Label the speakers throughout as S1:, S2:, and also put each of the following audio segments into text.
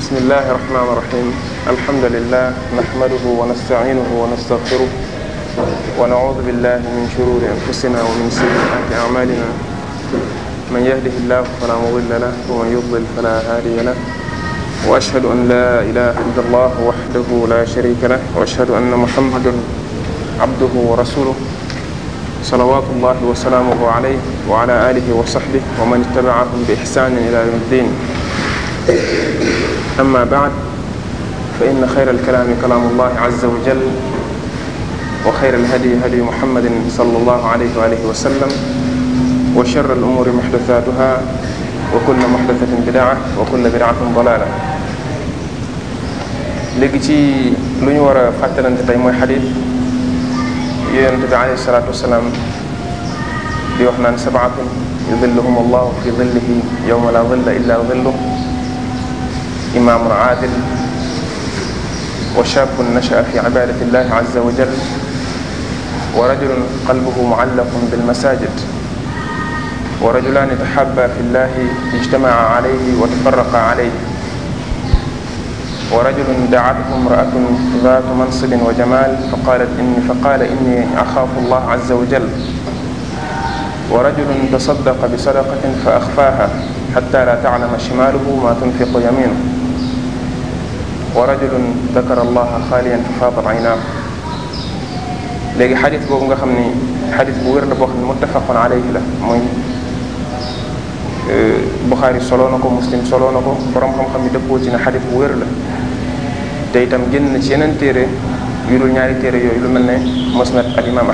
S1: بسم الله الرحمن الرحيم الحمد لله نحمده ونستعينه ونستغفره ونعوذ بالله من شرور أنفسنا ومن سيئات أعمالنا من يهده الله فلا مضل له ومن يضلل فلا هادي له وأشهد أن لا إله إلا الله وحده لا شريك له وأشهد أن محمدا عبده ورسوله salawaatullahi wa salaamuhu alayhi wa ala alihi wa sahbihi wa man ittabaahum bi ihsanin ila yawmi ddin amma baad fa inna xayra alkalaami kalaamullahi azza wa jal wa xayra alhadyi hadyu muhammadin sallallahu alayhi wa alihi wa sallam wa sharra alumuuri muhdathatuha wa kulla muhdathatin bidaa wa kulla bidaatin dalaala léegi ci lu ñu war a fàttalante tey mooy xadis yonente bi alayhi salaatu wasalaam di wax naan sabaatun yudilluhum allahu fi dillihi yowma la dilla illa dilluh imaamun aadil wa shaabun nashaa fi cibaadati illahi azza wa jal wa rajulun qalbuhu mucallaqun bilmasajid wa rajulaani taxabba fi illahi ijtamaca alayhi wa tafarraqa alayhi ورجل دعته امرأة ذات منصب وجمال فقالت إني فقال إني أخاف الله عز وجل ورجل تصدق بصدقة فأخفاها حتى لا تعلم شماله ما تنفق يمينه ورجل ذكر الله خاليا ففاضت عيناه léegi xadis boobu nga xam ni xadis bu wér la boo xam ne muttafaqun alayhi la mooy euh, Buxaari soloo na ko Muslim soloo na ko borom xam-xam yi dëppoo ci ne xadis bu wér la te itam génn na ci yeneen téere yu dul ñaari téere yooyu lu mel ne musnad al imam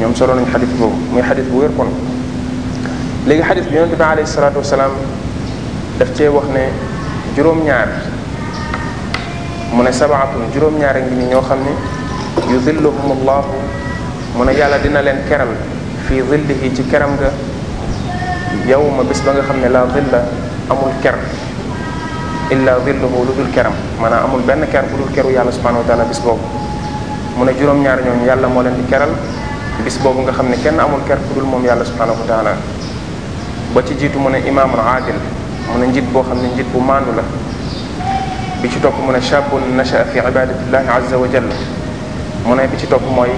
S1: ñoom solo nañ xadis boobu muy xadis bu wér kon léegi xadis bi yonente bi alayhi salaatu wasalaam daf cee wax ne juróom-ñaar mu ne sabaatun juróom-ñaar a ngi ni ñoo xam ne yuzilluhum allahu mu ne yàlla dina leen keral fii zillihi ci keram nga yawma bis ba nga xam ne laa la zilla amul ker illa zilluhu lu dul keram maanaam amul benn ker bu dul keru yàlla subhanahu wa taala bis boobu mu ne juróom-ñaar ñooñu yàlla moo leen di keral bis boobu nga xam ne kenn amul ker bu dul moom yàlla subhanahu wa taala ba ci jiitu mu ne imaamul aadil mu ne njit boo xam ne njit bu maandu la bi ci topp mu ne shabun nasha fi ibadatillahi azza wa jalla mu ne bi ci topp mooy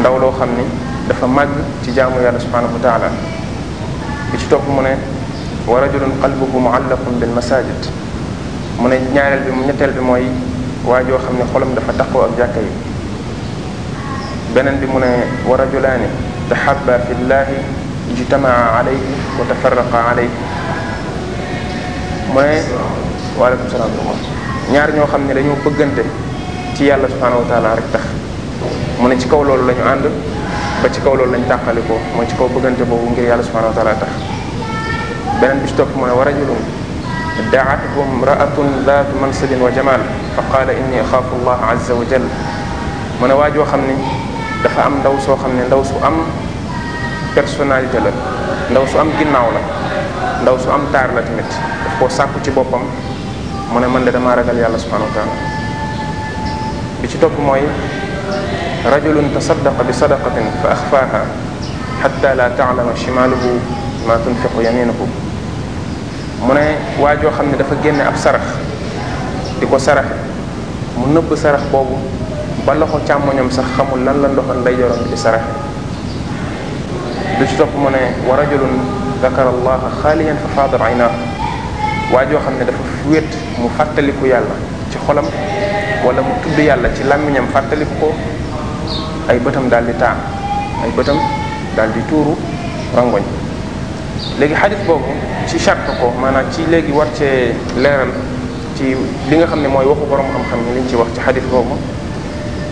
S1: ndaw loo xam ni dafa màgg ci jaamu yàlla subhanahu wa taala bi ci topp mu ne wa rajulun qalbuhu muallaqun bil masajid mu ne ñaareel bi mu ñetteel bi mooy waa joo xam ne xolam dafa taqoo ak jàkka beneen bi mu ne wa rajulaani taxabba fi llahi ijtamaa alayhi wa tafarraqa alayhi mu ne waaleykum salaam ñaar ñoo xam ne dañoo bëggante ci yàlla subhanahu wa rek tax mun ne ci kaw loolu lañu ànd ba ci kaw loolu lañu tàqalikoo mooy ci kaw bëggante boobu ngir yàlla subhanahu wa taala tax beneen bi ci topp mu wa rajulun دعته امرأة ذات منصب وجمال فقال إني أخاف الله عز وجل mu ne waajoo xam ne dafa am ndaw soo xam ne ndaw su am personnalité la ndaw su am ginnaaw la ndaw su am taar la tamit daf koo sàkku ci boppam mu ne man de damaa ragal yàlla subhanahu wa taala bi ci topp mooy rajulun tasaddaqa bi sadaqatin fa axfaaha xatta la taalama shimaaluhu ma tunfiqu yaminuhu mu ne waa joo xam ne dafa génne ab sarax di ko saraxe mu nëbb sarax boobu ba loxo càmmoñam sax xamul lan la loxo ndeyjooram di saraxe lu ci topp mu ne wa rajulun dakara allaha xaaliyan fa faadar aynaahu waa joo xam ne dafa wét mu fàttaliku yàlla ci xolam walla mu tudd yàlla ci làmmiñam fàttaliku ko ay bëtam daal di taa ay bëtam dal di tuuru rongoñ léegi xadis boobu ci chaque ko maanaam ci léegi war cee leeral ci li nga xam ne mooy waxu borom xam-xam ni liñ ci wax ci xadis boobu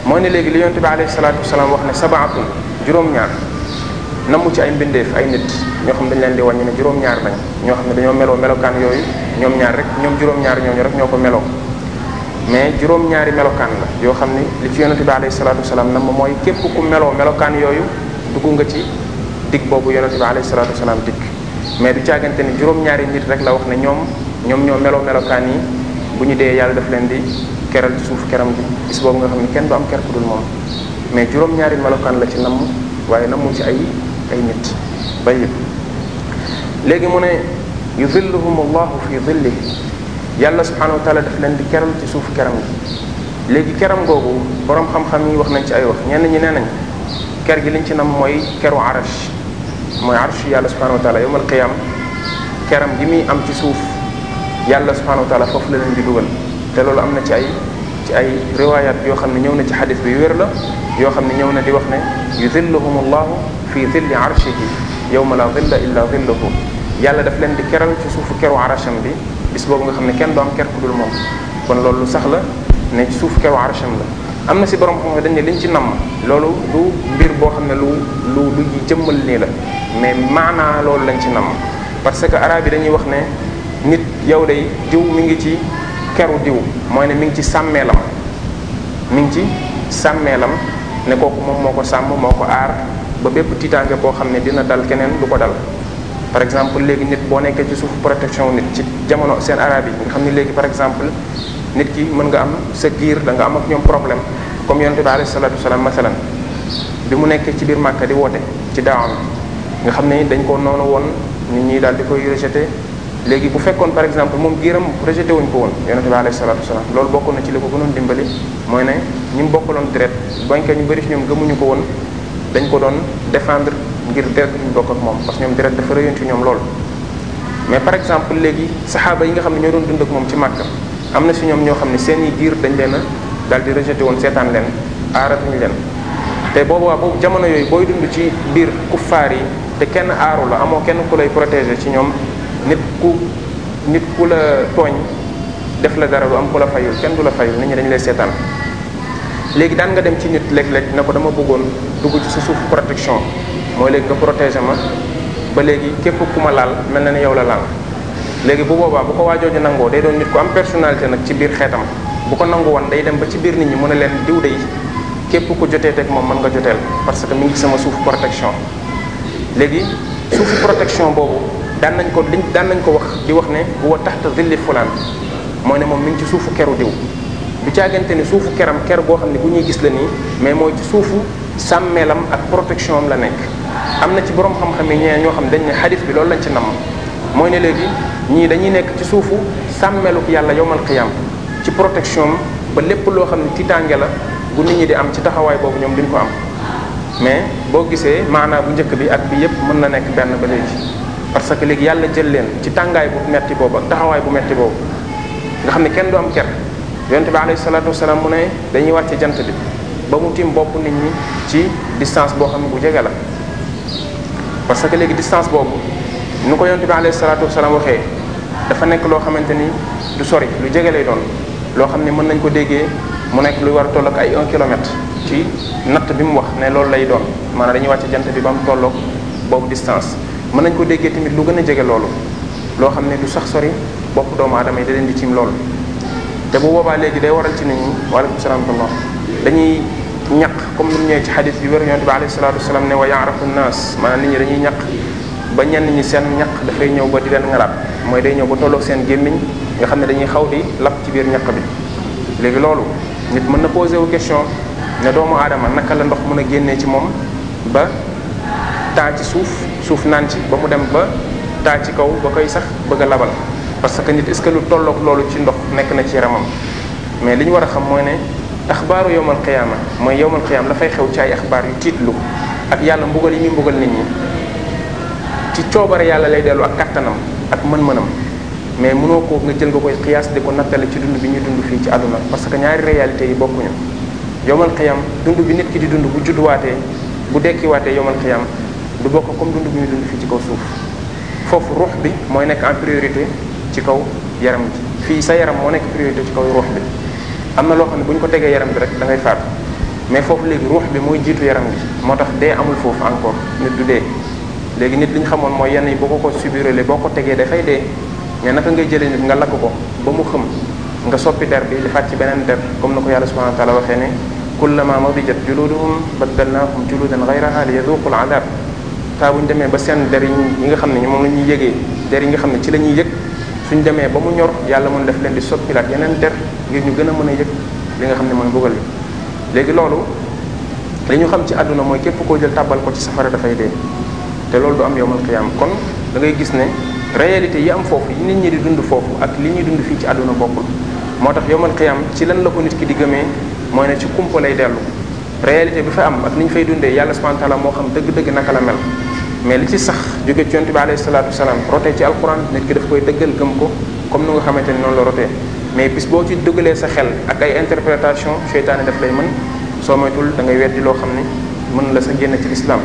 S1: moo ne léegi li yonte bi alayhi salaatu wasalaam wax ne sabaatun juróom-ñaar namu ci ay mbindeef ay nit ñoo xam dañ leen di wàññi ne juróom-ñaar lañ ñoo xam ne dañoo meloo melokaan yooyu ñoom ñaar rek ñoom juróom-ñaar ñooñu rek ñoo ko meloo mais juróom-ñaari melokaan la yoo xam ni li ci yonente bi alayhi salaatu wasalaam nam mooy képp ku meloo melokaan yooyu dugg nga ci dig boobu yonente bi alayhi salaatu wasalaam dikk mais du caagante ni juróom-ñaari nit rek la wax ne ñoom ñoom ñoo meloo melokaan yi bu ñu dee yàlla daf leen di keral ci suuf keram gi bis boobu nga xam ne kenn du am ker ku dul moom mais juróom-ñaari melokaan la ci namm waaye nammul ci ay ay nit bayib léegi mu ne yuzilluhum allahu fi zillihi yàlla subhanahu wa taala daf leen di keral ci suufu keram gi léegi keram googu borom xam-xam yi wax nañ ci ay wax ñenn ñi nee nañ ker gi liñ ci nam mooy keru arash mooy arsh yàlla subhanahu wa taala yowmal qiyam keram gi muy am ci suuf yàlla subhanahu wa taala foofu la leen di dugal te loolu am na ci ay ci ay riwayat yoo xam ne ñëw na ci xadis bi wér la yoo xam ne ñëw na di wax ne yudilluhum allahu fi dilli arshihi yowma la dilla illa dilluhu yàlla daf di keral ci suufu keru bi bis boobu nga xam ne kenn du am ker ku dul moom kon loolu sax la ne suufu keru arasham am na si borom xam dañ ne liñ ci namm loolu mbir boo xam ne lu lu lu jëmmal nii la mais maanaa loolu lañ ci namm parce que arab yi dañuy wax ne nit yow day diw mi ngi ci keru diw mooy ne mi ngi ci sàmmeelam mi ngi ci sàmmeelam ne kooku moom moo ko sàmm moo ko aar ba bépp tiitaange boo xam ne dina dal keneen du ko dal par exemple léegi nit boo nekkee ci suuf protection nit ci jamono seen arab yi nga xam ne léegi par exemple nit ki mën nga am sa giir danga nga am ak ñoom problème comme yonente bi alayhi salatu wasalaam masalan bi mu nekkee ci biir màkka di woote ci daawam nga xam ne dañ ko noonu woon nit ñi daal di koy rejeté léegi bu fekkoon par exemple moom giiram rejeté wuñ ko woon yonente bi alayhi salatu wasalaam loolu bokk na ci li ko gënoon dimbali mooy ne ñi mu bokkaloon deret bañ ñu bëri ci ñoom gëmuñu ko woon dañ ko doon défendre ngir deret ñu bokk moom parce que ñoom deret dafa rëyoon ci ñoom loolu mais par exemple léegi saxaaba yi nga xam ne ñoo doon dund moom ci màkka am na si ñoom ñoo xam ne seen i giir dañu leen a daal di rejeté woon seetaan leen aaratuñu leen te boobaa boobu jamono yooyu booy dund ci biir kuffaar yi te kenn aaru la amoo kenn ku lay protégé ci ñoom nit ku nit ku la tooñ def la dara du am ku la fayul kenn du la fayul nit ñi dañu lay seetaan léegi daan nga dem ci nit léeg-léeg na ko dama bëggoon dugg ci sa suuf protection mooy léegi nga protégé ma ba léegi képp ku ma laal mel na ne yow la laal léegi bu boobaa bu ko waajooju nangoo day doon nit ku am personnalité nag ci biir xeetam bu ko nangu woon day dem ba ci biir nit ñi mu a leen diw day képp ku jotee teg moom mën nga joteel parce que mu ngi sama suuf protection léegi suufu protection boobu daan nañ ko liñ daan nañ ko wax di wax ne huwa taxta zilli fulaan mooy ne moom mi ngi ci suufu keru diw du caagante ni suufu keram ker boo xam ne bu ñuy gis la nii mais mooy ci suufu sàmmeelam ak protection la nekk am na ci borom xam-xam yi ñee ñoo xam dañ ne xadis bi loolu lañ ci namm mooy ne léegi ñii dañuy nekk ci suufu sàmmeluk yàlla yowmal qiyam ci protection ba lépp loo xam ne tiitaange la bu nit ñi di am ci taxawaay boobu ñoom duñ ko am mais boo gisee maanaa bu njëkk bi ak bi yépp mën na nekk benn ba léegi parce que léegi yàlla jël leen ci tàngaay bu metti boobu ak taxawaay bu metti boobu nga xam ne kenn du am ker yonte bi alayhi salaatu wasalaam mu ne dañuy wàcce jant bi ba mu tiim bopp nit ñi ci distance boo xam ne bu jege la parce que léegi distance boobu nu ko yontu bi alayhi salaatu wasalaam waxee dafa nekk loo xamante ni du sori lu jege lay doon loo xam ne mën nañ ko déggee mu nekk lu war a toll ay 1 kilomètre ci natt bi mu wax ne loolu lay doon maanaam dañuy wàcc jant bi ba mu tolloog boobu distance mën nañ ko déggee tamit lu gën a jege loolu loo xam ne du sax sori bopp doomu aadama yi da di tiim loolu te bu boobaa léegi day waral ci nit ñi waaleykum salaam wa dañuy ñaq comme ni mu ñëwee ci xadis bi wér yonte bi alayhi salaatu wasalaam ne wa yaarafu naas maanaam nit ñi dañuy ñaq ba ñenn ñi seen ñaq dafay ñëw ba di leen ngalaat mooy day ñëw ba tolloog seen gémmiñ nga xam ne dañuy xaw di lap ci biir ñaq bi léegi loolu nit mën na posé wu question ne doomu aadama naka la ndox mën a génnee ci moom ba taa ci suuf suuf naan ci ba mu dem ba taa ci kaw ba koy sax bëgg a labal parce que nit est-ce lu tolloog loolu ci ndox nekk na ci yaramam mais li ñu war a xam mooy ne axbaaru yowmal qiyaama mooy yowmal qiyaama dafay xew ci ay axbaar yu tiitlu ak yàlla mbugal yi muy mbugal nit ñi ci coobare yàlla lay dellu ak kattanam ak mën-mënam mais mënoo ko nga jël nga koy xiyaas di ko nattale ci dund bi ñuy dund fii ci àdduna parce que ñaari réalité yi bokkuñu yomal xiyam dund bi nit ki di dund bu waatee bu dekkiwaatee yomal xiyam du bokk comme dund bi ñuy dund fii ci kaw suuf foofu ruux bi mooy nekk en priorité ci kaw yaram ji fii sa yaram moo nekk priorité ci kaw ruux bi am na loo xam ne bu ñu ko tegee yaram bi rek da ngay mais foofu léegi ruux bi mooy jiitu yaram bi moo tax dee amul foofu encore du dee léegi nit li ñu xamoon mooy yenn yi boo ko ko subirele boo ko tegee dafay dee mais naka ngay jëlee nit nga lakk ko ba mu xëm nga soppi der bi defaat ci beneen der comme na ko yàlla subhanahu wa taala waxee ne kullama madijat juluduhum baddalnahum juludan ghayraha li yaduqul adab saa bu ñu demee ba seen der yi nga xam ne moom la ñuy yëgee der yi nga xam ne ci la ñuy yëg suñ demee ba mu ñor yàlla mën def leen di soppilaat yeneen der ngir ñu gën a mën a yëg li xam ne mooy mbugal léegi loolu li ñu xam ci àdduna mooy képp koo jël tàbbal ko ci safara dafay dee te loolu du am yowmal qiyaam kon da ngay gis ne réalité yi am foofu yi nit ñi di dund foofu ak li ñuy dund fii ci àdduna bokkul moo tax yowmal qiyaam ci lan la ko nit ki di gëmee mooy ne ci kumpa lay dellu réalité bi fa am ak ni ñu fay dundee yàlla subhanahu wa moo xam dëgg-dëgg naka la mel mais li ci sax jóge ci yonte bi alayhi salaatu wasalaam rotee ci alquran nit ki daf koy dëggal gëm ko comme ni nga xamante ni noonu la rotee mais bis boo ci dëggalee sa xel ak ay interprétation seytaane lay mën soo moytul da ngay weddi loo xam ne mën la sa génn ci lislaam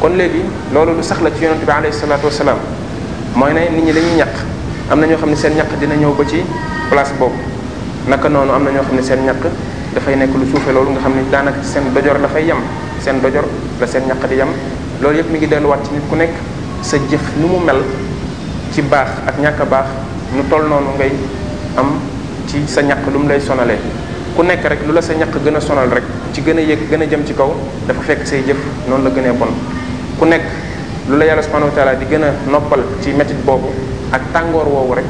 S1: kon léegi loolu lu sax la ci yonente bi alayhi salaatu wasalaam mooy ne nit ñi lañuy ñaq am na ñoo xam ne seen ñaq dina ñëw ba ci place boobu naka noonu am na ñoo xam ne seen ñaq dafay nekk lu suufe loolu nga xam ne daanaka seen dojor la fay yem seen dojor la seen ñaq di yem loolu yëpp mi ngi delluwaat ci nit ku nekk sa jëf nu mu mel ci baax ak ñàkk a baax nu toll noonu ngay am ci sa ñaq lu mu lay sonalee ku nekk rek lu la sa ñaq gën a sonal rek ci gën a yëg gën a jëm ci kaw dafa fekk say jëf noonu la gënee bon ku nekk lu la yàlla subhanahu wa di gën a noppal ci métit boobu ak tàngoor woowu rek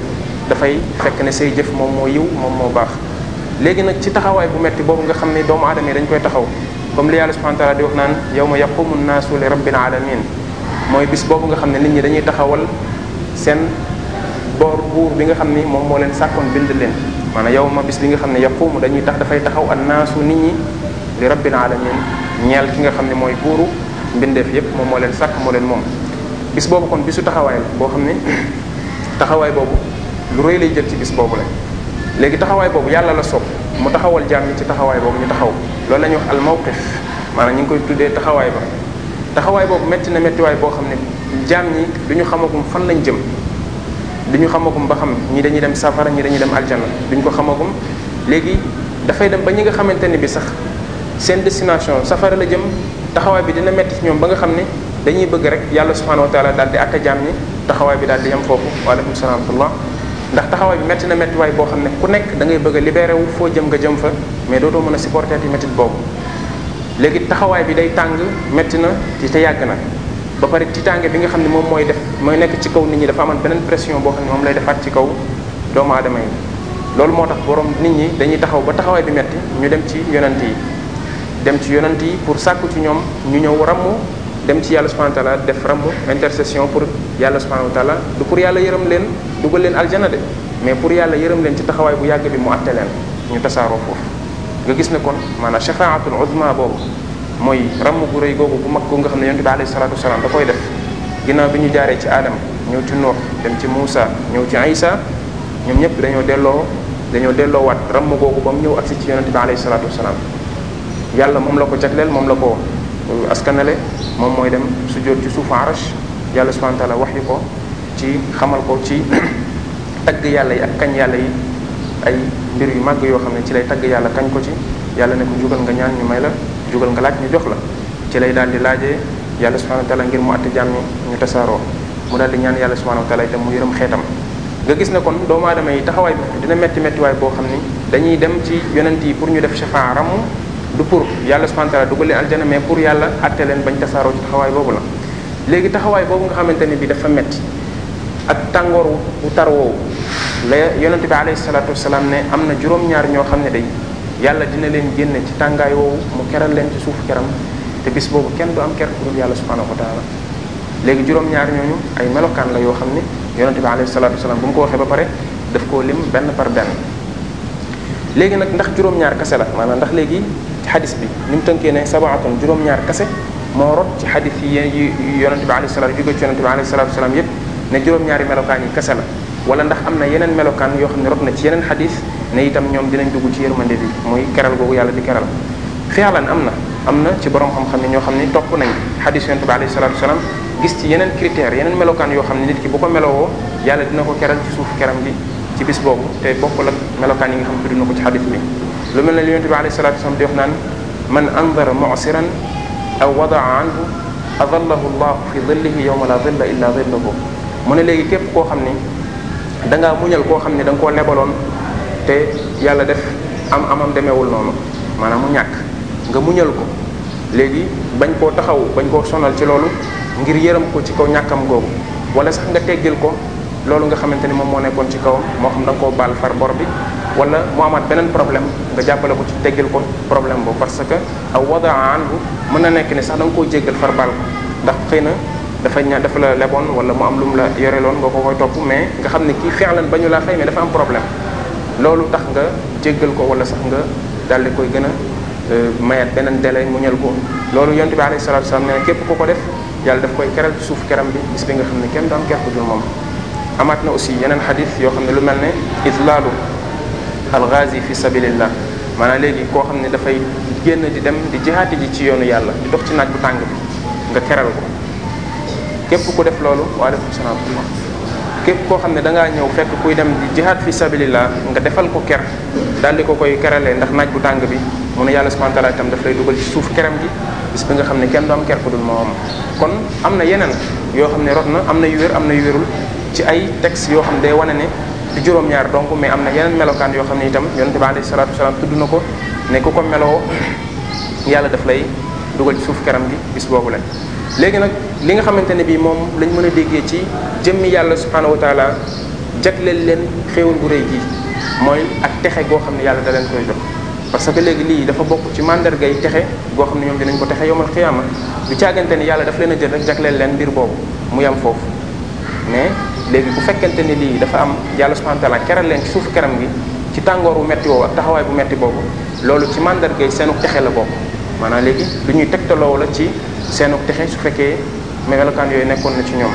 S1: dafay fekk ne say jëf moom moo yiw moom moo baax léegi nag ci taxawaay bu metti boobu nga xam ne doomu adama yi dañ koy taxaw comme li yàlla subhanahu di wax naan yawma yaqumu nnaasu li rabbil alamin mooy bis boobu nga xam ne nit ñi dañuy taxawal seen boor buur bi nga xam ni moom moo leen sàkkoon bind leen maanaam yow ma bis bi nga xam ne yaqumu dañuy tax dafay taxaw annaasu nit ñi li rabbil alamin ñal ki nga xam ne mooy buuru mbindeef yépp moom moo leen sàkk moo leen moom bis boobu kon bisu taxawaay la boo xam ne taxawaay boobu lu rëy lay jël ci bis boobu la léegi taxawaay boobu yàlla la sopp mu taxawal jaam ñi ci taxawaay boobu ñu taxaw loolu lañu ñuy wax al mawqif maanaam ñu ngi koy tuddee taxawaay ba taxawaay boobu métti na méttiwaay boo xam ne jaam ñi duñu xamagum fan lañ jëm duñu xamagum ba xam ñi dañuy dem safara ñi dañuy dem aljanna duñu ko xamagum léegi dafay dem ba ñi nga xamante ne bi sax seen destination safara la jëm taxawaay bi dina metti ci ñoom ba nga xam ne dañuy bëgg rek yàlla subhanahu wa taala daal di atte jaam taxawaay bi daal di yem foofu waaleykum salaam wa ndax taxawaay bi métti na méttiwaay boo xam ne nekk da ngay bëgg a libéré wu nga jëm fa mais dootoo mën a supporté ci métti boobu léegi taxawaay bi day tàng métti na ci te yàgg na ba pare tiitaange bi nga xam ne moom mooy def mooy nekk ci kaw nit ñi dafa amoon beneen pression boo xam ne moom lay defaat ci kaw doomu aadama yi loolu moo tax boroom nit ñi dañuy taxaw ba taxawaay bi métti ñu dem ci yonent yi dem ci yonent yi pour sàkku ci ñoom ñu ñëw rammu dem ci yàlla subhanahu wa taala def rammu intercession pour yàlla subhanahu wa du pour yàlla yërëm leen dugal leen aljana de mais pour yàlla yërëm leen ci taxawaay bu yàgg bi mu atte leen ñu tasaaroo foofu nga gis ne kon maanaam shafaatul uzma boobu mooy ramm gu rëy googu bu mag ko nga xam ne yonent bi alayhi salatu wasalaam da koy def ginnaaw bi ñu jaaree ci aadama ñëw ci noox dem ci Muusa ñëw ci Isa ñoom ñëpp dañoo delloo dañoo delloowaat ramm googu ba ñëw agsi ci yonent bi alayhi salatu wasalaam yàlla moom la ko jagleel moom la ko askanale moom mooy dem sujjóot ci suufu arash yàlla subhanahu wa taala wax yi ko ci xamal ko ci tagg yàlla yi ak kañ yàlla yi ay mbir yu màgg yoo xam ne ci lay tagg yàlla kañ ko ci yàlla ne ko jugal nga ñaan ñu may la jugal nga laaj ñu jox la ci lay daal di laajee yàlla subhanahu wa taala ngir mu àtte jaam ñi ñu tasaaroo mu daal ñaan yàlla subhanahu wa taala itam mu yërëm xeetam nga gis ne kon doomu aadama yi taxawaay bi dina metti méttiwaay boo xam ni dañuy dem ci yonent yi pour ñu def shafaa du pour yàlla subhanahu wa ta'ala dugal leen aljana mais pour yàlla atte leen bañ tasaaroo ci taxawaay boobu la léegi taxawaay boobu nga xamante ne bi dafa metti ak tàngoor bu tar woowu la yonente bi alayhi salatu wasalaam ne am na juróom-ñaar ñoo xam ne day yàlla dina leen génne ci tàngaay woowu mu keral leen ci suuf keram te boobu kenn du am ker ku dul yàlla subhanahu wa léegi juróom ñaari ñooñu ay melokaan la yoo xam ne yonente bi alayhi salatu wasalaam bu mu ko waxee ba pare daf koo lim benn par benn léegi nag ndax juróom-ñaar kase la maanaam ndax léegi xadis bi ni mu tënkee ne sabaatun juróom-ñaar kase moo rot ci xadis yi yonente bi alayhi salaam jóge ci yonente bi alayhi salaatu salaam yépp ne juróom-ñaari melokaan yi kase la wala ndax am na yeneen melokaan yoo xam ne rot na ci yeneen xadis ne itam ñoom dinañ dugg ci yërmande bi mooy keral googu yàlla di keral fialan am na am na ci borom xam-xam ne ñoo xam ne topp nañ xadis yonente bi alayhi salaatu salaam gis ci yeneen critères yeneen melokaan yoo xam ne nit ki bu ko melowoo yàlla dina ko keral ci suuf keram ci bis boobu te bokk ak melokaan yi nga xam tudd na ko ci xadis bi lu mel ne li yonente bi alayhi salatu wasallam di wax naan man andara mu'siran aw wadaa anhu adallahu llahu fi dillihi yawma la dilla illa dilluhu mu ne léegi képp koo xam ni da ngaa muñal koo xam ne da nga koo lebaloon te yàlla def am amam demeewul noonu maanaam mu ñàkk nga muñal ko léegi bañ koo taxaw bañ koo sonal ci loolu ngir yërëm ko ci kaw ñàkkam googu wala sax nga teggil ko loolu nga xamante ni moom moo nekkoon ci kawam moo xam da nga koo baal far bor bi wala mu amaat beneen problème nga jàppale ko ci teggil ko problème boobu parce que aw wadaa anhu mën na nekk ni sax da nga koo jéggal far baal ko ndax xëy na dafa ña dafa la leboon wala mu am lu mu la yoreloon nga ko koy topp mais nga xam ne kii fexlan ba ñu laa fay mais dafa am problème loolu tax nga jéggal ko wala sax nga daal di koy gën a euh, mayaat beneen délai mu ñal ko loolu yonte bi alayhi salatu wasalam képp ku ko def yàlla daf koy keral ci suuf bi bis bi nga ne kenn du am moom amaat na aussi yeneen xadis yoo xam ne lu mel ne islaalu alghazi fi sabilillah maanaam léegi koo xam ne dafay génn di dem di jihaati ji ci yoonu yàlla di dox ci naaj bu tàng bi nga keral ko képp ku def loolu waaleykum koo xam ne da ngaa ñëw fekk kuy dem di jihaat fi sabilillah nga defal ko ker daal di ko koy keralee ndax naaj bu tàng bi mu ne yàlla subhanahu wa taala itam daf lay dugal ci suuf keram gi bis bi nga xam ne kenn du am ker ku dul moo am kon am na yeneen yoo xam ne rot na am na yu wér am na yu wérul ci ay textes yoo xam ne day wane ne du juróom-ñaar donc mais am na yeneen melokaan yoo xam ne itam yonente bi alayhi salaatu wasalaam tudd na ko ne ku ko meloo yàlla daf lay dugal ci suuf karam gi bis boobu la léegi nag li nga xamante ne bii moom lañ mën a déggee ci jëmmi yàlla subhanahu wa taala jagleel leen xéewal bu rëy gi mooy ak texe goo xam ne yàlla da leen koy jox parce que léegi lii dafa bokk ci mandargay texe goo xam ne ñoom dinañ ko texe yomal xiyaama du caagante ne yàlla daf leen rek jagleel leen mbir boobu mu yam foofu léegi bu fekkente ni lii dafa am yàlla subhanahu wa keral leen ci suufu keram gi ci tàngoor bu metti woowu ak taxawaay bu metti boobu loolu ci mandargay seenu texe la boobu maanaam léegi lu ñuy tegtaloo la ci seenu texe su fekkee melokaan yooyu nekkoon na ci ñoom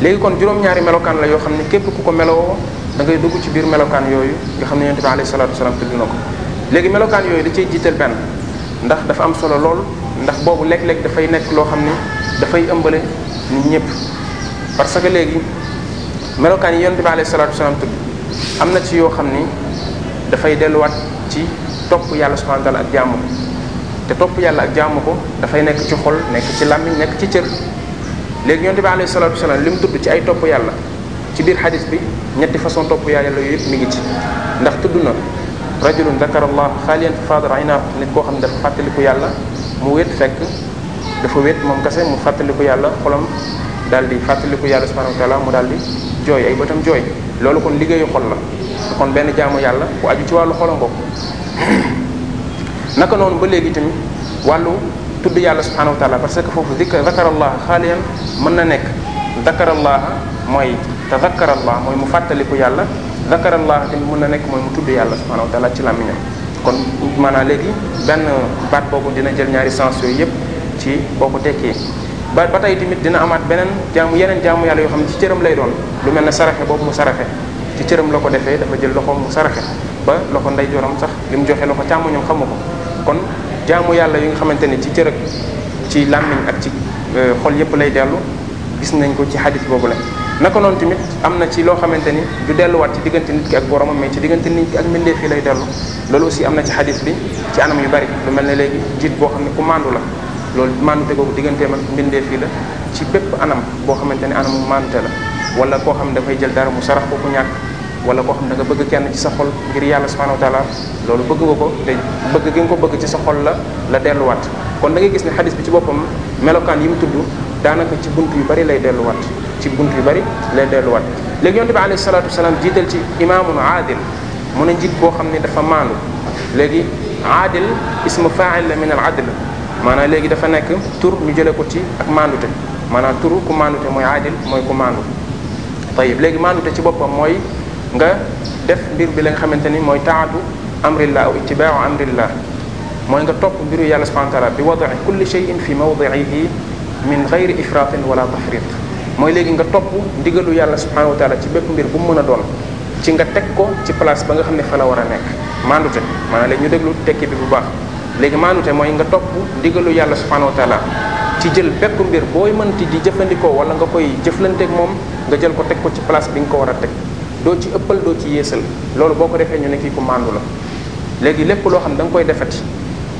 S1: léegi kon juróom-ñaari melokaan la yoo xam ne képp ku ko meloo da ngay dugg ci biir melokaan yooyu nga xam ne yonte bi alayhi salatu wasalam tudd na ko léegi melokaan yooyu da cay jiital benn ndax dafa am solo lool ndax boobu léeg-léeg dafay nekk loo xam ne dafay ëmbale nit ñëpp parce que léegi melokaan yi yonent bi alayhi salaatu tudd am na ci yoo xam ni dafay delluwaat ci topp yàlla subhanahu wa taala ak jaamu ko te topp yàlla ak jàmm ko dafay nekk ci xol nekk ci làmmiñ nekk ci cër léegi yonent bi alayhi salaatu wasalaam li tudd ci ay topp yàlla ci biir xadis bi ñetti façon topp yàlla yooyu yëpp mi ngi ci ndax tudd na rajulun dakara allah xaaliyan fa ay aynaa nit koo xam ne dafa fàttaliku yàlla mu wét fekk dafa wét moom kese mu fàttaliku yàlla xolam daal di fàttaliku yàlla subhanahu wa taala mu dal di jooy ay bëtam jooy loolu kon liggéeyu xol la kon benn jaamu yàlla bu aju ci wàllu xolam bokk naka noonu ba léegi tamit wàllu tudd yàlla subhanahu wa taala parce que foofu dikka zakarallaha xaaliyan mën na nekk zakarallaha mooy tazakkarallah mooy mu fàttaliku yàlla zakarallaha tamit mun na nekk mooy mu tudd yàlla subhanahu wa taala ci làmmiñam kon maanaam léegi benn baat boobu dina jël ñaari sens yooyu yépp ci boo ko ba ba tey tamit dina amaat beneen jaamu yeneen jaamu yàlla yoo xam ne ci cëram lay doon lu mel ne saraxe boobu mu saraxe ci cëram la ko defee dafa jël loxoom mu saraxe ba loxo nday joram sax li mu joxe loxo càmmoñam xamu ko kon jaamu yàlla yi nga xamante ne ci cër ak ci làmmiñ ak ci euh, xol yépp lay dellu gis nañ ko ci xadis boobu la naka noonu tamit am na ci loo xamante ni du delluwaat ci diggante nit ki ak boromam mais ci diggante nit ki ak mbindeef yi lay dellu loolu aussi am na ci xadis bi ci anam yu bari lu mel ne léegi jiit boo xam ne ku la loolu maanute googu diggantee man mbindee fii la ci bépp anam boo xamante ne anam maanute la wala koo xam ne dafay jël dara mu sarax ko ku ñàkk wala koo xam ne danga bëgg kenn ci sa xol ngir yàlla subhanahu wa taala loolu bëgg nga ko te bëgg gi nga ko bëgg ci sa xol la la delluwaat kon da ngay gis ne xadis bi ci boppam melokaan yi mu tudd daanaka ci bunt yu bari lay delluwaat ci bunt yu bari lay delluwaat léegi yonte bi alayhi salatu wasalaam jiital ci imaamun na mu ne njiit boo xam ne dafa maandu léegi aadil ismu faa'il la min al adl maanaa léegi dafa nekk tur ñu jëlee ko ci ak maandute maanaam turu ku maandute mooy aadil mooy ku maandu tayib léegi maandute ci boppam mooy nga def mbir bi la xamante ni mooy taatu amrillah aw itibau amrillah mooy nga topp mbiru yàlla subhanahu wa taala bi wadai kulli shay'in fi mawdiihi min gayri ifratin wala tafrit mooy léegi nga topp ndigalu yàlla subhanahu wa taala ci bépp mbir bu mu mën a doon ci nga teg ko ci place ba nga xam ne fa la war a nekk maandute maanaam léegi ñu déglu tekki bi bu baax léegi te mooy nga topp digalu yàlla subhanahu wa taala ci jël bépp mbir booy mënti di jëfandikoo wala nga koy jëflanteeg moom nga jël ko teg ko ci place bi nga ko war a teg doo ci ëppal doo ci yeesal loolu boo ko defee ñu ne kii ku maandu la léegi lépp loo xam da nga koy defati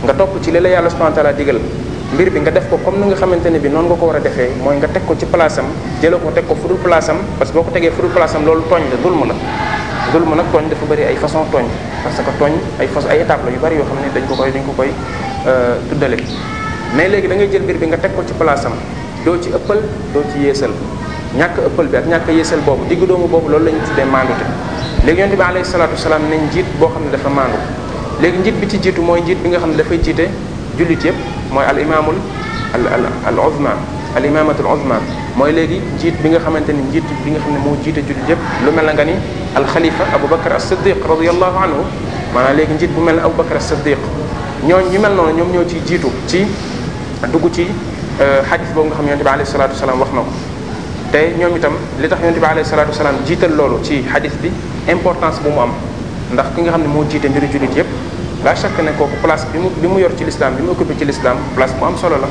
S1: nga topp ci li la yàlla subhanahu wa taala digal mbir bi nga def ko comme ni nga xamante ne bi noonu nga ko war a defee mooy nga teg ko ci place am jële ko teg ko fudul place am parce que boo ko tegee fudul place am loolu tooñ la dulm la zulmu nag tooñ dafa bëri ay façon tooñ parce que tooñ ay façon ay la yu bëri yoo xam ne dañ ko koy dañ ko koy euh, tuddale mais léegi da ngay jël mbir bi nga teg ko ci place am doo ci ëppal doo ci yeesal ñàkk ëppal bi ak ñàkk yeesal boobu diggu doomu boobu loolu la ñu tuddee maandute léegi yonte bi alayhi salaatu salaam ne njiit boo xam ne dafa maandu léegi njiit bi ci jiitu mooy njiit bi nga xam ne dafay jiite jullit yëpp mooy al imaamul al al al uzma al imamatul mooy léegi njiit bi nga xamante ni njiit bi nga xam ne moo jiite jullit yëpp lu mel na nga ni al xalifa abou bakar as siddiq radiallahu anhu maanaam léegi njiit bu mel ne abou bakar as siddiq ñoo ñu mel noonu ñoom ñoo ciy jiitu ci dugg ci euh, xadis boobu nga xam yonte bi alayhi wax na ko te ñoom itam li tax yonte bi alayhi salatu wasalaam jiital loolu ci xadis bi importance bu mu am ndax ki nga xam ne moo jiite mbiru jullit yëpp la chaque ne kooku place bi mu yor ci l'islam bi mu occupé ci l'islam place bu am solo la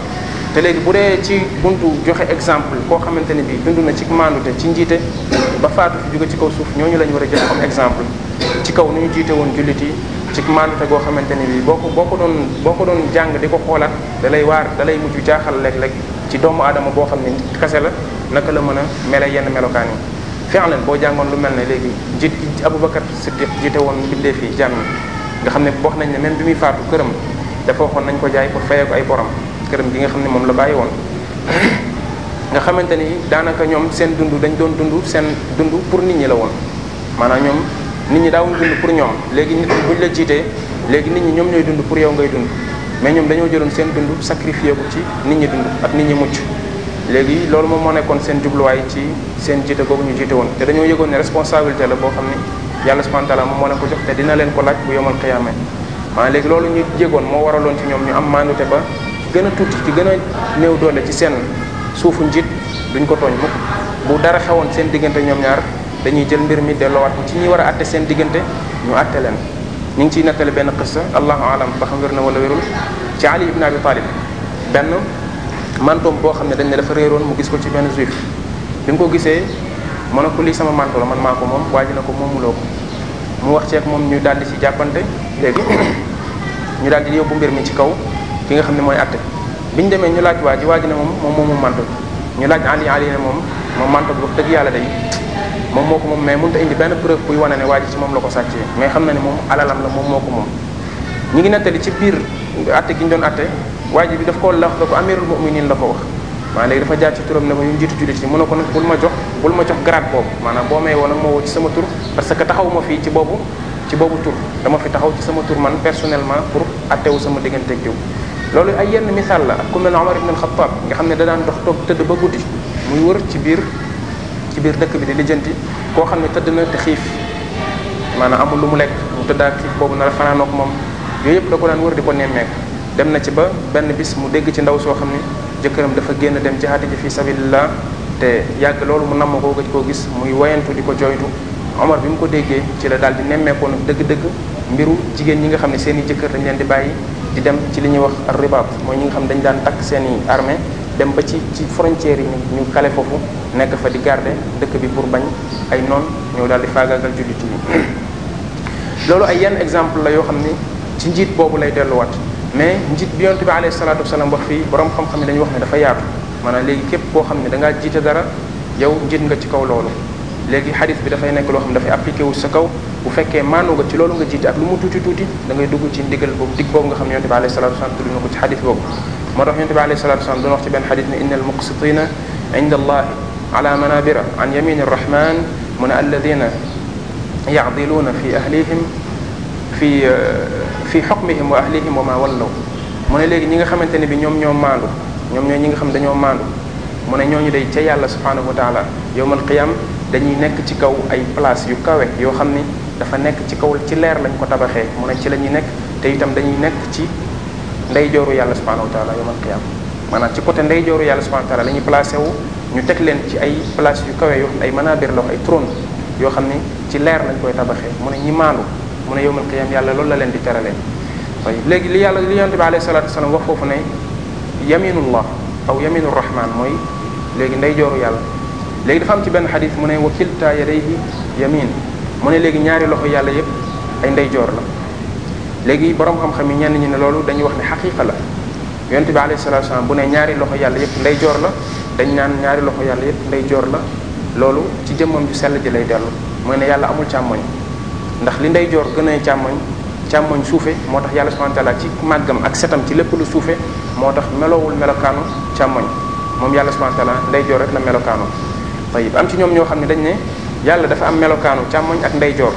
S1: te léegi bu dee ci buntu joxe exemple koo xamante ne bii dund na ci maandute ci njiite ba faatu fi jóge ci kaw suuf ñooñu la ñu war a jël comme exemple ci kaw nu ñu jiite woon jullit yi ci maandute goo xamante ne bii boo ko boo ko doon boo ko doon jàng di ko xoolaat da lay waar da jaaxal léeg-léeg ci doomu aadama boo xam ne kase la naka la mën a mele yenn melokaan yi fenlen boo jàngoon lu mel ne léegi jiit gi Aboubacar Siddiq jiite woon bindee fii jàmm nga xam ne wax nañ ne même bi muy faatu këram dafa waxoon nañ ko jaay pour fayee ko ay borom këram bi nga xam ne moom la bàyyi woon nga xamante ni daanaka ñoom seen dund dañu doon dund seen dund pour nit ñi la woon maanaa ñoom nit ñi daawuñ dund pour ñoom léegi nit ñi la jiitee léegi nit ñi ñoom ñooy dund pour yow ngay dund mais ñoom dañoo jëloon seen dund sacrifié ko ci nit ñi dund ak nit ñi mucc léegi loolu moom moo nekkoon seen jubluwaay ci seen jiite boobu ñu jiite woon te dañoo yëgoon ne responsabilité la boo xam ne yàlla subhanahu wa ta'ala moo leen ko jox te dina leen ko laaj bu yomal xiyaame maanaam léegi moo waraloon ci ñoom ñu am maandute ba gën a tuuti ci gën a néew doole ci seen suufu njiit duñ ko tooñ mukk bu dara xewoon seen diggante ñoom ñaar dañuy jël mbir mi delloowaat ko ci ñi war a atte seen diggante ñu atte leen ñu ngi ciy nettali benn qissa allahu alam ba xam wér na wala wérul ci ali ibn abi talib benn mantoom boo xam ne dañ ne dafa réeroon mu gis ko ci benn juif bi mu ko gisee mu ne ko lii sama manto la man maa ko moom waaji na ko moomuloo ko wax ceeg moom ñu daldi ci jàppante léegi ñu daldi yóbbu mbir mi ci kaw ki nga xam ne mooy atte bi ñu demee ñu laaj waa ji waa moom moom moomu manto ñu laaj ali ali ne moom moom manto bi wax dëgg yàlla day moom moo ko moom mais mënut a indi benn preuve buy wane ne waa ci moom la ko sàccee mais xam na ne moom alalam la moom moo ko moom ñu ngi nettali ci biir atte gi ñu doon atte waa bi daf ko lax da ko amirul muminin la ko wax maa léegi dafa jaar ci turam ne ko ñun jiitu jullit ci mu ne ko nag bul ma jox bul ma jox grade boobu sama tur parce que taxaw ma fii boobu ci boobu tur fi taxaw sama tur man personnellement pour attewu sama diggante ak loolu ay yenn misaal la ak ku mel ne Omar ibn al-Khattab nga xam ne da daan dox toog tëdd ba guddi muy wër ci biir ci biir dëkk bi di lijjanti koo xam ne tëdd na te xiif maanaam amul lu mu lekk mu tëddaa xiif boobu na la fanaanook moom yooyu yëpp da ko daan wër di ko nemmeeku dem na ci ba benn bis mu dégg ci ndaw soo xam ne jëkkëram dafa génn dem jihaad ji fi sabilillah te yàgg loolu mu namm koo gëj koo gis muy woyantu di ko jooytu Omar bi mu ko déggee ci la daal di nemmeekoon dëgg-dëgg mbiru jigéen ñi nga xam ne seen i jëkkër dañ leen di bàyyi di dem ci li ñuy wax ribaat mooy ñu ngi xam dañu daan takk seeni i dem ba ci ci frontières yi ñu kale foofu nekk fa di garde dëkk bi pour bañ ay noon ñëw daal di faagaagal jullit yi loolu ay yenn exemple la yoo xam ne ci njiit boobu lay delluwaat mais njiit bi yonte bi alayhi salaatu wasalaam wax fii borom xam-xam yi dañuy wax ne dafa yaatu maanaam léegi képp koo xam ne da ngaa jiite dara yow njiit nga ci kaw loolu léegi xadis bi dafay nekk loo xam dafay appliqué wu sa kaw bu fekkee maanu nga ci loolu nga jiite ak lu mu tuuti tuuti da ngay dugg ci ndigal boobu dig boobu nga xam yonte bi alayhi salatu wasalam tudd na ko ci xadis boobu moo tax yonte bi alayhi salatu wasalam doon wax ci benn xadis ne inna a muqsitina inda allahi ala manabira an yamini arrahman mu ne alladina yacdiluuna fi ahlihim fi fi xukmihim wa ahlihim wa ma wallaw ne léegi ñi nga xamante ne bi ñoom ñoo maandu ñoom ñooy ñi nga xam dañoo maandu mu ne ñooñu day ca yàlla subhanahu wa taala yowmal qiyam dañuy nekk ci kaw ay place yu kawe yoo xam ni dafa nekk ci kaw ci leer lañ ko tabaxee mu ne ci la ñuy nekk te itam dañuy nekk ci ndeyjooru yàlla subhanahu wa taala yawmal qiyaam maanaam ci côté ndeyjooru yàlla subhanahu wa taala placé wu ñu teg leen ci ay place yu kawe yoo ay manabir la wax ay trône yoo xam ne ci leer lañ koy tabaxee mu ne ñi maandu mu ne yawmal qiyaam yàlla loolu la leen di teralee tay léegi li yàlla li yonente bi alayhi salatu wasalam wax foofu ne yaminullah aw yaminur rahman mooy léegi ndeyjooru yàlla léegi dafa am ci benn xadis mu ne wakilta yadayhi yamin mu ne léegi ñaari loxo yàlla yépp ay ndeyjoor la léegi borom xam-xam yi ñenn ñi ne loolu dañuy wax ne xaqiqa la yonent bi alayhi salatu bu ne ñaari loxo yàlla yépp ndeyjoor la dañ naan ñaari loxo yàlla yépp ndeyjoor la loolu ci jëmmam ju sell ji lay dellu mooy ne yàlla amul càmmoñ ndax li ndeyjoor gën a càmmoñ càmmoñ suufe moo tax yàlla subhanahu wa ci màggam ak setam ci lépp lu suufe moo tax melowul melokaanu càmmoñ moom yàlla subhanahu ndeyjoor rek la melokaanu tayib am ci ñoom ñoo xam ne dañ ne yàlla dafa am melokaanu càmmoñ ak ndeyjoor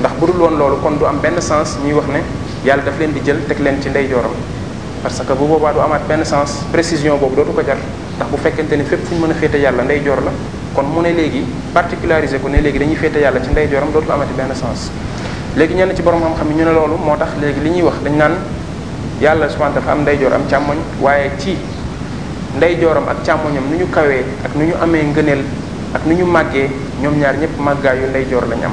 S1: ndax bu dul woon loolu kon du am benn sens ñuy wax ne yàlla daf leen di jël teg leen ci ndeyjooram parce que bu boobaa du amaat benn sens précision boobu dootu ko jar ndax bu fekkente fépp fu ñu mën yàlla ndeyjoor la kon mu ne léegi particularisé ko ne léegi dañuy féete yàlla ci ndeyjooram dootul amati benn sens léegi ñenn ci borom xam-xam yi ñu ne loolu moo tax léegi li ñuy wax dañ naan yàlla subhanahu dafa am ndeyjoor am càmmoñ waaye ci ndeyjooram ak càmmoñam nu ñu kawee ak nu ñu amee ngëneel ak ni ñu màggee ñoom ñaar ñëpp màggaayu ndeyjoor lañ am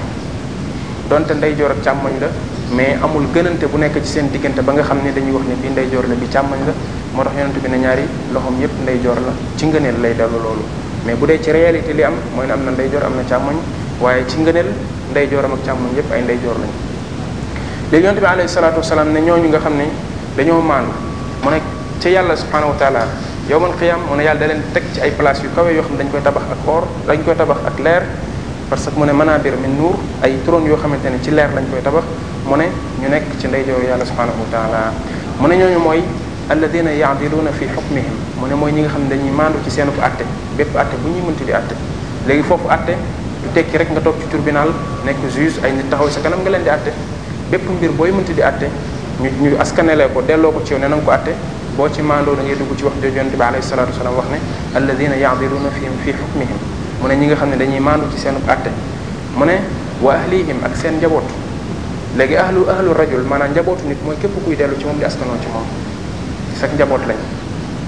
S1: donte ndeyjoor ak càmmoñ la mais amul gënante bu nekk ci seen diggante ba nga xam ne dañuy wax ne bi ndeyjoor la bi càmmoñ la moo tax yonent bi ne ñaari loxoom yëpp ndeyjoor la ci ngëneel lay dellu loolu mais bu dee ci réalité li am mooy ne am na ndeyjoor am na càmmoñ waaye ci ngëneel ndeyjooram ak càmmoñ yëpp ay ndeyjoor lañu léegi yonent bi alayhi salaatu wasalaam ne ñooñu nga xam ne daño maan mu ne ca yàlla subhanahu wa taala yowmal qiyam mu ne yàlla da leen teg ci ay place yu kawe yoo xam ne dañ koy tabax ak or dañ koy tabax ak leer parce que mu ne manabir min nuur ay trône yoo xamante ne ci leer lañ koy tabax mu ne ñu nekk ci ndeyjoor yàlla subhanahu wa taala mu ne ñooñu mooy alladina na fi xukmihim mu ne mooy ñi nga xam ne dañuy maandu ci seenu atte bépp atte bu ñuy mënti di atte léegi foofu atte du tekki rek nga toog ci tribunal nekk juge ay nit taxaw sa kanam nga leen di atte mbir booy mënti di atte ñu ñu askanele ko delloo ko ci yow ne ko atte boo ci maandoo da dugg ci wax jooju yonente bi alayhi salatu wasalam wax ne alladina yaadiluuna fi fi xukmihim mu ne ñi nga xam ne dañuy maandu ci seen atte mu ne wa ahlihim ak seen njaboot léegi ahlu ahlu rajul maanaam njabootu nit mooy képp kuy dellu ci moom di askanoo ci moom sa njaboot lañ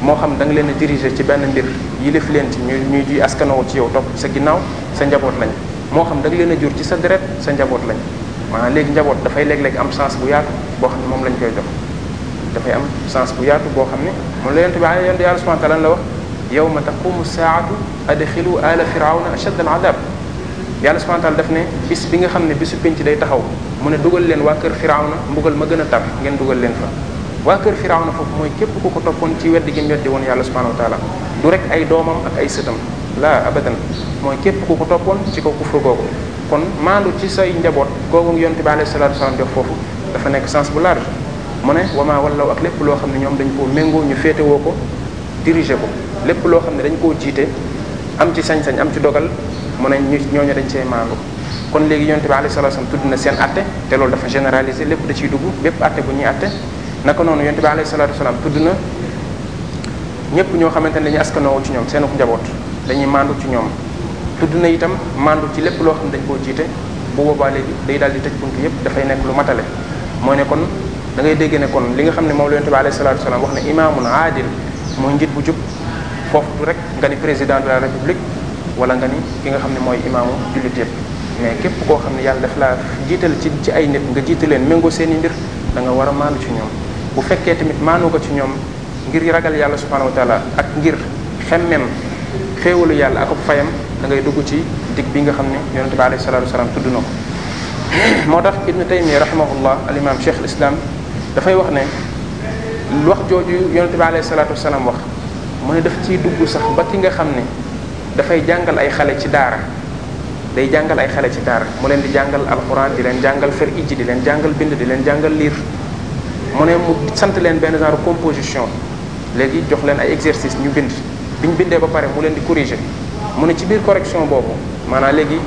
S1: moo xam danga leen a ci benn mbir yilif leen ci ñu ñuy di askanoo ci yow topp sa ginnaaw sa njaboot lañ moo xam da leen a jur ci sa deret sa njaboot lañ maanaam léegi njaboot dafay léeg-léeg am sens bu yaatu boo xam ne moom lañ koy jox dafay am sens bu yaatu boo xam ne moom la yonent bi alayhi yàlla subhanahu wa la wax yawma taqumu saatu adxilu ala firawna ashadda al adab yàlla subhanahu wa taala daf ne bis bi nga xam ne bisu penc day taxaw mu ne dugal leen waa kër firawna mbugal ma gën a tar ngeen dugal leen fa waa kër firawna foofu mooy képp ku ko toppoon ci weddi gi mu weddi woon yàlla subhanahu wa taala du rek ay doomam ak ay sëtam la abadan mooy képp ku ko toppoon ci ko kufur googu kon maandu ci say njaboot googu yonent bi alayhi salatu wasalam jox foofu dafa nekk sens bu large mu ne wama wallaw ak lépp loo xam ne ñoom dañ koo méngoo ñu féetewoo ko diriger ko lépp loo xam ne dañ koo jiite am ci sañ-sañ am ci dogal mu ne ñu ñooñu dañ see maandu kon léegi yonte bi alayhi salatu wasallam tudd na seen atte te loolu dafa généraliser lépp da ciy dugg bépp atte bu ñuy atte naka noonu yonte bi alayhi salatu wasallam tudd na ñëpp ñoo xamante ne dañuy askanoo ci ñoom seenu njaboot dañuy maandu ci ñoom tudd na itam maandu ci lépp loo xam ne dañ koo jiite bu boobaa léegi day daal di tëj bunt yëpp dafay nekk lu matale mooy ne kon da ngay dégg ne kon li nga xam ne moom la yonent bi alayhi salatu wasalam wax ne imaamun aadil mooy njit bu jub foofu du rek nga ni président de la république wala nga ni ki nga xam ne mooy imaamu jullit yëpp mais képp koo xam ne yàlla daf laa jiital ci ci ay nit nga jiital leen méngoo seen i mbir da nga war a maanu ci ñoom bu fekkee tamit maanu ko ci ñoom ngir ragal yàlla subhanahu wa taala ak ngir xemmem xéewalu yàlla ak fayam da ngay dugg ci dig bi nga xam ne yonente bi alayhi salatu wasalam tudd na ko moo tax ibnu taymi rahimahullah al imam cheikh al islam dafay wax ne wax jooju yonente bi alayhi salaatu wasalaam wax mu ne daf ciy dugg sax ba ki nga xam ne dafay jàngal ay xale ci daara day jàngal ay xale ci daara mu leen di jàngal alxuraan di leen jàngal fer iji di leen jàngal bind di leen jàngal liir mu ne mu sant leen benn genre composition léegi jox leen ay exercice ñu bind bi ñu bindee ba pare mu leen di corriger mu ne ci biir correction boobu maanaa léegi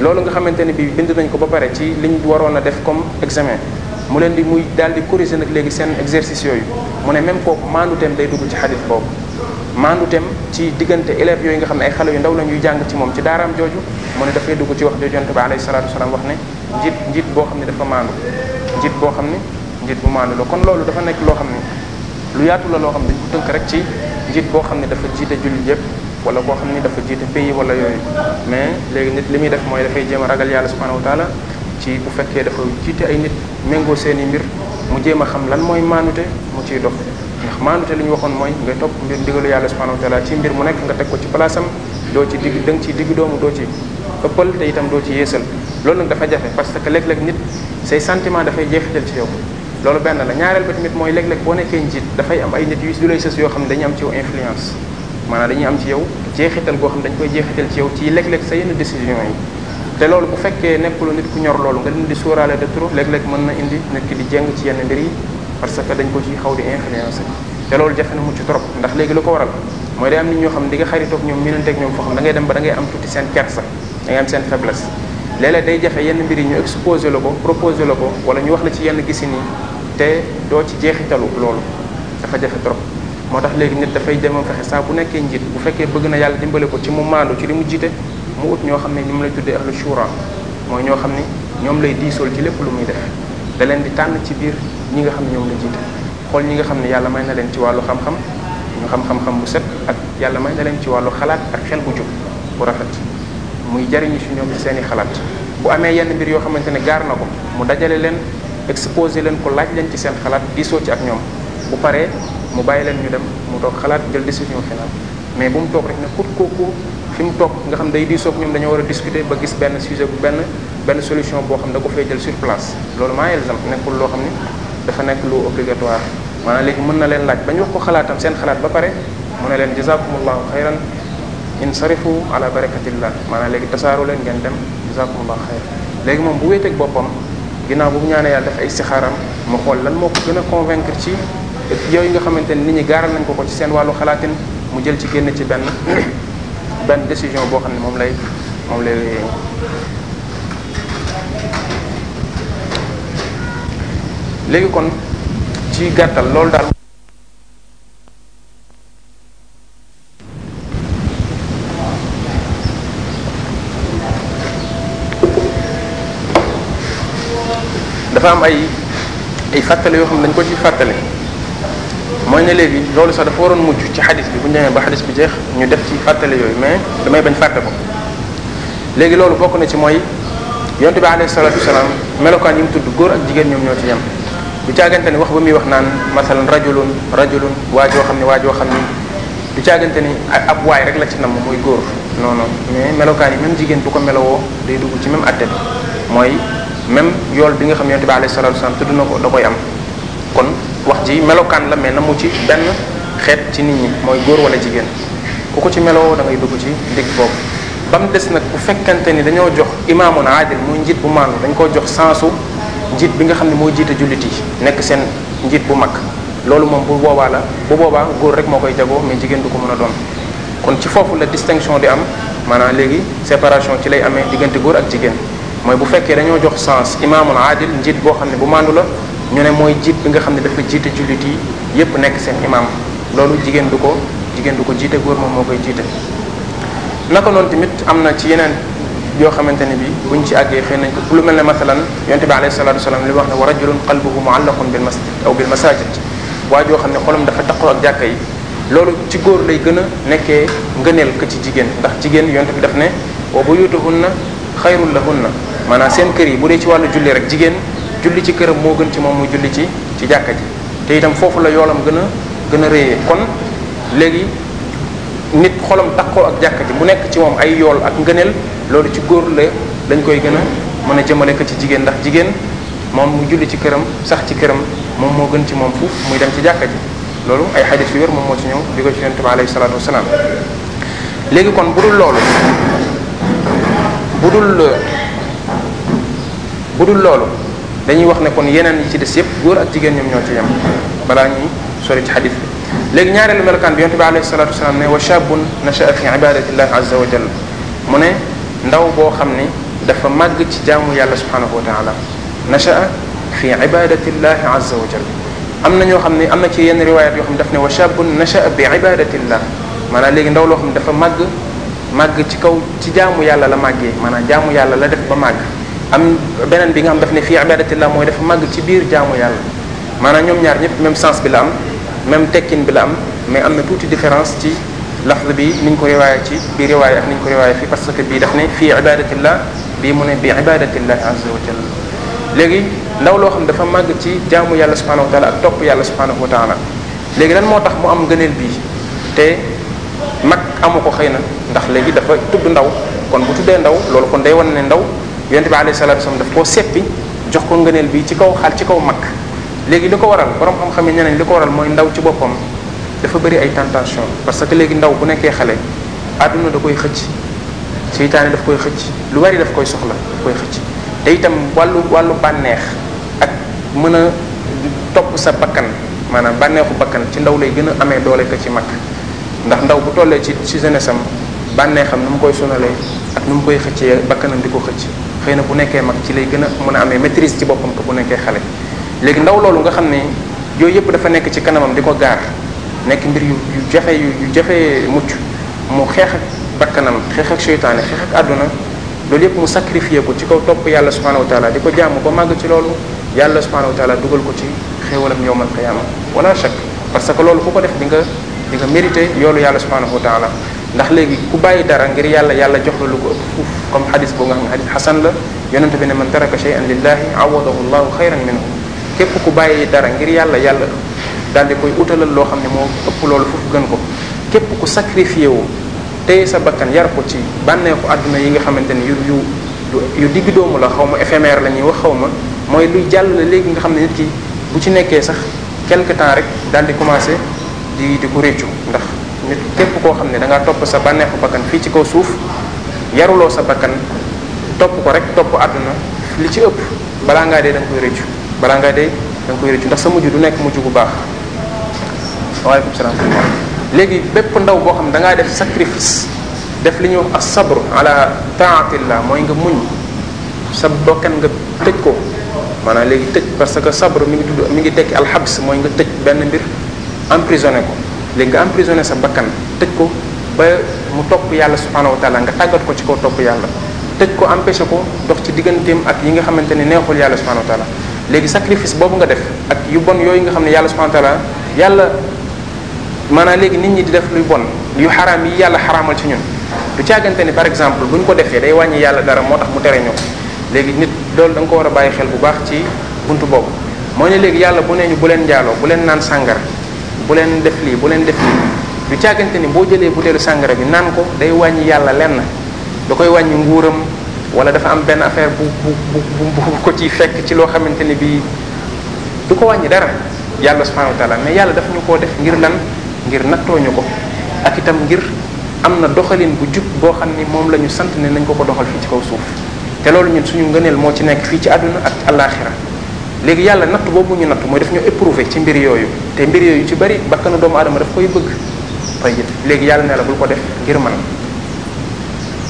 S1: loolu nga xamante ne bi bind nañ ko ba pare ci liñ waroon a def comme examen mu leen di muy daal di corriger nag léegi seen exercice yooyu mu ne même kooku maanduteem day dugg ci xadis boobu maanduteem ci diggante élèves yooyu nga xam ne ay xale yu ndaw la ñuy jàng ci moom ci daaraam jooju mu ne dafay dugg ci wax jooju yonte bi alayhi salatu wasalaam wax ne njiit njiit boo xam ne dafa maandu njiit boo xam ne njiit bu maandu la kon loolu dafa nekk loo xam ne lu yaatu la loo xam ne dañ tënk rek ci njiit boo xam ne dafa jiite julli yépp wala koo xam ne dafa jiite pays wala yooyu mais léegi li muy def mooy dafay jéem a ragal yàlla subhanahu wa taala ci bu fekkee dafa jiite ay nit méngoo seen i mbir mu jéem a xam lan mooy maanute mu ciy dox ndax maanute li ñu waxoon mooy ngay topp mbir ndigalu yàlla subhanahu wa taala ci mu nekk nga teg ko ci palaasam doo ci digg da nga ciy digg doomu doo ci ëppal te itam doo ci yeesal loolu nag dafa jafe parce que léeg-léeg nit say sentiment dafay jeexital ci yow loolu benn la ñaareel ba tamit mooy léeg-léeg boo nekkee njiit dafay am ay nit yu du lay sës yoo xam ne dañuy am ci yow influence maanaam am ci yow jeexital goo xam ne dañ koy jeexital ci yow ci léeg-léeg sa décision yi te loolu bu fekkee nekkul nit ku ñor loolu nga leen di sóoraale de trop léeg-léeg mën na indi nit ki di jeng ci yenn mbir yi parce que dañ ko ci xaw di influencé te loolu jafe na ci trop ndax léegi lu ko waral mooy day am nit ñoo xam di nga xaritoog ñoom miinanteeg ñoom foo xam da dem ba da am tuuti seen kersa da ngay am seen faiblesse léeg-léeg day jafe yenn mbir yi ñu exposé la ko proposé la ko wala ñu wax la ci yenn gisin yi te doo ci jeexitalu loolu dafa jafe trop moo tax léegi nit dafay dem fexe saa bu nekkee bu fekkee bëgg na yàlla dimbale ko ci mu maandu ci mu jiite mu ut ñoo xam ne ñu mu lay tuddee ahlu shura ñoo xam ne ñoom lay diisool ci lépp lu muy def da leen di tànn ci biir ñi nga xam ne ñoom la jiite xool ñi nga xam ne yàlla may na leen ci wàllu xam-xam ñu xam-xam-xam bu set ak yàlla may na leen ci wàllu xalaat ak xel bu jub bu rafet muy jariñu si ñoom ci seen i xalaat bu amee yenn mbir yoo xamante ne gaar na ko mu dajale leen exposé leen ko laaj leen ci seen xalaat diisoo ci ak ñoom bu paree mu bàyyi leen ñu dem mu toog xalaat jël décision finale fi mu toog nga xam day diisoo ak ñoom dañoo war a discuter ba gis benn sujet bu benn benn solution boo xam ne ko fay jël sur place loolu maa exemple nekkul loo xam ni dafa nekk lu obligatoire maanaam léegi mën na leen laaj ba wax ko xalaatam seen xalaat ba pare mu na leen jazakumullahu xayran insarifu ala barakatillah maanaam léegi tasaaru leen ngeen dem jazakumullahu xayran léegi moom bu wéeteeg boppam ginnaaw bu mu ñaanee yàlla def ay sixaaram mu xool lan moo ko gën a convaincre ci yooyu nga xamante ni nit ñi gaaral nañ ko ko ci seen wàllu xalaatin mu jël ci génn ci benn benn décision boo xam ne moom lay moom lay léegi kon ci gàttal loolu daal dafa am ay ay fàttale yoo xam ne dañ ko ci fàttale mooy ne léegi loolu sax dafa waroon mujj ci xadis bi bu ñu demee ba xadis bi jeex ñu def ci fàttale yooyu mais damay bañ fàtte ko léegi loolu bokk na ci mooy yonte bi alayhi salatu wasalaam melokaan yi mu tudd góor ak jigéen ñoom ñoo ci yem du caagante ni wax ba muy wax naan masalan rajulun rajulun waa joo xam ne waa joo xam ne du caagante ni ak ab waay rek la ci namm mooy góor non mais melokaan yi même jigéen bu ko melowoo day dugg ci même atte bi mooy même yool bi nga xam yonte bi alayhi salatu wasalaam tudd na ko da koy am kon wax ji melokaan la mais na mu ci benn xeet ci nit ñi mooy góor wala jigéen ku ko ci meloo da ngay dugg ci digg boobu ba mu des nag bu fekkante ni dañoo jox imaamun aadil muy njiit bu maanu dañ koo jox sensu njiit bi nga xam ne mooy jiite jullit yi nekk seen njiit bu mag loolu moom bu boobaa la bu boobaa góor rek moo koy jagoo mais jigéen du ko mën a doon kon ci foofu la distinction di am maanaam léegi séparation ci lay amee diggante góor ak jigéen mooy bu fekkee dañoo jox sens imaamun aadil njiit boo xam ne bu maandu la ñu ne mooy jiit bi nga xam ne dafa jiite jullit yi yépp nekk seen imam loolu jigéen du ko jigéen du ko jiite góor moom moo koy jiite naka noonu tamit am na ci yeneen yoo xamante ne bi ci àggee xëy nañ ko lu mel ne masalan yonte bi alayhi salatu wasalam li wax ne wa rajulun qalbuhu muallaqun bil masjid aw bil masajid waa joo xam ne xolam dafa taqoo ak jàkka yi loolu ci góor lay gën a nekkee ngëneel ko ci jigéen ndax jigéen yonte bi daf ne wa buyutuhunna xayrul na maanaam seen kër yi bu dee ci wàllu julli rek jigéen julli ci këram moo gën ci moom mu julli ci ci jàkka ji te itam foofu la yoolam gën a gën a réyee kon léegi nit xolam takkoo ak jàkka ji mu nekk ci moom ay yool ak ngëneel loolu ci góor la lañ koy gën a mën a jëmale ko ci jigéen ndax jigéen moom mu julli ci këram sax ci këram moom moo gën ci moom fuuf muy dem ci jàkka ji loolu ay xadis yu wér moom moo ci ñëw bi ko ci yonent bi alayhi salaatu wasalaam léegi kon bu dul loolu bu dul bu dul loolu dañuy wax ne kon yeneen yi ci des yëpp góor ak jigéen ñoom ñoo ci yem balaa ñuy sori ci xadis bi léegi ñaareelu melokaan bi yonte bi alayhi salatu wasalaam ne wa shabun nashaa fi ibadatillahi azza wa jalla mu ne ndaw boo xam ni dafa màgg ci jaamu yàlla subhanahu wa taala nashaa fi ibadatillahi azza wa jalla am na ñoo xam ne am na ci yenn riwayat yoo xam ne daf ne wa shabun nashaa bi ibadatillah maanaam léegi ndaw loo xam ne dafa màgg màgg ci kaw ci jaamu yàlla la màggee maanaam jaamu yàlla la def ba màgg am beneen bi nga xam daf ne fii ibadatillah mooy dafa màgg ci biir jaamu yàlla maanaam ñoom ñaar ñëpp même sens bi la am même tekkin bi la am mais am na tuuti différence ci lafz bi ni ñu ko riwaaya ci bi riwaaya ak ni ñu ko riwaaya fii parce que bii daf ne fii ibadatillah bii mu ne bi ibadatillah azza wa jalla léegi ndaw loo xam dafa màgg ci jaamu yàlla subhanahu wa taala ak topp yàlla subhanahu wa taala léegi lan moo tax mu am gëneel bii te mag amu ko xëy na ndax léegi dafa tudd ndaw kon bu tuddee ndaw loolu kon day wan ne ndaw yonte bi alayhi salatu wasallam daf koo seppi jox ko ngëneel bi ci kaw xal ci kaw mag léegi li ko waral borom xam-xam yi ñeneen li ko waral mooy ndaw ci boppam dafa bari ay tentation parce que léegi ndaw bu nekkee xale àdduna da koy xëcc seytaane daf koy xëcc lu bari daf koy soxla daf koy xëcc te itam wàllu wàllu bànneex ak mën a topp sa bakkan maanaam bànneexu bakkan ci ndaw lay gën a amee doole ko ci mag ndax ndaw bu tollee ci ci jeunesse am bànneexam mu koy sonalee ak nu mu koy xëccee bakkanam di ko xëcc xëy na bu nekkee mag ci lay gën a mën a amee maîtrise ci boppam que bu nekkee xale léegi ndaw loolu nga xam ne yooyu yëpp dafa nekk ci kanamam di ko gaar nekk mbir yu yu jafe yu jafe mucc mu xeex ak bakkanam xeex ak seytaane xeex ak àdduna loolu yëpp mu sacrifié ko ci kaw topp yàlla subhanahu wa taala di ko jàmm ba màgg ci loolu yàlla subhanahu wa taala dugal ko ci xéewalam yowmal qiyaama wala chak parce que loolu ku ko def di nga di nga mérité yoolu yàlla subhanahu wa taala ndax léegi ku bàyyi dara ngir yàlla yàlla jox ko comme xadis boo nga xam ne xadis xasan la yonente bi ne man taraka shay'an lillahi awadahu llahu xayran minhu képp ku bàyyi dara ngir yàlla yàlla daal di koy utalal loo xam ne moo ëpp loolu foofu gën ko képp ku sacrifié wu tey sa bakkan yar ko ci bànneexu àdduna yi nga xamante ne yu yu yu digg doomu la xaw ma éphémère la ñuy wax xaw ma mooy luy jàll la léegi nga xam ne nit ki bu ci nekkee sax quelque temps rek daal di commencé di di ko réccu ndax nit koo xam ne da topp sa bànneexu bakkan fii ci kaw suuf yaruloo sa bakkan topp ko rek topp àdduna li ci ëpp balaa ngaa dee da nga koy rëccu balaa ngaa dee da nga koy rëccu ndax sa mujj du nekk mujj bu baax waaleykum salaam léegi bépp ndaw boo xam da ngaa def sacrifice def li ñuy wax as sabr ala taatillah mooy nga muñ sa bakkan nga tëj ko maanaam léegi tëj parce que sabr mi ngi tudd mi ngi tekki alxabs mooy nga tëj benn mbir emprisonné ko léegi nga emprisonné sa bakkan tëj ko ba mu topp yàlla subhanahu wa taala nga tàggat ko ci kaw topp yàlla tëj ko empêché ko dox ci digganteem ak yi nga xamante ni neexul yàlla subhanahu wa taala léegi sacrifice boobu nga def ak yu bon yooyu nga xam ne yàlla subhanahu wa taala yàlla maanaa léegi nit ñi di def luy bon yu xaraam yi yàlla xaraamal ci ñun du caagante ni par exemple bu ñu ko defee day wàññi yàlla dara moo tax mu tere ñoo léegi nit doolu da ko war a bàyyi xel bu baax ci bunt boobu moo ne léegi yàlla bu ne ñu bu leen njaaloo bu leen naan sàngara bu leen def lii bu leen def lii du càggante ni boo jëlee butéelu sàngara bi naan ko day wàññi yàlla lenn da koy wàññi nguuram wala dafa am benn affaire bu bu bu bu ko ci fekk ci loo xamante ni bii du ko wàññi dara yàlla subhanahu wa taala mais yàlla dafa ñu koo def ngir lan ngir nattoo ñu ko ak itam ngir am na doxalin bu jub boo xam ni moom la ñu sant ne nañ ko ko doxal fii ci kaw suuf te loolu ñu suñu ngëneel moo ci nekk fii ci àdduna ak alaxira léegi yàlla natt boobu ñu natt mooy daf ñu éprouvé ci mbir yooyu te mbir yooyu ci bari bakkanu doomu aadama daf koy bëgg tayyib léegi yàlla ne la bul ko def ngir man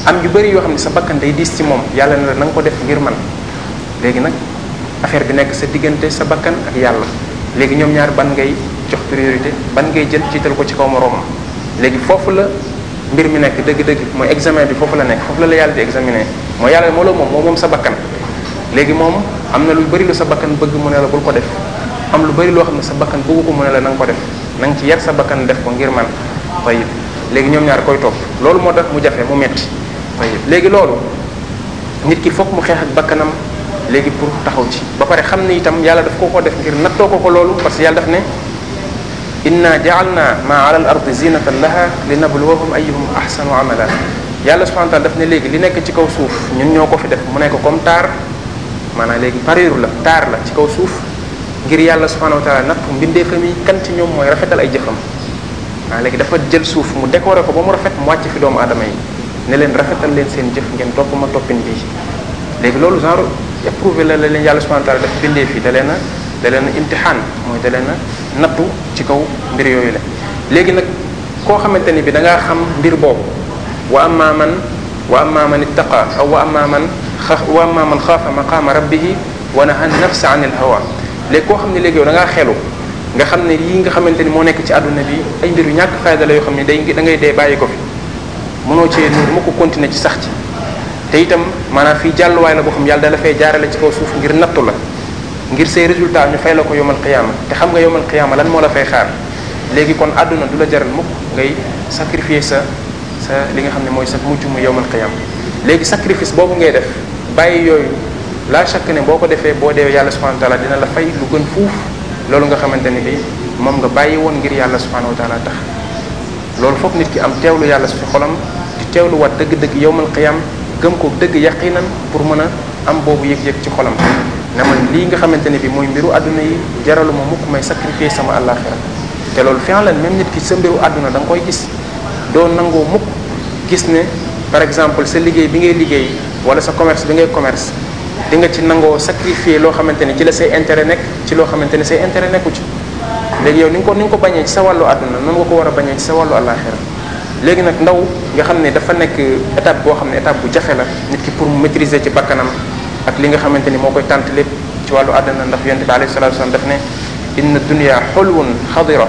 S1: am yu bëri yoo xam ne sa bakkan day diis ci moom yàlla ne la nanga ko def ngir man léegi nag affaire bi nekk sa diggante sa bakkan ak yàlla léegi ñoom ñaar ban ngay jox priorité ban ngay jël jiital ko ci kaw moroomam léegi foofu la mbir mi nekk dëgg-dëgg mooy examen bi foofu la nekk foofu la yàlla di examiner mooy yàlla moo la moom moo moom sa bakkan léegi moom am na lu bëri lu sa bakkan bëgg mu ne la bul ko def am lu bëri loo xam ne sa bakkan bëggu ko mu ne la na nga ko def na ci yar sa bakkan def ko ngir man tayib léegi ñoom ñaar koy topp loolu moo tax mu jafe mu metti tayib léegi loolu nit ki fokk mu xeex ak bakkanam léegi pour taxaw ci ba pare xam ne itam yàlla daf ko ko def ngir nattoo ko ko loolu parce que yàlla daf ne inna ja'alna ma ala al ardi zinatan laha linabluwahum ayyuhum ahsanu amala yàlla subhanahu wa ta'ala daf léegi li nekk ci kaw suuf ñun ñoo ko fi def mu nekk comme taar maanaam léegi pariru la taar la ci kaw suuf ngir yàlla subhanahu wa ta'ala nattu mbindeefam yi kan ci ñoom mooy rafetal ay jëfam ah léegi dafa jël suuf mu décorer ko ba mu rafet mu wàcc fi doomu aadama yi ne leen rafetal leen seen jëf ngeen topp ma toppin bii léegi loolu genre éprouvé la la yàlla subhanahu wa taala daf bindee fi da leen a da leen mooy da leen a nattu ci kaw mbir yooyu la léegi nag koo xamante ni bi da ngaa xam mbir boobu wa amma man wa amma man ittaqa aw wa amma man xa wa amma man xaafa maqaama rabbihi wa naha nafsa an il hawa léegi koo xam ne léegi yow da ngaa xelu nga xam ne yii nga xamante ni moo nekk ci àdduna bi ay mbir yu ñàkk fayda la yoo xam ne day da ngay dee bàyyi ko fi mënoo ee mu ko continuer ci sax ci te itam maanaam fii jàlluwaay la boo xam yàlla da la fay jaarale ci kaw suuf ngir nattu la ngir say résultat ñu fay la ko yomal xiyaama te xam nga yomal xiyaama lan moo la fay xaar léegi kon àdduna du la jaral mukk ngay sacrifier sa sa li nga xam ne mooy sa mujj mu yomal xiyaama léegi sacrifice boobu ngay def bàyyi yooyu la chaque boo ko defee boo dee yàlla subhanahu wa taala dina la fay lu gën fuuf loolu nga xamante ni bi moom nga bàyyi woon ngir yàlla subhanahu wa taala tax loolu foog nit ki am teewlu yàlla su fi xolam di teewlu wat dëgg-dëgg yowmal qiyam gëm ko dëgg yaqinan pour mën a am boobu yëg-yëg ci xolam ne man lii nga xamante ne bi mooy mbiru àdduna yi jaralu ma mukk may sacrifier sama àllaaxira te loolu leen même nit ki sa mbiru àdduna da koy gis doo nangoo mukk gis ne par exemple sa liggéey bi ngay liggéey wala sa commerce bi ngay commerce di nga ci nangoo sacrifier loo xamante ni ci la say intérêt nekk ci loo xamante ni say intérêt nekku ci léegi yow ni nga ko ni nga ko bañee ci sa wàllu àdduna noonu nga ko war a bañee ci sa wàllu àllaaxira léegi nag ndaw nga xam ne dafa nekk étape boo xam ne étape bu jafe la nit ki pour mu maîtriser ci bakkanam ak li nga xamante ni moo koy tànt lépp ci wàllu àdduna ndax yonte bi alayhi salatu wasallam daf ne inna dunya xulwun xadira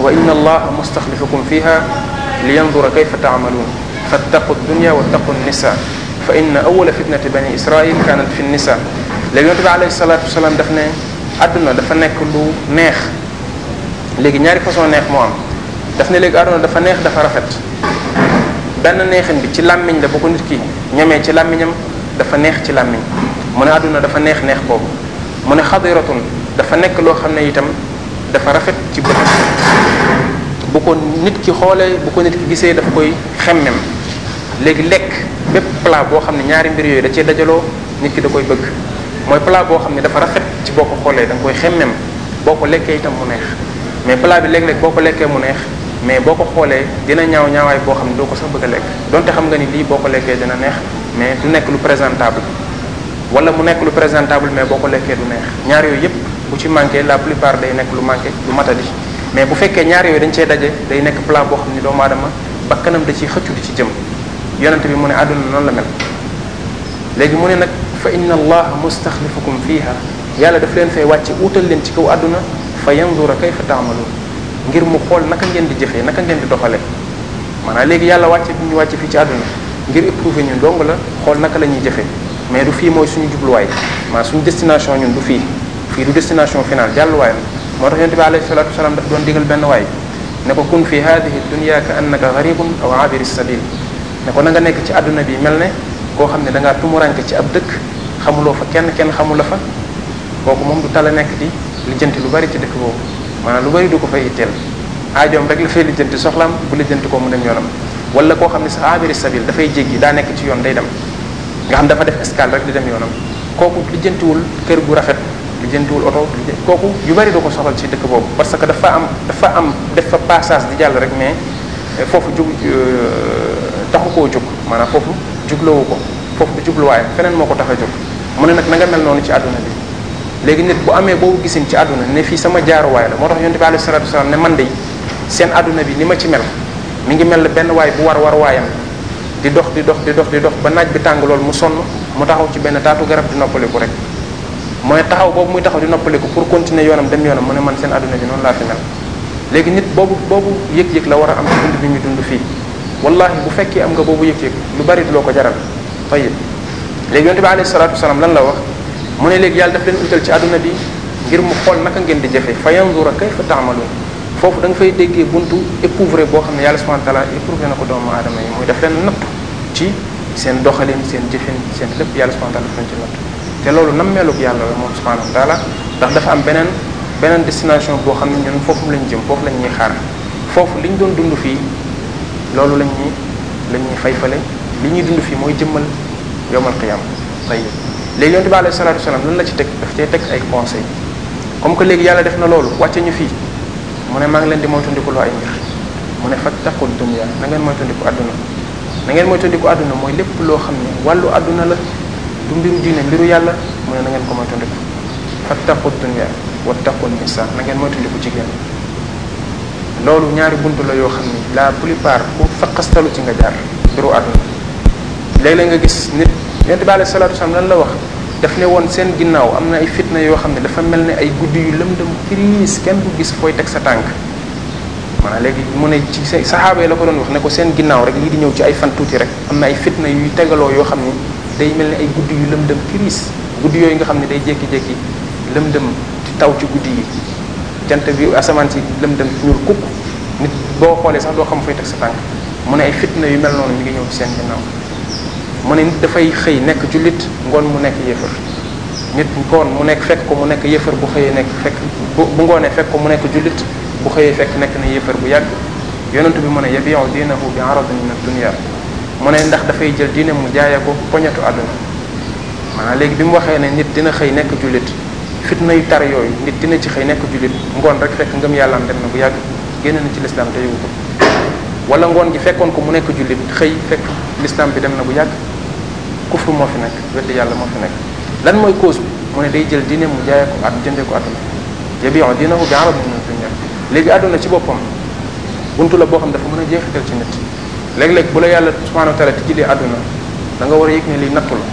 S1: wa inna allaha mustaxlifukum fiha li yandura kayfa taamaluun fattaqu dunya wattaqu nisa fa inna awwala fitnati bani israil kanat fi nisa léegi yonte bi alayhi salatu wasalaam daf ne àdduna dafa nekk lu neex léegi ñaari façon neex moo am daf ne léegi àdduna dafa neex dafa rafet benn neexin bi ci làmmiñ la bu ko nit ki ñamee ci làmmiñam dafa neex ci làmmiñ mu ne àdduna dafa neex neex boobu mu ne xadiratun dafa nekk loo xam ne itam dafa rafet ci bët bu ko nit ki xoolee bu ko nit ki gisee dafa koy xemmem léegi lekk bépp palaa boo xam ne ñaari mbir yooyu da cee dajaloo nit ki da koy bëgg mooy plat boo xam ne dafa rafet ci boo ko xoolee da nga koy xemmem boo ko lekkee itam mu mais plat bi léeg-léeg boo ko lekkee mu neex mais boo ko xoolee dina ñaaw ñaawaay boo xam ne doo ko sax bëgg a lekk donte xam ni lii boo ko lekkee dina neex mais du nekk lu présentable wala mu nekk lu présentable mais boo ko lekkee du neex ñaar yooyu yépp bu ci manqué la plupart day nekk lu manqué lu matadi mais bu fekkee ñaar yooyu dañ cee daje day nekk plat boo xam ne doomu aadama bakkanam da ciy xëccu di ci jëm yonente bi mu ne àdduna noon la mel léegi mu ne nag fa inna allaha mustaxlifukum fiha yàlla daf leen fay wàcce wutal leen ci kaw àdduna fa yandura kayfa taamaluun ngir mu xool naka ngeen di jëfee naka ngeen di doxale maanaam léegi yàlla wàcce bi wàcce fii ci àdduna ngir éprouver ñun dong la xool naka la ñuy jëfee mais du fii mooy suñu jubluwaay maanaam suñu destination ñun du fii fii du destination finale jàlluwaay la moo tax yonente bi alayhi salatu wasalaam daf doon digal benn waay ne ko kun fi hadihi dunya ka annaka garibun aw abiri sabil ne ko na nekk ci àdduna bi mel ne koo xam ne da ngaa ci ab dëkk xamuloo fa kenn kenn xamula fa kooku moom du tala nekk di lijjanti lu bari ci dëkk boobu maanaam lu bari du ko fay itteel ajoom rek la fay lijjanti soxlaam bu lijjanti mu dem yoonam wala koo xam ne sa abiri sabil dafay jéggi daa nekk ci yoon day dem nga xam dafa def escale rek di dem yoonam kooku lijjantiwul kër gu rafet lijjantiwul oto kooku yu bari du ko soxal ci dëkk boobu parce que dafa am dafa am def fa passage di jàll rek mais foofu jug euh, taxu koo jug a foofu juglawu ko foofu du jubluwaayam feneen moo ko tax a jug mu ne nag na nga mel noonu ci àdduna bi léegi nit bu amee boobu gisin ci àdduna ne fii sama jaaruwaay moo tax yonte bi alayhi salatu wasalaam ne man de seen àdduna bi ni ma ci mel mi ngi mel ne benn waay bu war war waayam di dox di dox di dox di dox ba naaj bi tàng lool mu sonn mu taxaw ci benn taatu garab di noppaliku rek mooy taxaw boobu muy taxaw di noppaliku pour continuer yoonam dem yoonam mu ne man seen àdduna bi noonu laa fi léegi nit boobu boobu yëg-yëg la war a am ci dund bi ñu dund fii wallahi bu fekkee am nga boobu yëg-yëg lu bari du loo ko jaral tayib léegi yonte bi alayhi salatu wasalaam lan la wax mu ne léegi yàlla daf leen utal ci àdduna bi ngir mu xool naka ngeen di jafe fa yanzura kayfa taamaloon foofu da fay déggee buntu éprouvé boo xam ne yàlla subhanahu wa taala éprouvé na ko doomu aadama yi muy daf leen nattu ci seen doxalin seen jëfin seen lépp yàlla subhanahu wa taala daf leen ci nattu te loolu nammeelug yàlla la moom subhanahu wa ndax dafa am beneen beneen destination boo xam ne ñun foofu lañ jëm foofu lañ ñuy xaar foofu liñ dund fii loolu lañ ñuy lañ ñuy fayfale li ñuy dund fii mooy jëmmal yowmal qiyam tey léegi yonte bi alayhi salatu wasalaam lan la ci teg daf cee teg ay conseil comme que léegi yàlla def na loolu wàcce ñu fii mu ne maa ngi leen di moytandiku loo ay mbir mu ne fattaqu dunya na ngeen moytandiku àdduna na ngeen moytandiku àdduna mooy lépp loo xam ne wàllu àdduna la du mbiru diine mbiru yàlla mu ne na ngeen ko moytandiku fattaqu dunya wattaqu nisa na ngeen moytandiku jigéen loolu ñaari buntu la yoo xam ni la plupart ku faqastalu ci nga jaar mbiru àdduna léeg-léeg nga gis nit yonent bi alayhi salaatu wasalaam lan la wax daf ne woon seen ginnaaw am na ay fitna yoo xam ne dafa mel ne ay guddi yu lëndëm crise kenn du gis fooy teg sa tànk maanaam léegi mu ne ci saxaaba yi la ko doon wax ne ko seen ginnaaw rek lii di ñëw ci ay fan tuuti rek am na ay fitna yuy tegaloo yoo xam ne day mel ne ay guddi yu lëm lëndëm crise guddi yooyu nga xam ne day jékki-jékki lëndëm di taw ci guddi yi jant bi asamaan si lëndëm ñuul kukk nit boo xoolee sax doo xam fay teg sa tànk mu ne ay fitna yu mel noonu mu ngi ñëw ci seen ginnaaw mu ne nit dafay xëy nekk jullit ngoon mu nekk yéefar nit ngoon mu nekk fekk ko mu nekk yéefar bu xëyee nekk fekk bu ngoonee fekk ko mu nekk jullit bu xëyee fekk nekk na yéefar bu yàgg yonentu bi mu ne yabiu diinahu bi aradin min dunia mu ne ndax dafay jël diine mu jaayee ko poñetu àdduna maa léegi bi mu waxee ne nit dina xëy nekk jullit fitna fitnay tar yooyu nit dina ci xëy nekk jullit ngoon rek fekk ngëm yàlla am dem na bu yàgg génn na ci lislaam te yëgu ko wala ngoon gi fekkoon ko mu nekk jullit xëy fekk lislaam bi dem na bu yàgg kufru moo fi nekk wedd yàlla moo fi nekk lan mooy cause bi mu ne jël diine mu jaayee ko at jëndee ko àdduna yabiu diinahu bi arabin min dunya léegi àdduna ci boppam buntu la boo xam dafa mën a jeexital ci nit léeg-léeg bu la yàlla subhanahu wa taala tijjilee àdduna da nga war a yëg ne lii nattu la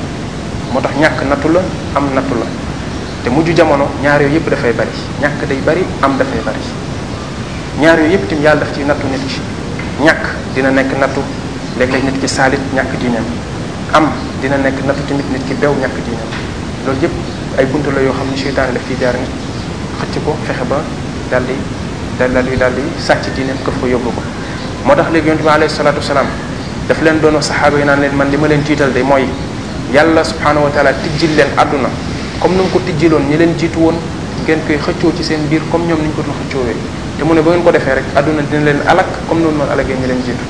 S1: moo tax ñàkk nattu la am nattu la te mujj jamono ñaar yooyu yëpp dafay bari ñàkk day bari am dafay bari ñaar yooyu yëpp tim yàlla daf ci nattu nit ñàkk dina nekk nattu léeg-léeg nit ki saalit ñàkk diineem am dina nekk nattu tamit nit ki bew ñàkk diineem loolu yëpp ay bunt la yoo xam ne seytaane daf ciy jaar nit xëcc ko fexe ba daal di daal daal di sàcc diineem këf ko yóbbu moo tax léegi yonent bi alayhi salaatu wasalaam daf leen doon saxaaba yi naan leen man li ma leen tiital de mooy yàlla subhanahu wa taala tijjil leen àdduna comme nu ko tijjiloon ñi leen jiitu woon ngeen koy xëccoo ci seen biir comme ñoom ni ñu ko doon xëccoowee te mu ne ba ngeen ko defee rek àdduna dina leen alak comme noonu noonu alagee leen jiitu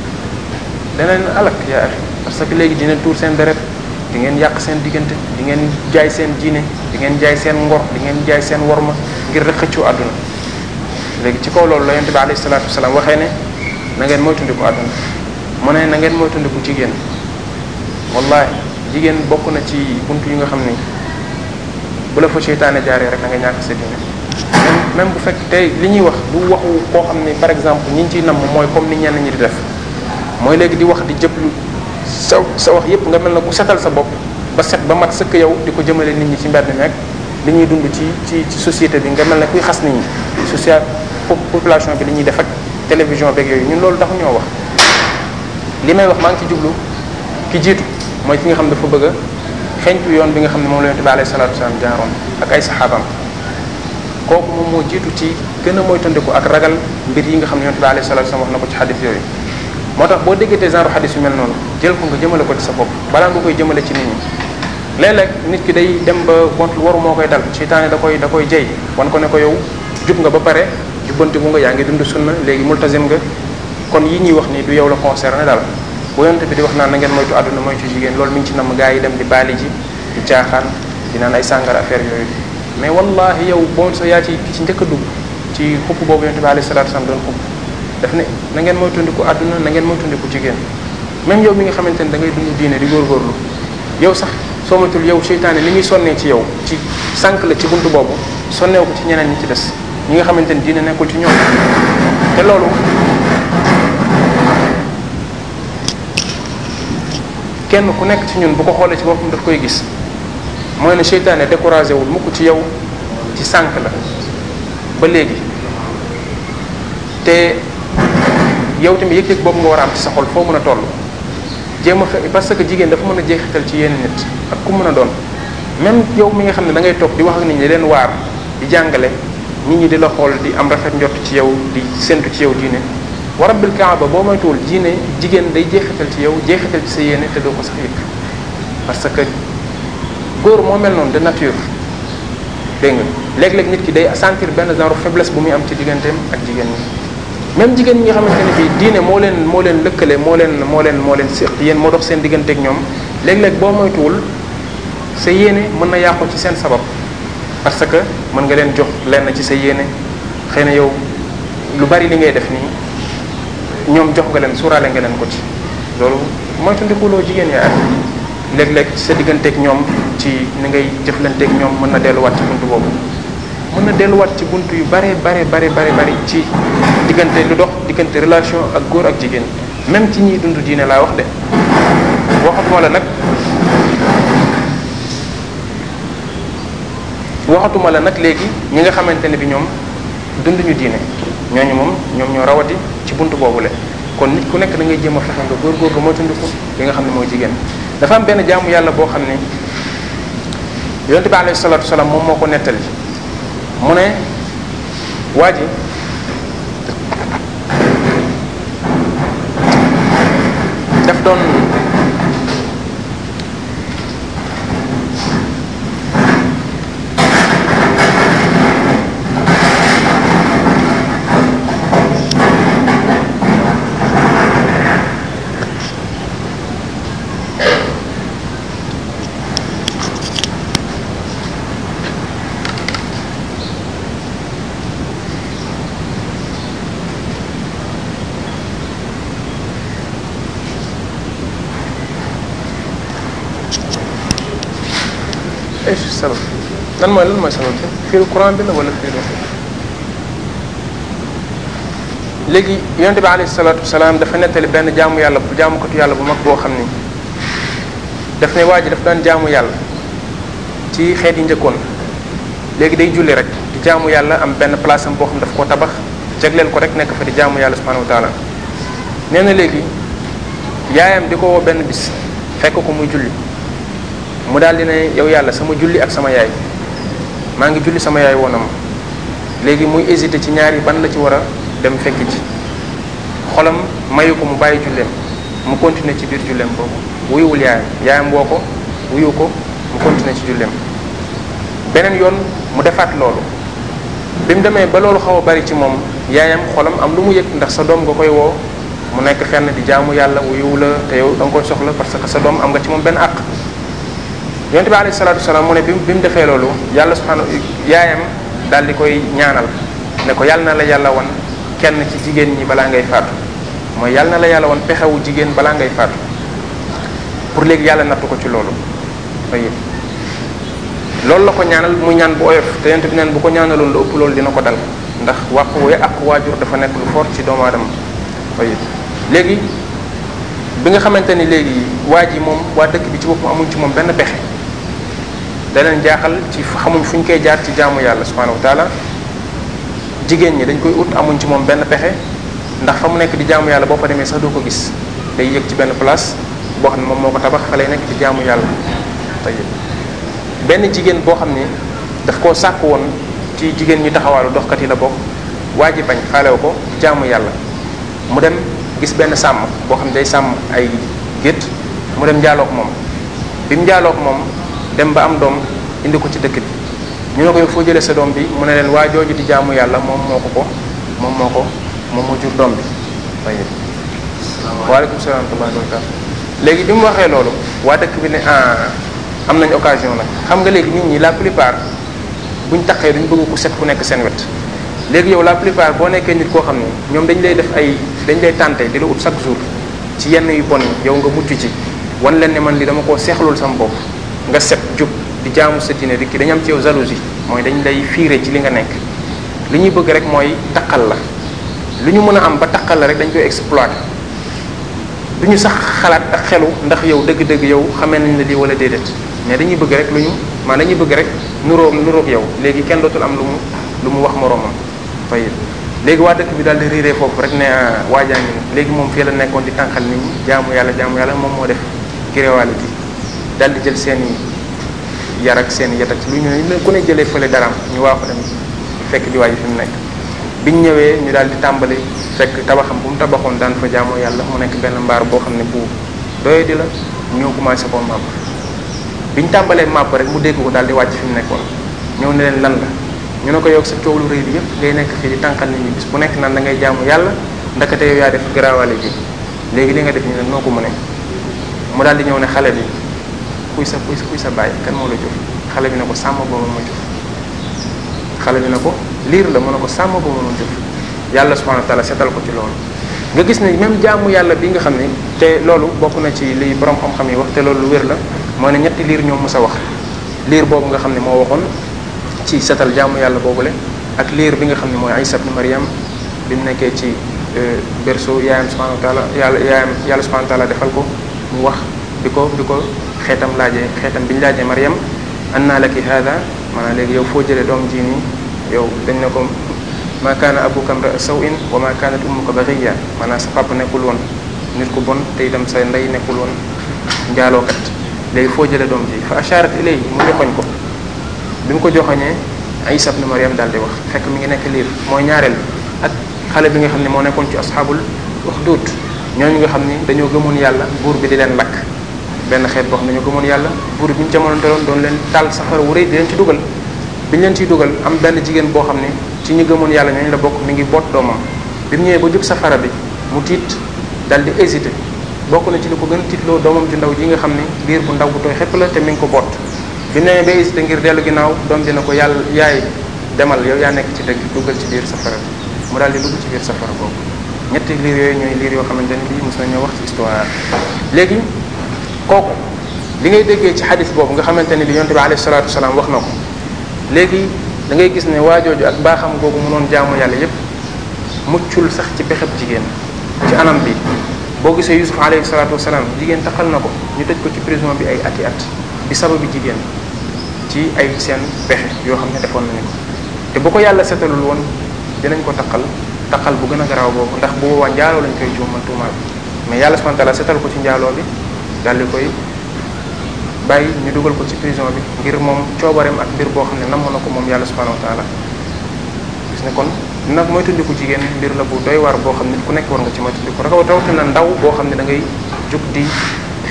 S1: dana leen alak yaa axi parce que léegi dina tuur seen deret di ngeen yàq seen diggante di ngeen jaay seen diine di ngeen jaay seen ngor di ngeen jaay seen ma ngir rek xëccoo àdduna léegi ci kaw loolu la yonte bi alayhi salatu wasalaam waxee ne na ngeen moytundiku àdduna mu ne na ngeen moytundiku jigéen wallahi jigéen bokk na ci buntu yi nga xam ne bu la fa seytaane jaare rek da nga ñàkk sa diine même bu fekk tey li ñuy wax du waxu koo xam ne par exemple ñi ciy namm mooy comme ni ñenn ñi di def mooy léegi di wax di jëplu sa sa wax yépp nga mel na ku setal sa bopp ba set ba mat sëkk yow di ko jëmale nit ñi ci mbedd nekk li ñuy dund ci ci société bi nga mel ne kuy xas nit ñi social population bi li ñuy def ak télévision beeg yooyu ñun loolu tax ñoo wax li may wax maa ngi ci jublu ki jiitu mooy ki nga xam dafa bëgg xencu yoon bi nga xam ne moom la yonent bi alayhi salaatu wasalaam jaaroon ak ay saxaabam kooku moom moo jiitu ci gën a moytandiku ak ragal mbir yi nga xam ne yonent bi alayhi salaatu wasalaam wax na ko ci xadis yooyu moo tax boo déggatee genre xadis yu mel noonu jël ko nga jëmale ko ci sa bopp balaa nga koy jëmale ci nit ñi léeg nit ki day dem ba contre waru moo koy dal seytaane da koy da koy jey wan ko ne ko yow jub nga ba pare jubbanti bu nga yaa ngi dund sunna léegi multazim nga kon yi ñuy wax ni du yow la concerné daal bu yonte bi di wax naa na ngeen moytu àdduna moytu jigéen loolu mi ngi ci namm gaa yi dem di baali ji di caaxaan di naan ay sàngara affaire yooyu mais wallahi yow boo so yaa ci njëkk dugg ci xupp boobu yonte bi alayhi salatu wasallam doon xupp daf ne na ngeen moytundiku àdduna na ngeen moytundiku jigéen même yow mi nga xamante ne da ngay dund diine di góorgóorlu yow sax soo matul yow seytaane li muy sonnee ci yow ci sànq la ci bunt boobu sonneew ko ci ñeneen ñi ci des ñi nga xamante ne diine nekkul ci ñoom te loolu kenn ku nekk ci ñun bu ko xoolee ci boppam daf koy gis mooy na seytaane découragé wul mukk ci yow ci sànq la ba léegi te yow tamit yëg-yëg boobu nga war a am ci sa xol foo mën a toll jéem a parce que jigéen dafa mën a jeexital ci yenn nit ak ku mën a doon même yow mi nga xam ne dangay toog di wax ak nit ñi leen waar di jàngale nit ñi di la xool di am rafet njort ci yow di séntu ci yow diine wa rabbil kaaba boo moytuwul jiine jigéen day jeexital ci yow jeexital ci sa yéene te doo ko sax yëg parce que góor moo mel noonu de nature dégg nga léeg-léeg nit ki day sentir benn genre faiblesse bu muy am ci digganteem ak jigéen ñi même jigéen ñi nga xamante ne fii diine moo leen moo leen lëkkale moo leen moo leen moo leen séq yéen moo dox seen digganteeg ñoom léeg-léeg boo moytuwul sa yéene mën na yàqu ci seen sabab parce que mën nga leen jox lenn ci sa yéene xëy na yow lu bari li ngay def nii ñoom jox nga leen suuraale nga leen ko ci loolu mooy tandikuloo jigéen yaa ak léeg sa digganteek ñoom ci ni ngay jëflanteeg ñoom mën na delluwaat ci bunt boobu mën na delluwaat ci bunt yu bare bare bare bare bare ci diggante lu dox diggante relation ak góor ak jigéen même ci ñiy dund diine laa wax de waxatuma la nag waxatuma la nag léegi ñi nga xamante ne bi ñoom dunduñu diine ñooñu moom ñoom ñoo rawati ci buntu boobule kon nit ku nekk da ngay jéem a fexe nga góorgóorlu moytandiku li nga xam ne mooy jigéen dafa am benn jaamu yàlla boo xam ne yonte bi alayhi salatu wasalaam moom moo ko nettali mu ne waa ji daf doon lan mooy lan mooy samantin fiiru courant bi la wala fiiru léegi yonte bi alayhi salatu wasalaam dafa nettali benn jaamu yàlla bu jaamukatu yàlla bu mag boo xam ni daf waa ji daf daan jaamu yàlla ci xeet yi njëkkoon léegi day julli rek di jaamu yàlla am benn place am boo xam daf ko tabax jagleel ko rek nekk fa di jaamu yàlla subhanahu wa taala nee na léegi yaayam di ko benn bis fekk ko muy julli mu dal di ne yow yàlla sama julli ak sama yaay maa ngi julli sama yaay woonam léegi muy hésité ci ñaar yi ban la ci war a dem fekk ci xolam mayu ko mu bàyyi julleem mu continuer ci biir julleem boobu wuyuwul yaayam yaayam woo ko wuyu ko mu continuer ci julleem beneen yoon mu defaat loolu bi mu demee ba loolu xaw a bari ci moom yaayam xolam am lu mu yëg ndax sa doom nga koy woo mu nekk fenn di jaamu yàlla wuyuwu la te yow da nga koy soxla parce que sa doom am nga ci moom benn àq yonent bi alayhi salaatu wasalaam mu ne bi bi mu defee loolu yàlla subhanahu yaayam daal di koy ñaanal ne ko yàlla na la yàlla wan kenn ci jigéen ñi balaa ngay faatu mooy yàlla na la yàlla wan pexewu jigéen balaa ngay faatu pour léegi yàlla nattu ko ci loolu loolu la ko ñaanal muy ñaan bu oyof te yonent bi neen bu ko ñaanaloon lu ëpp loolu dina ko dal ndax wàquwe ak waajur dafa nekk lu fort ci doomu aadama ayib léegi bi nga xamante ni léegi waa ji moom waa dëkk bi ci boppam amuñ ci moom benn pexe daneen jaaxal ci xamuñ fu ñu koy jaar ci jaamu yàlla subhanahu wa taala jigéen ñi dañ koy ut amuñ ci moom benn pexe ndax fa mu nekk di jaamu yàlla boo fa demee sax doo ko gis day yëg ci benn place boo xam ne moom moo ko tabax fa lay nekk di jaamu yàlla tey benn jigéen boo xam ne daf koo sàkk woon ci jigéen ñi taxawaalu doxkat yi la bokk waa ji bañ xaalew ko jaamu yàlla mu dem gis benn sàmm boo xam ne day sàmm ay gétt mu dem njaaloo ko moom bi mu njaaloo dem ba am doom indi ko ci dëkk bi ñu ne ko yow foo jëlee sa doom bi mu ne leen waa jooju di jàmm yàlla moom moo ko ko moom moo ko moom moo jur doom bi tayib waaleykum salaam wa rahmatullah léegi bi mu waxee loolu waa dëkk bi ne ah am nañ occasion nag xam nga léegi nit ñi la plupart buñ taqee duñ bëgg ku set ku nekk seen wet léegi yow la plupart boo nekkee nit koo xam ne ñoom dañu lay def ay dañ lay tànte di la ut chaque jour ci yenn yu bon yow nga mucc ci wan leen ne man li dama koo seexlul sama bopp nga set jub di jaamu sa diine di kii dañu am ci yow jalousie mooy dañu lay fiire ci li nga nekk li ñuy bëgg rek mooy taqal la lu ñu mën a am ba taqal la rek dañ koy exploiter du ñu sax xalaat ak xelu ndax yow dëgg-dëgg yow xamee nañ la di wala déedéet mais dañuy bëgg rek lu ñu maa dañuy bëgg rek nuróo nuróog yow léegi kenn dootul am lu mu lu mu wax moroomam tayib léegi waa dëkk bi daal di riiree foofu rek ne ah, waajaa ngi léegi moom fii la nekkoon di tànqal nit ñi yàlla jaamu yàlla moom moo def kiréwaale daal di jël seen yar ak seen i ci ak lu ñu ku ne jëlee fële daraam ñu waa ko dem fekk jiwaay ji fi mu nekk biñ ñëwee ñu daal di tàmbali fekk tabaxam bu mu tabaxoon daan fa jaamoo yàlla mu nekk benn mbaar boo xam ne bu doyee di la ñoo commencé koo màpp biñ tàmbalee màpp rek mu dégg ko daal di wàcc fi mu nekkoon ñëw ne leen lan la ñu ne ko yow sa coow lu rëy bi ngay nekk fii di tànqal nit bis bu nekk naan dangay ngay jaamu yàlla ndakate yow yaa def garaawale ji léegi li nga def ñu ne noo ko mënee mu daal di ñëw ne xale bi kuy sa kuy kuy sa bàyyi kan moo la jur xale bi na ko sàmm ba ma jur xale bi na ko liir la mu ne ko sàmm ba ma jur yàlla subhanahu wa taala seetal ko ci loolu nga gis ne même jaamu yàlla bi nga xam ne te loolu bokk na ci li borom xam-xam yi wax te loolu lu wér la moo ne ñetti liir ñoom mu sa wax liir boobu nga xam ne moo waxoon ci setal jàmm yàlla boobu le ak liir bi nga xam ne mooy Isa ibn Maryam bi mu nekkee ci euh, berceau yaayam subhanahu wa yàlla yaayam yàlla subhanahu wa defal ko mu wax di ko di ko xeetam laajee xeetam bi ñu laajee Mariam annaa laki haada maanaam léegi yow foo jëlee doom jii nii yow dañ ne ko ma kaana abu mra saw in wa ma kaanat ummuka baxiya maanaam sa papa nekkul woon nit ku bon te itam sa ndey nekkul woon njaalookat léegi foo jëlee doom ji fa asharat ilayhi mu joxoñ ko bi mu ko joxoñee Isa ibn Mariam daal di wax fekk mi ngi nekk liir mooy ñaareel ak xale bi nga xam ne moo nekkoon ci asxaabul uxduud ñooñu nga xam ne dañoo gëmoon yàlla buur bi di leen lakk benn xeet boo xam ne ñu gëmoon yàlla buur bi ñu jamonoontaloon doon leen taal safara wu rëy di leen ci dugal bi ñu leen ciy dugal am benn jigéen boo xam ne ci ñu gëmoon yàlla ñooñu la bokk mi ngi boot doomam bi mu ñëwee ba jóg safara bi mu tiit dal di hésité bokk na ci li ko gën a tiitloo doomam ju ndaw ji nga xam ne biir bu ndaw bu tooy xepp la te mi ngi ko boot bi mu nee ngir dellu ginnaaw doom dina ko yàlla yaay demal yow yaa nekk ci dëgg dugal ci biir safara bi mu daal di dugg ci biir safara boobu ñetti liir yooyu ñooy liir yoo xamante ne bii mos nañoo wax ci histoire léegi kooku li ngay déggee ci xadis boobu nga xamante ni li yonte bi alayhi salaatu wasalaam wax na ko léegi da ngay gis ne waajooju ak baaxam googu mu noon jaamu yàlla yépp muccul sax ci pexeb jigéen ci anam bi boo gisee yusuf alayhi salaatu wasalaam jigéen taxal na ko ñu tëj ko ci prison bi ay ati at di sababi jigéen ci ay seen pexe yoo xam ne defoon nañu ko te bu ko yàlla setalul woon dinañ ko taqal taqal bu gën a garaaw boobu ndax bu boobaa njaaloo lañ koy juumal tuumaal mais yàlla subhanahu wa ta'ala setal ko ci njaaloo bi daal di koy bàyyi ñu dugal ko ci prison bi ngir moom coobareem ak mbir boo xam ne namm na ko moom yàlla subhanahu wa gis ne kon nag mooy tundiku jigéen mbir la bu doy waar boo xam ne ku nekk war nga ci mooy tundiku rek rawatina ndaw boo xam ne da ngay jug di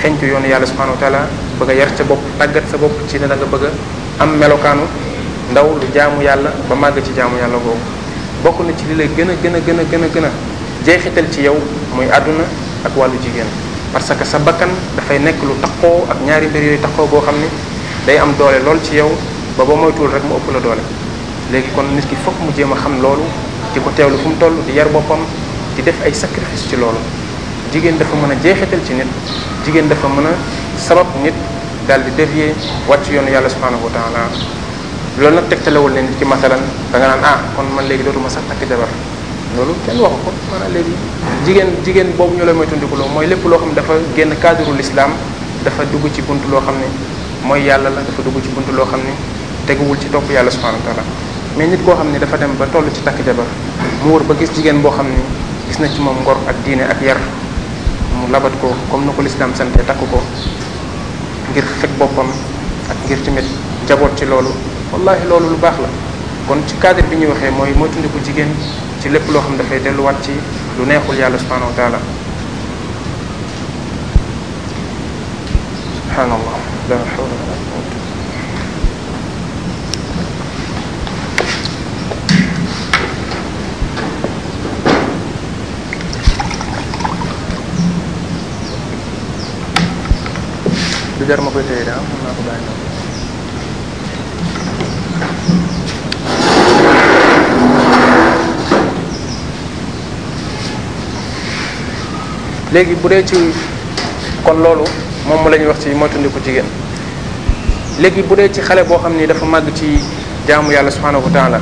S1: xeñtu yoonu yàlla subhanahu wa taala bëgg a yar sa bopp tàggat sa bopp ci ne da nga bëgg am melokaanu ndaw lu jaamu yàlla ba màgg ci jaamu yàlla boobu bokk na ci li lay gën a gën a gën a gën a gën a jeexital ci yow muy àdduna ak wàllu jigéen parce que sa bakkan dafay nekk lu taqoo ak ñaari mbir yooyu taqoo boo xam ni day am doole lool ci yow ba ba moytuwul rek mu ëpp la doole léegi kon nit ki fokk mu jéem a xam loolu di ko teewlu fu mu toll di yar boppam di def ay sacrifice ci loolu jigéen dafa mën a jeexital ci nit jigéen dafa mën a sabab nit daal di dévier wàcc yoonu yàlla subhanahu wa taala loolu nag tegtalewul ne nit ki masalan da nga naan ah kon man léegi dootuma sax takk loolu kenn waxu ko maanaam léegi jigéen jigéen boobu ñu lay moytandikuloo mooy lépp loo xam ne dafa génn cadre l'islam dafa dugg ci bunt loo xam ne mooy yàlla la dafa dugg ci bunt loo xam ne teguwul ci topp yàlla subhanahu wa taala mais nit koo xam ne dafa dem ba tollu ci takk jabar mu wër ba gis jigéen boo xam ne gis na ci moom ngor ak diine ak yar mu labat ko comme na ko l'islam sante takk ko ngir fekk boppam ak ngir tamit jaboot ci loolu wallahi loolu lu baax la kon ci cadre bi ñuy waxee mooy moytandiku jigéen ci lépp loo xam dafay delluwaat ci lu neexul yàlla subhanahu wa taala subhanallah la hawla wala quwwata du jar ma koy téye daa mën naa ko bàyyi léegi bu dee ci kon loolu moom mu la ñuy wax ci ko jigéen léegi bu dee ci xale boo xam ni dafa màgg ci jaamu yàlla subhanahu wa taala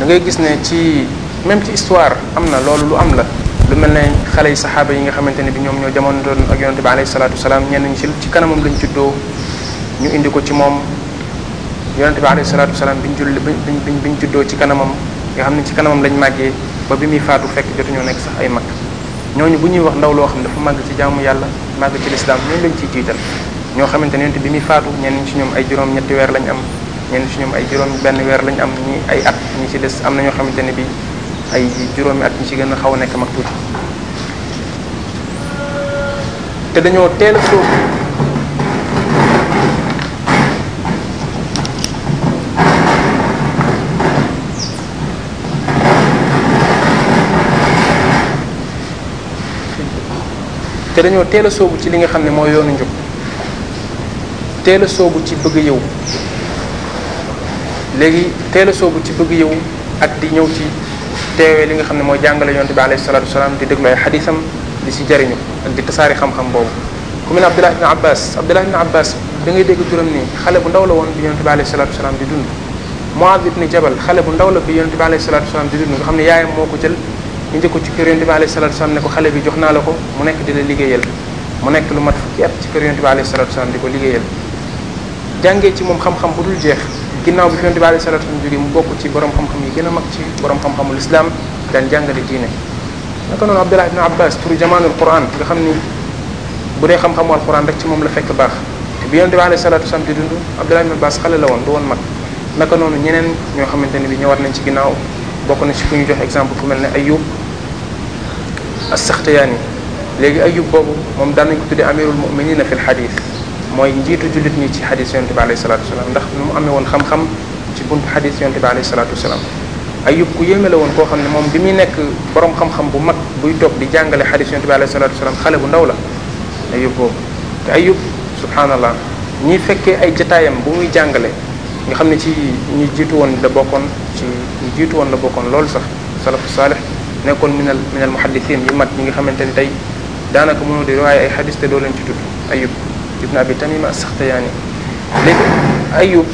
S1: da ngay gis ne ci même ci histoire am na loolu lu am la lu mel ne xale yi saxaaba yi nga xamante ne bi ñoom ñoo jamono doon ak yonente bi alayhi salatu wasalaam ñenn ñi ci ci kanamam lañ juddoo ñu indi ko ci moom yonente bi alayhi salatu wasalaam biñ julli biñ biñ juddoo ci kanamam nga xam ne ci kanamam lañ màggee ba bi muy faatu fekk jotuñoo nekk sax ay mag ñooñu bu ñuy wax ndaw loo xam ne dafa màgg ci jaamu yàlla màgg ci lislaam ñooñu lañ ciy jiital ñoo xamante ne bi muy faatu ñenn ci ñoom ay juróom ñetti weer lañ am ñenn ci ñoom ay juróom benn weer lañ am ñi ay at ñi ci des am na ñoo xamante ne bi ay juróomi at ñi ci gën a xaw a nekk mag tuuti te dañoo teel a sóobu te dañoo teel a soobu ci li nga xam ne mooy yoonu njub teel a soobu ci bëgg yëw léegi teel a ci bëgg yëw ak di ñëw ci teewee li nga xam ne mooy jàngale yonte bi alayhi salatu wasalaam di déglu ay xadisam di si jariñu ak di tasaari xam-xam boobu ku mel ne Abdullah ibn Abbas Abdullah ibn Abbas da ngay dégg turam nii xale bu ndaw la woon bi yonte bi alayhi salatu wasalaam di dund Muad ibn Jabal xale bu ndaw la bi yonte bi alayhi salatu wasalaam di moo ko jël ñu njëkk ko ci kër yonte bi alayhi salatu wasallam ne ko xale bi jox naa la ko mu nekk di la liggéeyal mu nekk lu mat fukki at ci kër yonte bi alayhi salatu wasallam di ko liggéeyal jàngee ci moom xam-xam bu dul jeex ginnaaw bi fi yonte bi alayhi salatu wasallam jógee mu bokk ci borom xam-xam yi a mag ci borom xam-xamul islam daan jàngale diine naka noonu abdullah ibn abbas turu jamaanul quran nga xam ni bu dee xam-xamu alquran rek ci moom la fekk baax te bi yonte bi alayhi salatu wasallam di dund abdullah xale la woon du woon mag naka noonu ñeneen ñoo xamante ne bi war nañ ci ginnaaw bokk na ci fu ñu jox exemple ku mel ne ayub as-Saxtiyaani léegi Ayub boobu moom daan nañ ko tuddee amirul muminina fi lxadis mooy njiitu jullit ñi ci xadis yonte bi alayhi salatu wasalaam ndax nu mu amee woon xam-xam ci buntu xadis yonte bi alayhi salatu wasalaam Ayub woon koo xam ne moom bi muy nekk borom xam bu mag buy toog di jàngale xadis yonte bi alayhi xale bu ndaw la Ayub boobu te Ayub subhanallah ñi fekkee ay jataayam bu muy jàngale nga xam ne ci ñi jiitu woon la bokkoon ci ñi jiitu woon la bokkoon loolu sax salafu saalih nekkoon minal minal muhaddisin yu mag ñi nga xamante ni tey daanaka mënoo di waaye ay xadis te doo leen ci tudd ayub bi tamit tamima as-saxtiyaani léegi ayub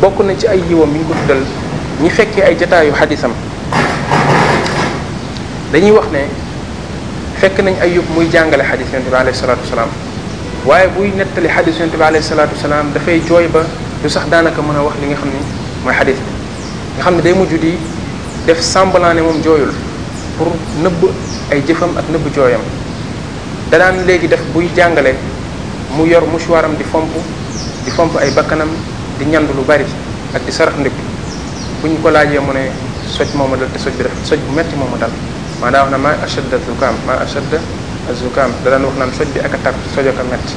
S1: bokk na ci ay yiwam yi ñu ko tuddal fekkee ay jataayu xadisam dañuy wax ne fekk nañ ayub muy jàngale xadis yonte bi alayhi salatu wasalaam waaye buy nettali xadis yonte bi alayhi salatu dafay jooy ba du sax daanaka mën a wax li nga xam ne mooy xadis bi nga xam ne day mujj di def semblant ne moom jooyul pour nëbb ay jëfam ak nëbb jooyam danaan léegi def buy jàngale mu yor mouchoiram di fomp di fomp ay bakkanam di ñand lu bari ak di sarax ndëkk bu ko laajee mu ne soj moo ma dal te soj bi def soj bu metti moo ma dal maanaam wax na maa ashadda zukaam maa ashadda azukaam da daan wax naan soj bi ak a tar soj ak a metti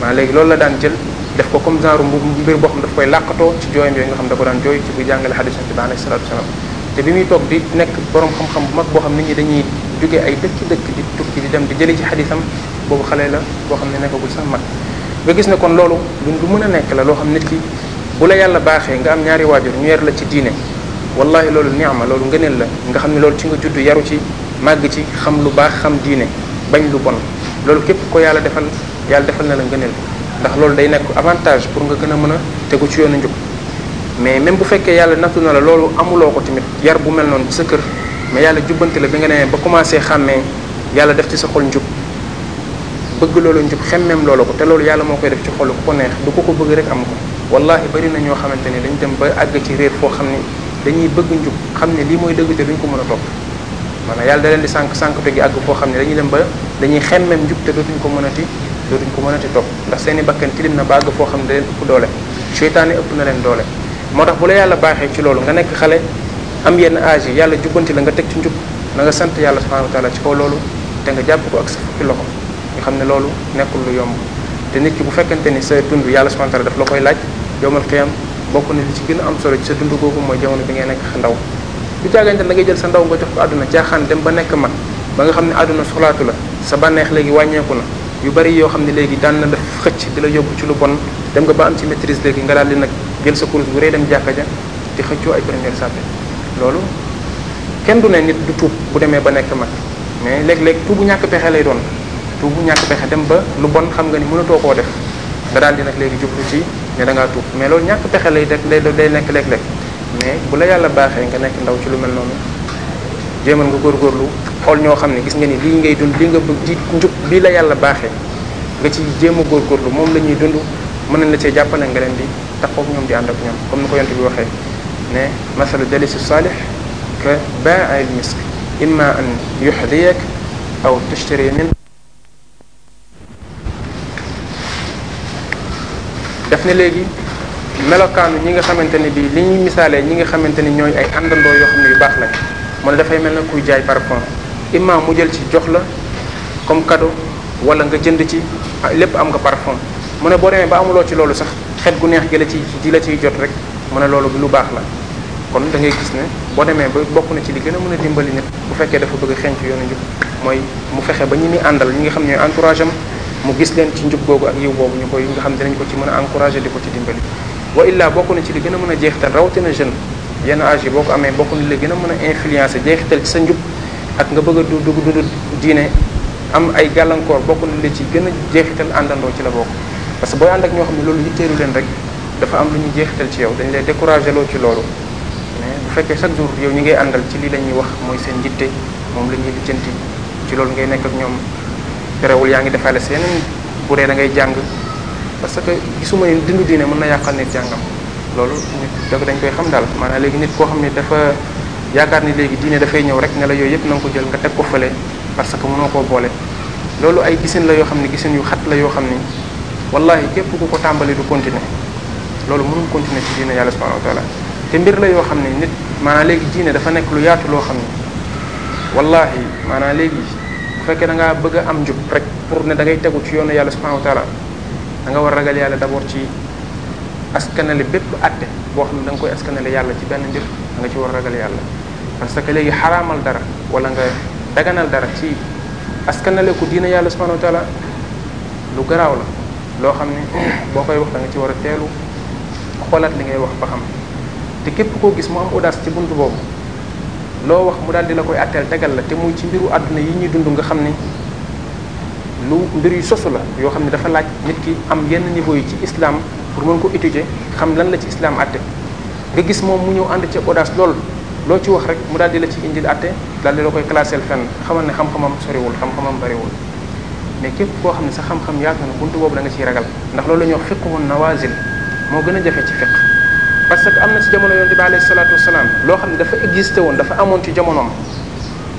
S1: maa léegi loolu la daan jël def ko comme genre mbir boo xam daf koy làqatoo ci jooyam yooyu nga xam da ko daan jooy ci bi te bi muy toog di nekk borom xam-xam bu mag boo xam nit ñi dañuy jóge ay dëkk dëkk di tukki di dem di jëli ci xadisam boobu xale la boo xam ne nekkagul sax mag nga gis ne kon loolu lu lu mën a nekk la loo xam nit ki bu la yàlla baaxee nga am ñaari waajur ñu yar la ci diine wallahi loolu ni'ma loolu ngëneel la nga xam ne loolu ci nga juddu yaru ci màgg ci xam lu baax xam diine bañ lu bon loolu képp ko yàlla defal yàlla defal na la ngëneel ndax loolu day nekk avantage pour nga gën a mën a tegu ci yoonu njub mais même bu fekkee yàlla nattu na la loolu amuloo ko tamit yar bu mel noonu ci sa kër mais yàlla jubbante la bi nga ne ba commencé xàmmee yàlla def ci sa xol njub bëgg loolu njub xemmeem loolu ko te loolu yàlla moo koy def ci xol ku ko ko ko bëgg rek am ko wallahi bari na ñoo xamante ni dañu dem ba àgg ci réer foo xam ni dañuy bëgg njub xam ne lii mooy dëgg te duñ ko mën a topp maanaam yàlla da leen di sànq sànq te gi àgg foo xam ne dañuy dem ba dañuy xemmeem njub te dootuñ ko mënati dootuñ ko mënati topp ndax seen i bakkan tilim na ba àgg foo xam ne da leen ëpp doole seytaane ëpp na leen doole moo tax bu la yàlla baaxee ci loolu nga nekk xale am yenn âge yi yàlla jubbanti la nga teg ci njub na nga sant yàlla subhanahu wa taala ci kaw loolu te nga jàpp ko ak sa fukki loxo nga xam ne loolu nekkul lu yomb te nit ki bu fekkente ni sa dund yàlla subhanahu wa taala daf la koy laaj yowmal xiyam bokk na li ci gën a am solo ci sa dund googu mooy jamono bi ngay nekk ndaw bu caagante na ngay jël sa ndaw nga jox ko àdduna jaaxaan dem ba nekk man ba nga xam ne àdduna soxlaatu la sa bànneex léegi wàññeeku na yu bari yoo xam ne léegi daan na def xëcc di la yóbbu ci lu bon dem nga ba am ci maîtrise léegi nga daal di jël sa kurus bu rëy dem jàkka ja di xëccoo ay première sàppe loolu kenn du ne nit du tuub bu demee ba nekk mag mais léeg-léeg tuubu ñàkk pexe lay doon tuubu ñàkk pexe dem ba lu bon xam nga ni mënatoo koo def nga daal di nag léegi jublu ci ne da ngaa tuub mais loolu ñàkk pexe lay def lay lay nekk léeg mais bu la yàlla baaxee nga nekk ndaw ci lu mel noonu jéemal nga góor góorgóorlu xool ñoo xam ne gis nga ni lii ngay dund lii nga bëgg di njub bii la yàlla baaxee nga ci jéem a góorgóorlu moom la ñuy dund mën nañ la cee jàppale nga leen di taqoog ñoom di ànd ak ñoom comme ni ko yonte bi waxee ne masalu jalisi saalih ka baa'i al-misk imma an yuhdiyak aw tashtari min daf ne léegi melokaanu ñi nga xamante ne bii li ñuy misaalee ñi nga xamante ni ñooy ay àndandoo yoo xam ne yu baax lañ mu ne dafay mel na kuy jaay par rapport imma mu jël ci jox la comme cadeau wala nga jënd ci ah, lépp am nga parfum mu ne boo demee ba amuloo ci loolu sax xet gu neex gi la ci di la ciy jot rek mu ne loolu lu baax la kon da ngay gis ne boo demee ba bokk na ci li gën a mën a dimbali nit bu fekkee dafa bëgg a xenc yoonu njub mooy mu fexe ba ñi muy àndal ñi nga xam ne entourage am mu gis leen ci njub googu ak yiw boobu ñu koy nga xam dinañ ko ci mën a encouragé di ko ci dimbali wa illaa bokk na ci li gën a mën a jeexital rawatina jeune yenn âge boo ko amee bokk na li gën a mën a influencé jeexital ci sa njub ak nga bëgg a dugg dund diine am ay gàllankoor bokk na li ci gën a jeexital àndandoo ci la bokk parce que booy ànd ak ñoo xam ne loolu yitteelu leen rek dafa am lu ñuy jeexital ci yow dañ lay découragé loo ci loolu mais bu fekkee chaque jour yow ñi ngay àndal ci lii la wax mooy seen yitte moom la ñuy lijjanti ci loolu ngay nekk ak ñoom terewul yaa ngi defaale seen bu dee da ngay jàng parce que gisuma ne dindu diine mën na yàqal nit jàngam loolu nit da dañ koy xam daal maanaa léegi nit koo xam ne dafa yaakaar ni léegi diine dafay ñëw rek ne la yooyu yëpp na ko jël nga teg ko fële parce que mënoo koo boole loolu ay gisin la yoo xam ne gisin yu xat la yoo xam ni wallahi képp ku ko tàmbali du continuer loolu mënul continuer ci diine yàlla subhanahu wa taala te mbir la yoo xam ne nit maanaam léegi diine dafa nekk lu yaatu loo xam ne wallahi maanaam léegi bu fekkee da ngaa bëgg am njub rek pour ne da ngay tegu ci yoonu yàlla subhanahu wa taala da nga war ragal yàlla d'abord ci askanale bépp atte boo xam ne da nga koy askanale yàlla ci benn mbir da nga ci war a ragal yàlla parce que léegi xaraamal dara wala nga daganal dara ci askanale ku diine yàlla subhanahu wa taala lu garaaw la loo xam ne boo koy wax da nga ci war a teelu xoolaat li ngay wax ba xam te képp koo gis mu am audace ci bunt boobu loo wax mu daal di la koy atteel tegal la te muy ci mbiru àdduna yi ñuy dund nga xam ne lu mbir yu sosu la yoo xam ne dafa laaj nit ki am yenn niveau yi ci islaam pour mën ko étudier xam lan la ci islam atte nga gis moom mu ñëw ànd ci audace lool loo ci wax rek mu daal di la ci indil atte daal di la koy classel fenn xamal ne xam-xamam soriwul xam-xamam bariwul ne képp koo xam ne sa xam-xam yaatu na buntu boobu da nga ciy ragal ndax loolu la ñuy wax fiqhu nawazil moo gën a jafe ci fiq parce que am na ci jamono yonent bi alayhi salaatu wasalaam loo xam ne dafa existé woon dafa amoon ci jamonoom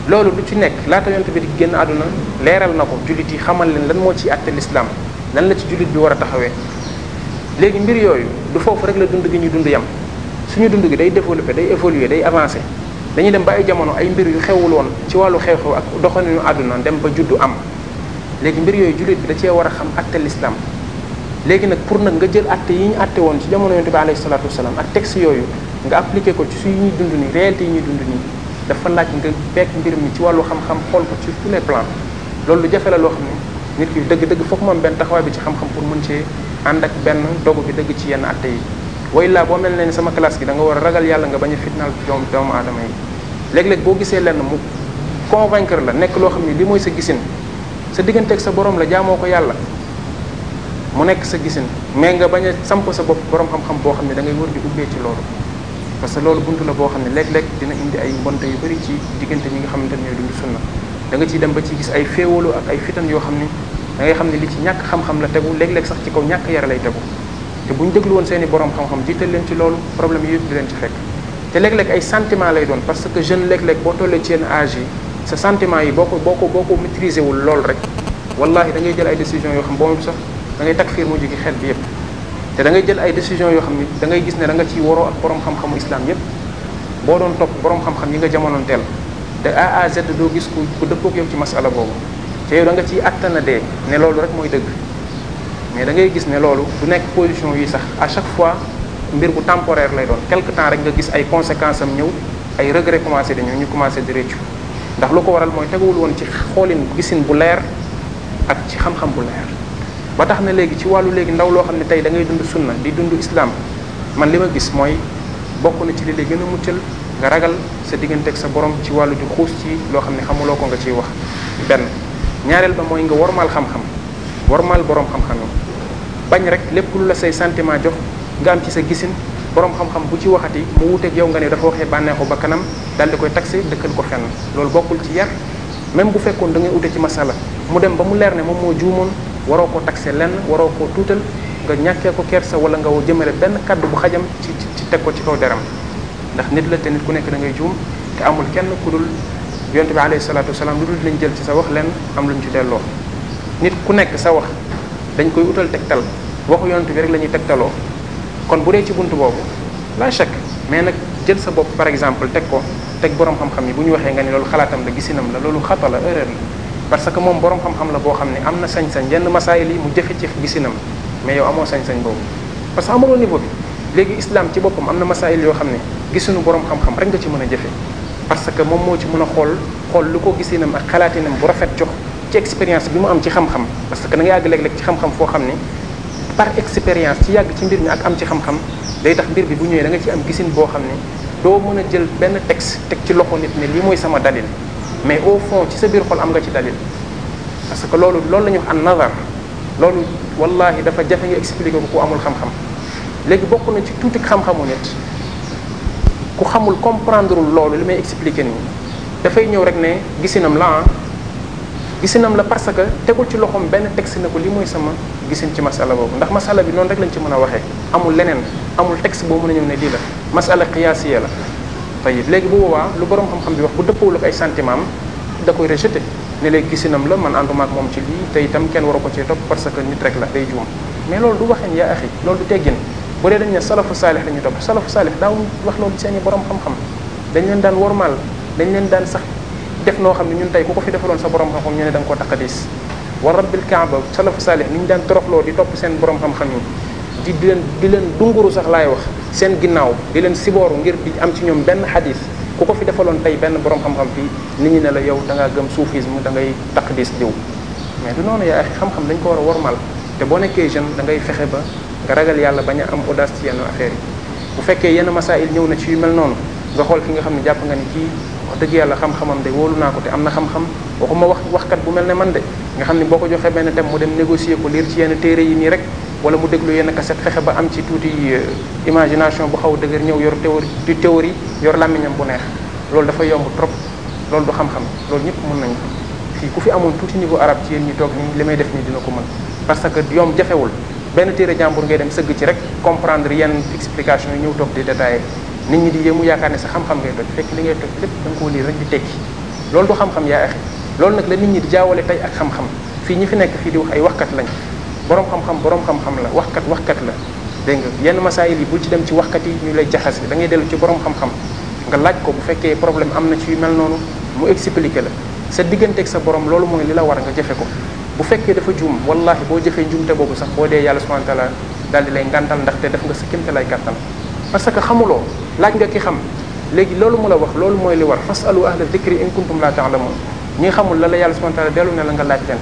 S1: loolu lu ci nekk laata yonent bi di génn àdduna leeral na ko jullit yi xamal leen lan moo ci àtte l'islam lan la ci jullit bi war a taxawee léegi mbir yooyu du foofu rek la dund gi ñuy dund yam suñu dund gi day développé day évolué day avancé dañuy dem ba ay jamono ay mbir yu xewul ci wàllu xew-xew ak doxalinu àdduna dem ba juddu am léegi mbir yooyu jullit bi da war a xam atte l'islam léegi nag pour nag nga jël atte yi ñu atte woon ci jamono yonte bi alayhi salatu wasalaam ak texte yooyu nga appliqué ko ci suy ñuy dund nii réalité yi ñu dund nii dafa laaj nga bekk mbir mi ci wàllu xam-xam xool ko ci tous les plans loolu lu jafe la loo xam ne nit ki dëgg-dëgg foog mu am benn taxawaay bi ci xam-xam pour mën cee ànd ak benn dogu bi dëgg ci yenn atte yi way laa boo mel ne sama classe gi da nga war a ragal yàlla nga bañ a fitnaal doom doomu aadama yi léeg-léeg boo gisee lenn mu convaincre la nekk loo xam ne li mooy sa gisin sa digganteeg sa borom la jaamoo ko yàlla mu nekk sa gisin mais nga bañ a samp sa bopp borom xam-xam boo xam ne da ngay wër di uggee ci loolu parce que loolu bunt la boo xam ne léeg-léeg dina indi ay mbonte yu bari ci diggante ñi nga xamante ne ñooy dund sunna da nga ciy dem ba ci gis ay féewalu ak ay fitan yoo xam ne da xam ne li ci ñàkk xam-xam la tegu léeg-léeg sax ci kaw ñàkk yara lay tegu te bu ñu déglu woon seeni borom xam-xam jiital leen ci loolu problème yi yëpp leen ci fekk te léeg-léeg ay sentiment lay doon parce que jeune léeg-léeg boo tollee ci yenn âge sa sentiment yi boo ko boo ko boo ko maîtriser wul lool rek wallahi da ngay jël ay décision yoo xam boobu sax da ngay takfiir mu jógi xel bi yépp te da ngay jël ay décision yoo xam ni da ngay gis ne da nga ciy waroo ak borom xam-xamu islam yépp boo doon topp borom xam-xam yi nga jamonoon teel de A gis ku ku dëppook yow ci masala boobu te yow da nga ciy attana ne loolu rek mooy dëgg mais da ngay gis ne loolu du nekk position yi sax à chaque fois mbir bu temporaire lay doon quelque temps rek nga gis ay conséquence am ñëw ay regret commencé dañu ñu commencé di réccu ndax lu ko waral mooy teguwul woon ci xoolin gisin bu leer ak ci xam-xam bu leer ba tax na léegi ci wàllu léegi ndaw loo xam ne tey da ngay dund sunna di dund islam man li ma gis mooy bokk na ci li day gën a muccal nga ragal sa diggante ak sa borom ci wàllu di xuus ci loo xam ne xamuloo ko nga ciy wax benn ñaareel ba mooy nga warmaal xam-xam warmaal borom xam-xam yi bañ rek lépp lu la say santiment jox nga am ci sa gisin borom xam-xam bu ci waxati mu wuteeg yow nga ne dafa waxee bànneexu ba kanam daal di koy taxé dëkkal ko fenn loolu bokkul ci yar même bu fekkoon da ngay ute ci masala mu dem ba mu leer ne moom moo juumoon waroo ko taxé lenn waroo ko tuutal nga ñàkkee ko kersa wala nga jëmale benn kaddu bu xajam ci teg ko ci kaw deram ndax nit la te nit ku nekk da ngay juum te amul kenn ku dul yonte bi alayhi salaatu salaam lu dul lañ jël ci sa wax lenn am lu ñu ci delloo nit ku nekk sa dañ koy utal tegtal waxu yonte bi rek la ñuy tegtaloo kon bu dee ci bunt boobu la chèque mais nag jël sa bopp par exemple teg ko teg borom xam-xam yi bu ñu waxee nga ni loolu xalaatam la gisinam la loolu xata la erreur la parce que moom borom xam-xam la boo xam ne am na sañ-sañ yenn masaayil yi mu jëfe ci gisinam mais yow amoo sañ-sañ boobu parce que amuloo niveau bi léegi islam ci boppam am na masaayil yoo xam ne gisuñu borom xam-xam rek nga ci mën a jëfe parce que moom moo ci mën a xool xool lu ko gisinam ak xalaatinam bu rafet jox ci expérience mu am ci xam parce que da yàgg léeg-léeg ci xam-xam xam ne par expérience ci yàgg ci mbir mi ak am ci xam-xam day tax mbir bi bu ñëwee da nga ci am gisin boo xam ne doo mën a jël benn texte teg ci loxo nit ne lii mooy sama dalil mais au fond ci sa biir xol am nga ci dalil parce que loolu loolu la ñuy wax an nazar loolu wallahi dafa jafe nga expliquer ko amul xam léegi bokk na ci tuuti xam-xamu ku xamul comprendre loolu li may expliquer nii dafay ñëw rek ne gisinam la ah gisinam la parce que tegul ci loxoom benn texte na ko lii mooy sama gisin ci masala boobu ndax masala bi noonu rek lañ ci mën a waxee amul leneen amul texte boo mën a ñëw ne lii la masala qiyaasiya la tayib léegi bu boobaa lu borom xam-xam bi wax bu dëppawul ak ay sentiment am da koy rejeté ne léegi gisinam la man ànduma ak moom ci lii te itam kenn waru ko cee topp parce que nit rek la day juum mais loolu du waxeen yaa axi loolu du teggin bu dee dañ ne salafu saalix la ñu topp salafu saalix daawuñ wax loolu seeni borom xam leen daan sax def noo xam ne ñun tey ko fi defaloon sa borom xam-xam ñu war a wa rabbil kaaba salafu saalih ni ñu daan toroxloo di topp seen borom xam-xam yi di di leen di leen dunguru sax laay wax seen ginnaaw di leen sibooru ngir di am ci ñoom benn xadis ku ko fi defaloon tey benn borom xam-xam fii nit ñi ne la yow da ngaa gëm soufisme da ngay taqdis diw mais du noonu yaa xam-xam dañ ko war a wormal te boo nekkee jeune da fexe ba nga ragal yàlla bañ a am audace ci yenn affaire yi bu fekkee yenn masail ñëw na ci yu mel noonu nga ki nga xam ne jàpp nga ni dëgg yàlla xam-xamam de wóolu naa ko te am na xam-xam waxuma wax kat bu mel ne man de nga xam ne boo ko joxee benn thème mu dem négocier ko liir ci yenn téere yi nii rek wala mu déglu yenn kaset fexe ba am ci tuuti euh, imagination bu xaw a ñëw yor théorie di théorie yor làmmiñam bu neex loolu dafa yomb trop loolu du xam-xam loolu ñëpp mën nañu fii ku fi amoon tuuti niveau arabe ci yéen ñi toog nii li may def nii dina ko mën parce que yomb jafewul benn téere jàmbur ngay dem sëgg ci rek comprendre yenn explication yi ñëw toog di détaillé nit ñi di yéemu yaakaar ne sa xam-xam ngay toj fekk li ngay toj lépp da nga koo lii rek di tekki loolu du xam-xam yaa axi loolu nag la nit ñi di jaawale tey ak xam-xam fii ñi fi nekk fii di wax ay waxkat lañ borom xam-xam borom xam-xam la waxkat waxkat la dégg nga yenn masaayil yi bul ci dem ci waxkat yi ñu lay jaxase da ngay dellu ci borom xam-xam nga laaj ko bu fekkee problème am na ci mel noonu mu expliquer la sa digganteeg sa borom loolu mooy li la war nga jëfe ko bu fekkee dafa juum wallahi boo jëfee njuumte boobu sax boo dee yàlla subhanahu wa taala daal di ndaxte def nga sa lay kàttan parce que xamuloo laaj nga ki xam léegi loolu mu la wax loolu mooy li war fasalu ahla dikri in kuntum la ta'lamun ñi xamul la la yàlla subhanahu wa ta'ala dellu ne la nga laaj leen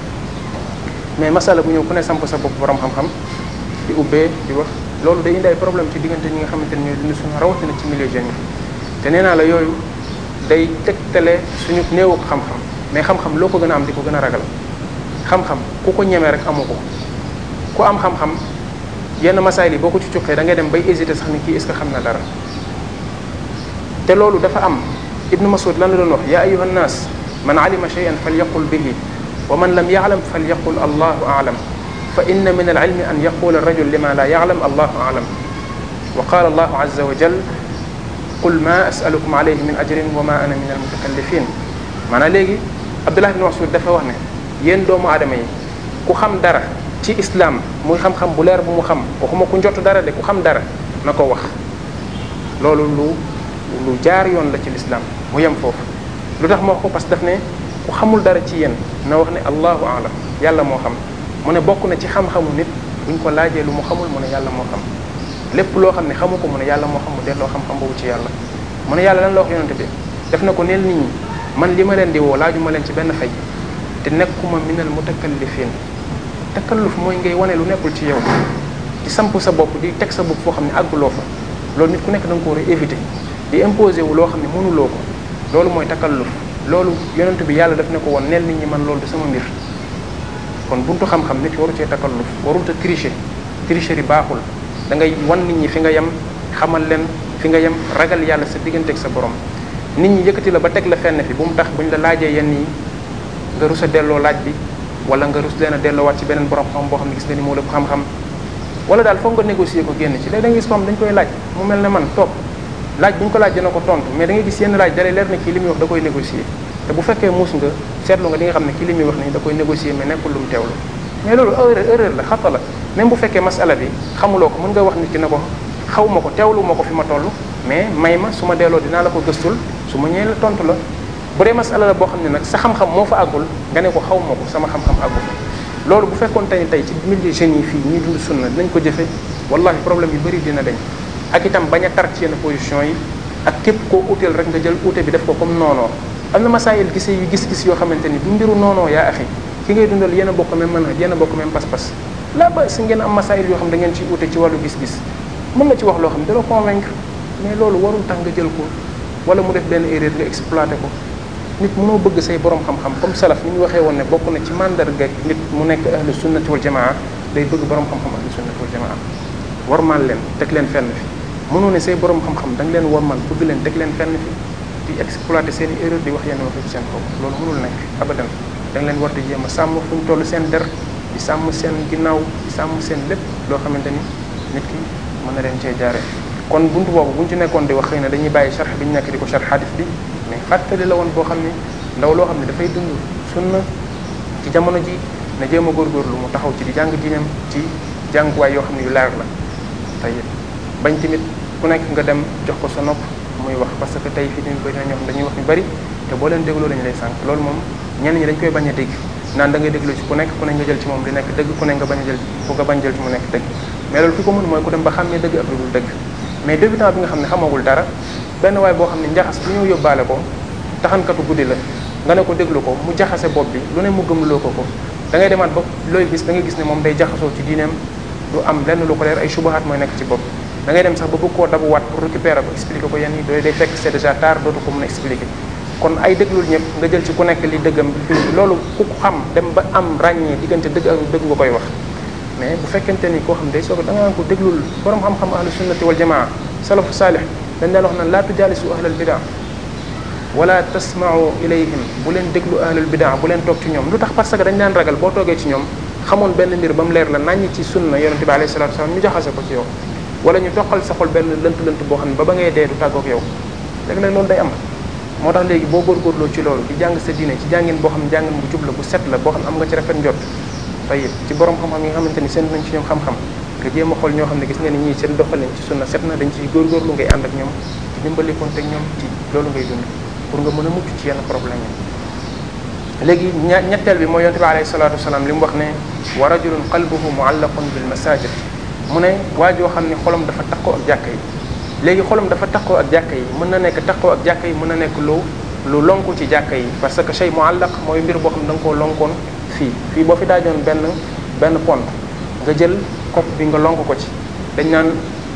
S1: mais masala bu ñëw ku ne samp sa bopp borom xam-xam di ubbee di wax loolu day indi ay problème ci diggante ni nga xamante ne ñooy dund suñu rawatina ci milieu jeunes yi te nee la yooyu day teg tele suñu néewu xam-xam mais xam-xam loo ko gën a am di ko gën a ragal xam-xam ku ko ñemee rek amu ko ku am xam yenn masaayil yi boo ko ci cuqee da ngay dem bay hésité sax ni kii est-ce que xam na dara te loolu dafa am ibnu masud lan la doon wax ya ayuha nnaas man alima shay'an falyaqul bihi wa man lam ya'lam falyaqul allahu a'lam fa inna min al-'ilmi an yaqula ar-rajul lima la ya'lam allahu a'lam wa qala allahu 'azza wa jalla qul ma as'alukum alayhi min ajrin wa ma ana min al-mutakallifin maanaam léegi Abdullah ibn Mas'ud dafa wax ne yéen doomu aadama yi ku xam dara ci islam muy xam-xam bu leer bu mu xam waxuma ku njott dara de ku xam dara na ko wax loolu lu lu jaar yoon la ci lislaam mu yem foofu lu tax ma ko parce que daf ne ku xamul dara ci yéen na wax ne allahu alam yàlla moo xam mu ne bokk na ci xam-xamu nit buñ ko laajee lu mu xamul mu ne yàlla moo xam lépp loo xam ne xamu ko mu ne yàlla moo xam mu delloo xam-xam boobu ci yàlla mu ne yàlla lan la wax yonente bi def na ko ne nit man li ma leen di woo laaju ma leen ci benn fay te nekkuma minal mutakallifin takalluf mooy ngay wane lu nekkul ci yow di samp sa bopp di teg sa bopp foo xam ne àgguloo fa loolu nit ku nekk da nga ko war a éviter di imposer wu loo xam ne mënuloo ko loolu mooy takalluf loolu yonent bi yàlla daf ne ko woon neel nit ñi man loolu du sama mbir kon buntu xam-xam nit waru cee takalluf warul te tricher tricherie baaxul da ngay wan nit ñi fi nga yem xamal leen fi nga yem ragal yàlla sa diggante ak sa borom nit ñi yëkkati la ba teg la fenn fi bu mu tax buñ la laajee yenn yi nga rus delloo laaj bi wala nga rus leen a delloowaat ci beneen borom xam boo xam ne gis nga ni moo la xam-xam wala daal foog nga négocier ko génn ci léegi da gis ko xam dañ koy laaj mu mel ne man toog laaj bu ko laaj dina ko tontu mais da ngay gis yenn laaj dalay leer ne kii li muy wax da koy négocier te bu fekkee muus nga seetlu nga li nga xam ne kii li muy wax nii da koy négocier mais nekkul lu mu teewlu mais loolu erreur erreur la xata la même bu fekkee masala bi xamuloo ko mën nga wax nit ki ne ko xaw ma ko teewlu ma ko fi ma toll mais may ma su ma delloo dinaa la ko gëstul su ma ñëwee la tontu la bu dee masala la boo xam ne nag sa xam-xam moo fa àggul nga ne ko xaw ma ko sama xam-xam àggul loolu bu fekkoon tey tey ci milieu jeunes yi fii ñuy dund sunna dinañ ko jëfe wallahi problème yu bëri dina dañ ak itam bañ a tar ci yenn yi ak képp koo uteel rek nga jël ute bi def ko comme noonoo am na masaayil gisee gis-gis yoo xamante ni du mbiru noonoo yaa axi ki ngay dundal yéen a bokk même mën yéen a bokk même pas-pas la ba si ngeen am masaayil yoo xam da ngeen ci wax loo xam ne dala convaincre mais loolu nga jël ko wala mu def benn erreur nga exploité ko nit mënoo bëgg say borom xam-xam comme salaf ni ñu waxee woon ne bokk na ci mandarga nit mu nekk ahlu sunnati wal jamaa day bëgg borom xam-xam ahlu sunnati wal jamaa warmal leen teg leen fenn fi mënoo ne say borom xam-xam da nga leen warmal bëgg leen teg leen fenn fi di exploiter seen i erreur di wax yenn waxi ci seen kaw loolu mënul nekk abadan da nga leen war di jéem a sàmm fu ñu toll seen der di sàmm seen ginnaaw di sàmm seen lépp loo xamante ni nit ki mën na leen cee jaaree kon buntu boobu bu ñu ci nekkoon di wax xëy na dañuy bàyyi charx ñu nekk di ko charx xadis bi ne fàttali la woon boo xam ne ndaw loo xam ne dafay dund na ci jamono ji na jéem a góorgóorlu mu taxaw ci di jàng diinam ci jànguwaay yoo xam ne yu leer la tey bañ tamit ku nekk nga dem jox ko sa nopp muy wax parce que tey fii tamit bëri na ñoo xam dañuy wax ñu bëri te boo leen dégloo dañu lay sànq loolu moom ñenn ñi dañ koy bañ a dégg naan da ngay déglu ci ku nekk ku ne nga jël ci moom di nekk dëgg ku ne nga bañ a jël ku nga bañ jël ci mu nekk dëgg mais loolu ki bi nga xam ne xamagul dara benn waay boo xam ne njaxas bu ñëw yóbbaale ko taxankatu guddi la nga ne ko déglu ko mu jaxase bopp bi lu ne mu gëmloo ko ko dangay demaat ba looy gis da ngay gis ne moom day jaxasoo ci diineem du am lenn lu ko leer ay subahaat mooy nekk ci bopp da dem sax ba bëgg koo dabuwaat pour récupérer ko expliquer ko yenn yi doy day fekk c'est a expliquer kon ñëpp nga jël ci ku nekk li dëggam loolu ku xam dem ba am ràññee diggante dëgg ak dëgg nga koy wax mais bu fekkente ni koo xam day soog da nga ko déglul borom xam-xam ahlu sunnati wal jamaa salafu saalih dañ daan wax naan laa tujaalisu ahlal bidaa wala tasmau ilayhim bu leen déglu ahlul bidaa bu leen toog ci ñoom lu tax parce que dañ daan ragal boo toogee ci ñoom xamoon benn mbir ba mu leer la naññi ci sunna yonente bi alayhi salatu wasalam ñu jaxase ko ci yow wala ñu toqal sa xol benn lënt lënt boo xam ne ba ba ngay dee du tàggook yow léeg-léeg loolu day am moo tax léegi boo góorgóorloo ci loolu di jàng sa diine ci jàngin boo xam ne jàngin bu jub la bu set la boo ne am nga ci rafet njot tayit ci borom xam nga xamante ni seen nañ ci nga jéem a xool ñoo xam ne gis nga ni ñii seen doxalin ci sunna set na dañ ciy góorgóorlu ngay ànd ak ñoom ci dimbalikonte ak ñoom ci loolu ngay dund pour nga mën a mucc ci yenn problème yi léegi ñetteel bi mooy yonte bi alayhi salatu li mu wax ne wa rajulun qalbuhu muallaqun bil masajid mu ne waa joo xam ne xolom dafa taqoo ak jàkka yi léegi xolom dafa taqoo ak jàkka yi mën na nekk taqoo ak jàkka yi mën na nekk lu lu lonku ci jàkka yi parce que shay muallaq mooy mbir boo da nga koo lonkoon fii fii boo fi daajoon benn benn pont nga jël kopp bi nga lonk ko ci dañ naan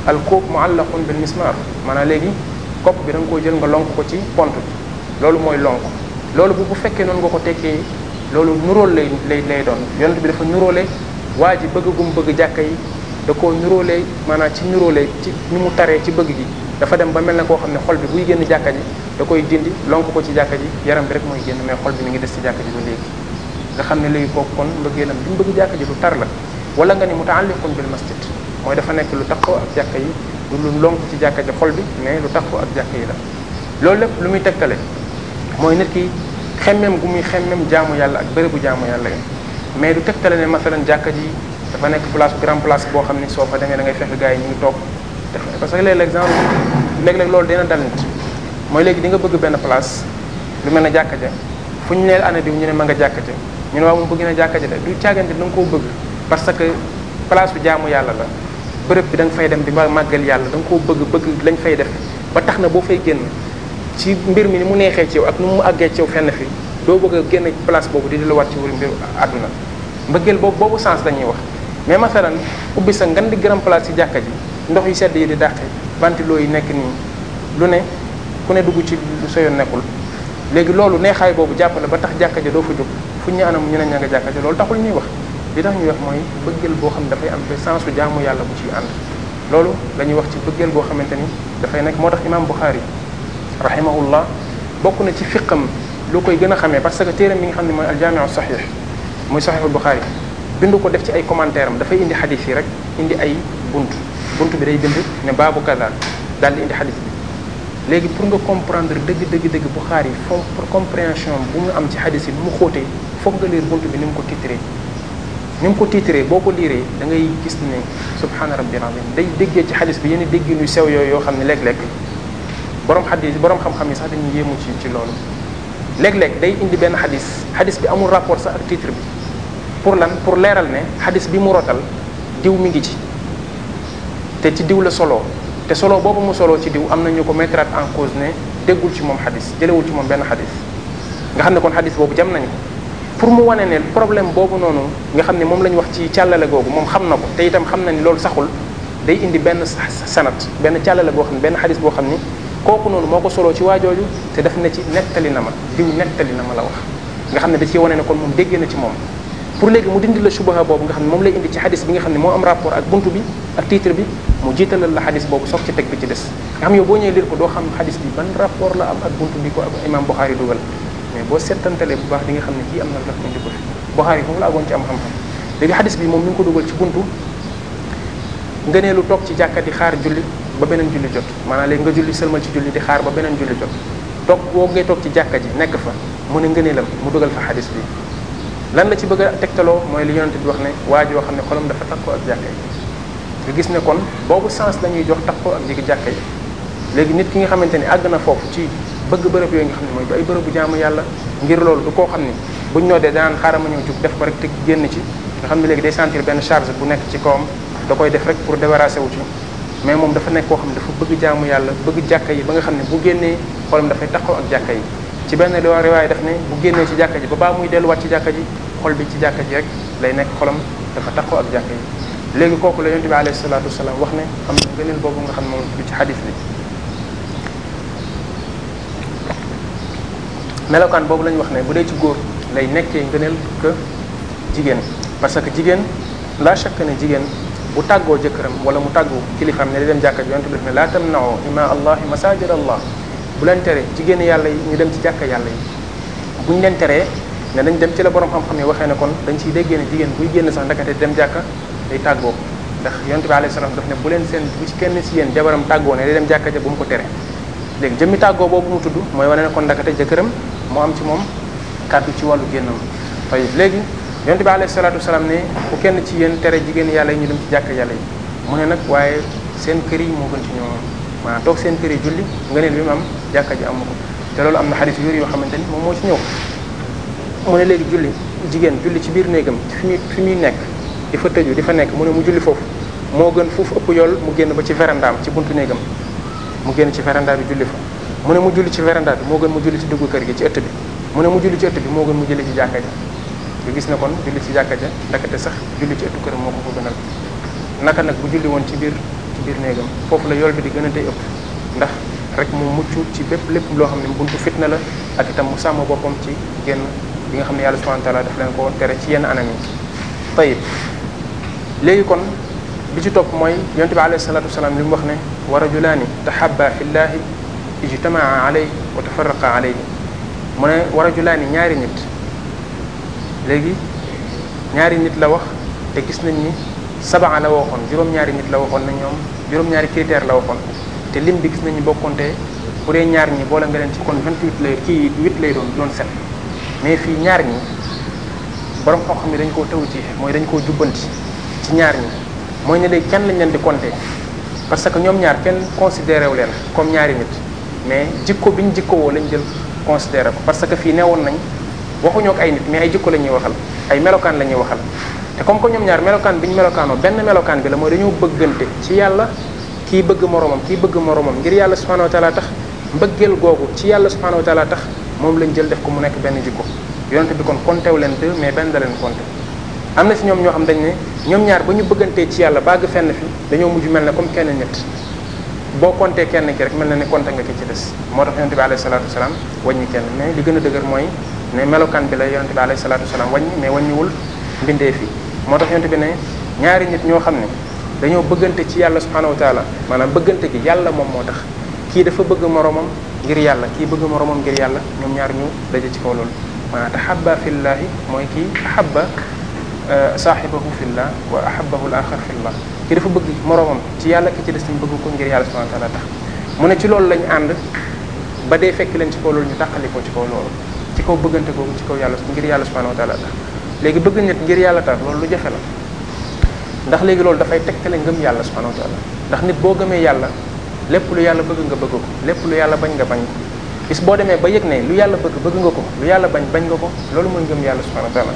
S1: al kóob muallaqun bil mismar maanaam léegi kopp bi da nga koo jël nga lonk ko ci pont bi loolu mooy lonk loolu bu bu fekkee noonu nga ko tekkee loolu nuróol lay lay lay doon yonent bi dafa nuroole waa ji bëgg gum bëgg jàkka yi da koo nuróole maanaam ci nuróole ci ni mu taree ci bëgg gi dafa dem ba mel na koo xam ne xol bi buy génn jàkka ji da koy dindi lonk ko ci jàkka ji yaram bi rek mooy génn mais xol bi mi ngi des ci jàkka ji ba léegi xam ne léegi kooku kon mbëggeelam bi mu bëgg jàkka ji tar la wala nga ni mutaalliqun bil masjid mooy dafa nekk lu takkoo ak jàkka yi du lu lonk ci jàkka ja xol bi mais lu tax ko ak jàkka yi la loolu lépp lu muy tegtale mooy nit ki xemmem gu muy xemmem jaamu yàlla ak bërëbu jaamu yàlla yi mais du tegtale ne masalan jàkka ji dafa nekk place grand place boo xam ne soo fa demee da ngay fekk gars yi ñu ngi toog parce que léeg-léeg exemple léeg-léeg loolu dina dal nit mooy léegi di nga bëgg benn place lu mel a jàkka ja fu ñu neel ñu ne ma nga jàkka ñu ne waaw moom na jàkka ja de du caagante da koo bëgg parce que place bi jaamu yàlla la bërëb bi da nga fay dem di màggal yàlla da nga koo bëgg bëgg lañ fay def ba tax na boo fay génn ci mbir mi ni mu neexee ci yow ak nu mu àggee ci yow fenn fi doo bëgg génn place boobu di delluwaat ci wuri mbiru àdduna mbëggeel boobu boobu sens lañuy wax mais masalan ubbi sa ngan di gërëm place ci jàkka ji ndox yu sedd yi di dàqe bantiloo yi nekk nii lu ne ku ne dugg ci lu sa yoon nekkul léegi loolu neexaay boobu jàp ba tax jàkka ja doo fa jóg fu ñu anam ñu ne ña nga jàkka ja loolu ñuy wax bi tax ñuy wax mooy bëggeel boo xam ne dafay am te sensu jaamu yàlla bu ciy ànd loolu la wax ci bëggeel boo xamante ni dafay nekk moo tax imam Bukhari rahimahullah bokk na ci fiqam lu koy gën a xamee parce que téeram mi nga xam ne mooy aljaamiu sahih muy sahihul Bukhari bind ko def ci ay commentaire am dafay indi xadis yi rek indi ay bunt bunt bi day bind ne baabu kada daal di indi xadis bi léegi pour nga comprendre dëgg dëgg dëgg Bukhari fo compréhension bu mu am ci xadis yi mu xóotee foog nga lire bunt bi ni mu ko titré ñu mu ko tiitree boo ko liiree da ngay gis ne subhaana rabbil azim day déggee ci xadis bi yenn déggin yu sew yooyu yoo xam ne léeg-léeg borom xadis borom xam-xam yi sax dañuy yéemu ci ci loolu léeg-léeg day indi benn xadis xadis bi amul rapport sax ak titre bi pour lan pour leeral ne xadis bi mu rotal diw mi ngi ci te ci diw la solo te solo boobu mu solo ci diw am na ñu ko mettre en cause ne déggul ci moom xadis jëlewul ci moom benn xadis nga xam ne kon xadis boobu jam nañu pour mu wane ne problème boobu noonu nga xam ne moom la ñu wax ci càllale googu moom xam na ko te itam xam na ni loolu saxul day indi benn sanat benn càllale boo xam ne benn xadis boo xam ni kooku noonu moo ko soloo ci waajooju te daf ne ci nettali na ma diw na ma la wax nga xam ne da ciy wane ne kon moom déggee na moom pour léegi mu dindi la subaha boobu nga xam ne moom lay indi ci xadis bi nga xam ne moo am rapport ak buntu bi ak titre bi mu jiitalal la xadis boobu soog ci teg bi ci des nga xam yow boo ñëwee lire ko doo xam xadis bi ban rapport la am ak buntu bi ko ak imam Buxaari dugal boo settantalee bu baax di nga xam ne kii am na lu tax ñu di ko fi Buxaari foofu la agoon ci am xam-xam léegi xadis bi moom mi ngi ko dugal ci buntu nga ne lu toog ci jàkka di xaar julli ba beneen julli jot maanaam léegi nga julli sëlmal ci julli di xaar ba beneen julli jot toog boo ngay toog ci jàkka ji nekk fa mu ne ngëneelam mu dugal fa xadis bi lan la ci bëgg a tegtaloo mooy li yonente bi wax ne waa joo xam ne xolam dafa ko ak jàkka yi nga gis ne kon boobu sens la jox takkoo ak jigi jàkka léegi nit ki nga xamante ne àgg na foofu ci bëgg bërëb yooyu nga xam ne mooy ay bërëbu jaamu yàlla ngir loolu du koo xam ne buñ noddee danaan xaaral ma ñëw jug def ko rek te génn ci nga xam ne léegi day sentir benn charge bu nekk ci kawam da koy def rek pour débarrasser wu ci mais moom dafa nekk koo xam ne dafa bëgg jaamu yàlla bëgg jàkka yi ba nga xam ne bu génnee xolam dafay taxaw ak jàkka yi ci benn riwaay daf ne bu génnee ci jàkka ji ba baa muy delluwaat ci jàkka ji xol bi ci jàkka ji rek lay nekk xolam dafa taxaw ak jàkka yi léegi kooku la yonte bi alayhi salaatu wasalaam wax ne xam ne ngëneel boobu nga xam ne moom ci xadis melokaan boobu la ñu wax ne bu dee ci góor lay nekkee ngëneel que jigéen parce que jigéen la chaque ne jigéen bu tàggoo jëkkëram wala mu tàggu kilifaam ne di dem jàkka ji yonent bi def ne la tamna'u ima allahi masajid allah bu leen tere jigéen yàlla yi dem ci jàkka yàlla yi buñ teree ne dañ dem ci la borom xam-xam yi waxee ne kon dañ ciy déggee ne jigéen buy sax ndakate dem jàkka day tàggoo ndax yonent bi alayhi salaam daf ne bu leen seen kenn si yéen jabaram tàggoo ne day dem jàkka ja bu mu ko tere léegi jëmmi tàggoo boobu mu tudd mooy wane ne kon ndakate jëkkëram mu am ci moom kàddu ci wàllu génnam tey léegi yonte bi alayhi salaatu wasalaam ne ku kenn ci yéen tere jigéen yàlla yi ñu dem ci jàkk yàlla yi mu ne nag waaye seen kër yi moo gën ci ñoom maanaam toog seen kër yi julli nga neen bi mu am jàkka ji amu ko te loolu am na xarit yooyu yoo xamante ni moom moo ci ñëw mu ne léegi julli jigéen julli ci biir néegam fi muy fi muy nekk di fa tëju di fa nekk mu ne mu julli foofu moo gën foofu ëpp yool mu génn ba ci verandaam ci buntu néegam mu génn ci veranda bi mu ne mu julli ci véranda bi moo gën mu julli ci dugg kër gi ci ëtt bi mu ne mu julli ci ëtt bi moo gën mu julli ci jàkka ja nga gis ne kon julli ci jàkka ja ndakate sax julli ci ëttu kër moo ko ko gënal naka nag bu julli woon ci biir ci biir néegam foofu la yool bi di gën a tey ëpp ndax rek mu mucc ci bépp lépp loo xam ne buntu fitna la ak itam mu sàmm boppam ci génn bi nga xam ne yàlla subhanahu wa taala daf leen ko tere ci yenn anam yi tayib léegi kon bi ci topp mooy yonte bi alayhi salatu wasalaam mu wax ne wa rajulaani tahabba fillahi ijtamaa alay wa tafaraqa alay mu ne wa rajulaani ñaari nit léegi ñaari nit la wax te gis nañ ni sabaa la waxoon juróom-ñaari nit la waxoon na ñoom juróom-ñaari critère la waxoon te lim bi gis nañu bokkonte bu dee ñaar ñi boole nga leen ci kon 28 lay kii 8 lay doon doon set mais fii ñaar ñi borom xoo xam ne dañ koo taw ci mooy dañ koo jubbanti ci ñaar ñi mooy ne léegi kenn lañ leen di compter parce que ñoom ñaar kenn considéré wu leen comme ñaari nit mais jikko bi ñu jikkowoo lañ jël considéré ko parce que fii newoon nañ waxuñoo ko ay nit mais ay jikko la ñuy waxal ay melokaan la ñuy waxal te comme que ñoom ñaar melokaan bi ñu melokaanoo benn melokaan bi la mooy dañoo bëggante ci yàlla kii bëgg moroomam kii bëgg moroomam ngir yàlla subhanahu wa taala tax mbëggeel googu ci yàlla subhanahu wa taala tax moom lañ jël def ko mu nekk benn jikko yonente bi kon kontew leen deux mais benn da leen konte am na si ñoom ñoo xam dañ ñoom ñaar ba ñu bëggantee ci yàlla bàgg fenn fi dañoo mujj mel ne comme kenn nit boo compté kenn ki rek mel na ne compté nga ki ci des moo tax yonente bi alayhi salatu wasalaam wàññi kenn mais li gën a dëgër mooy ne melokaan bi la yonente bi alayhi salatu wasalaam wàññi mais wàññiwul mbindee fii moo tax yonente bi ne ñaari nit ñoo xam ne dañoo bëggante ci yàlla subhanahu wa taala maanaam bëggante gi yàlla moom moo tax kii dafa bëgg moromam ngir yàlla kii bëgg moromam ngir yàlla ñoom ñaar ñu daje ci kaw loolu maanaam tahabba fillahi mooy kii tahabba Euh, saaxibahu fillah wa ahabahu l axar fillah ki dafa bëgg moroomam ci yàlla ki ci des tam bëgg ko ngir yàlla subhanahu wa taala mu ne ci loolu lañ ànd ba dee fekk leen ci kaw loolu ñu tàqalikoo ci kaw loolu ci kaw bëggante googu ci kaw yàlla ngir yàlla subhanahu wa taala tax léegi bëgg nit ngir yàlla tax loolu lu jafe la ndax léegi loolu dafay tegtale ngëm yàlla subhanahu wa taala ndax nit boo gëmee yàlla lépp lu yàlla bëgg nga bëgg ko lépp lu yàlla bañ nga bañ ko bis boo demee ba yëg ne lu yàlla bëgg bëgg nga ko lu yàlla bañ bañ nga ko loolu mooy ngëm yàlla subhanahu wa taala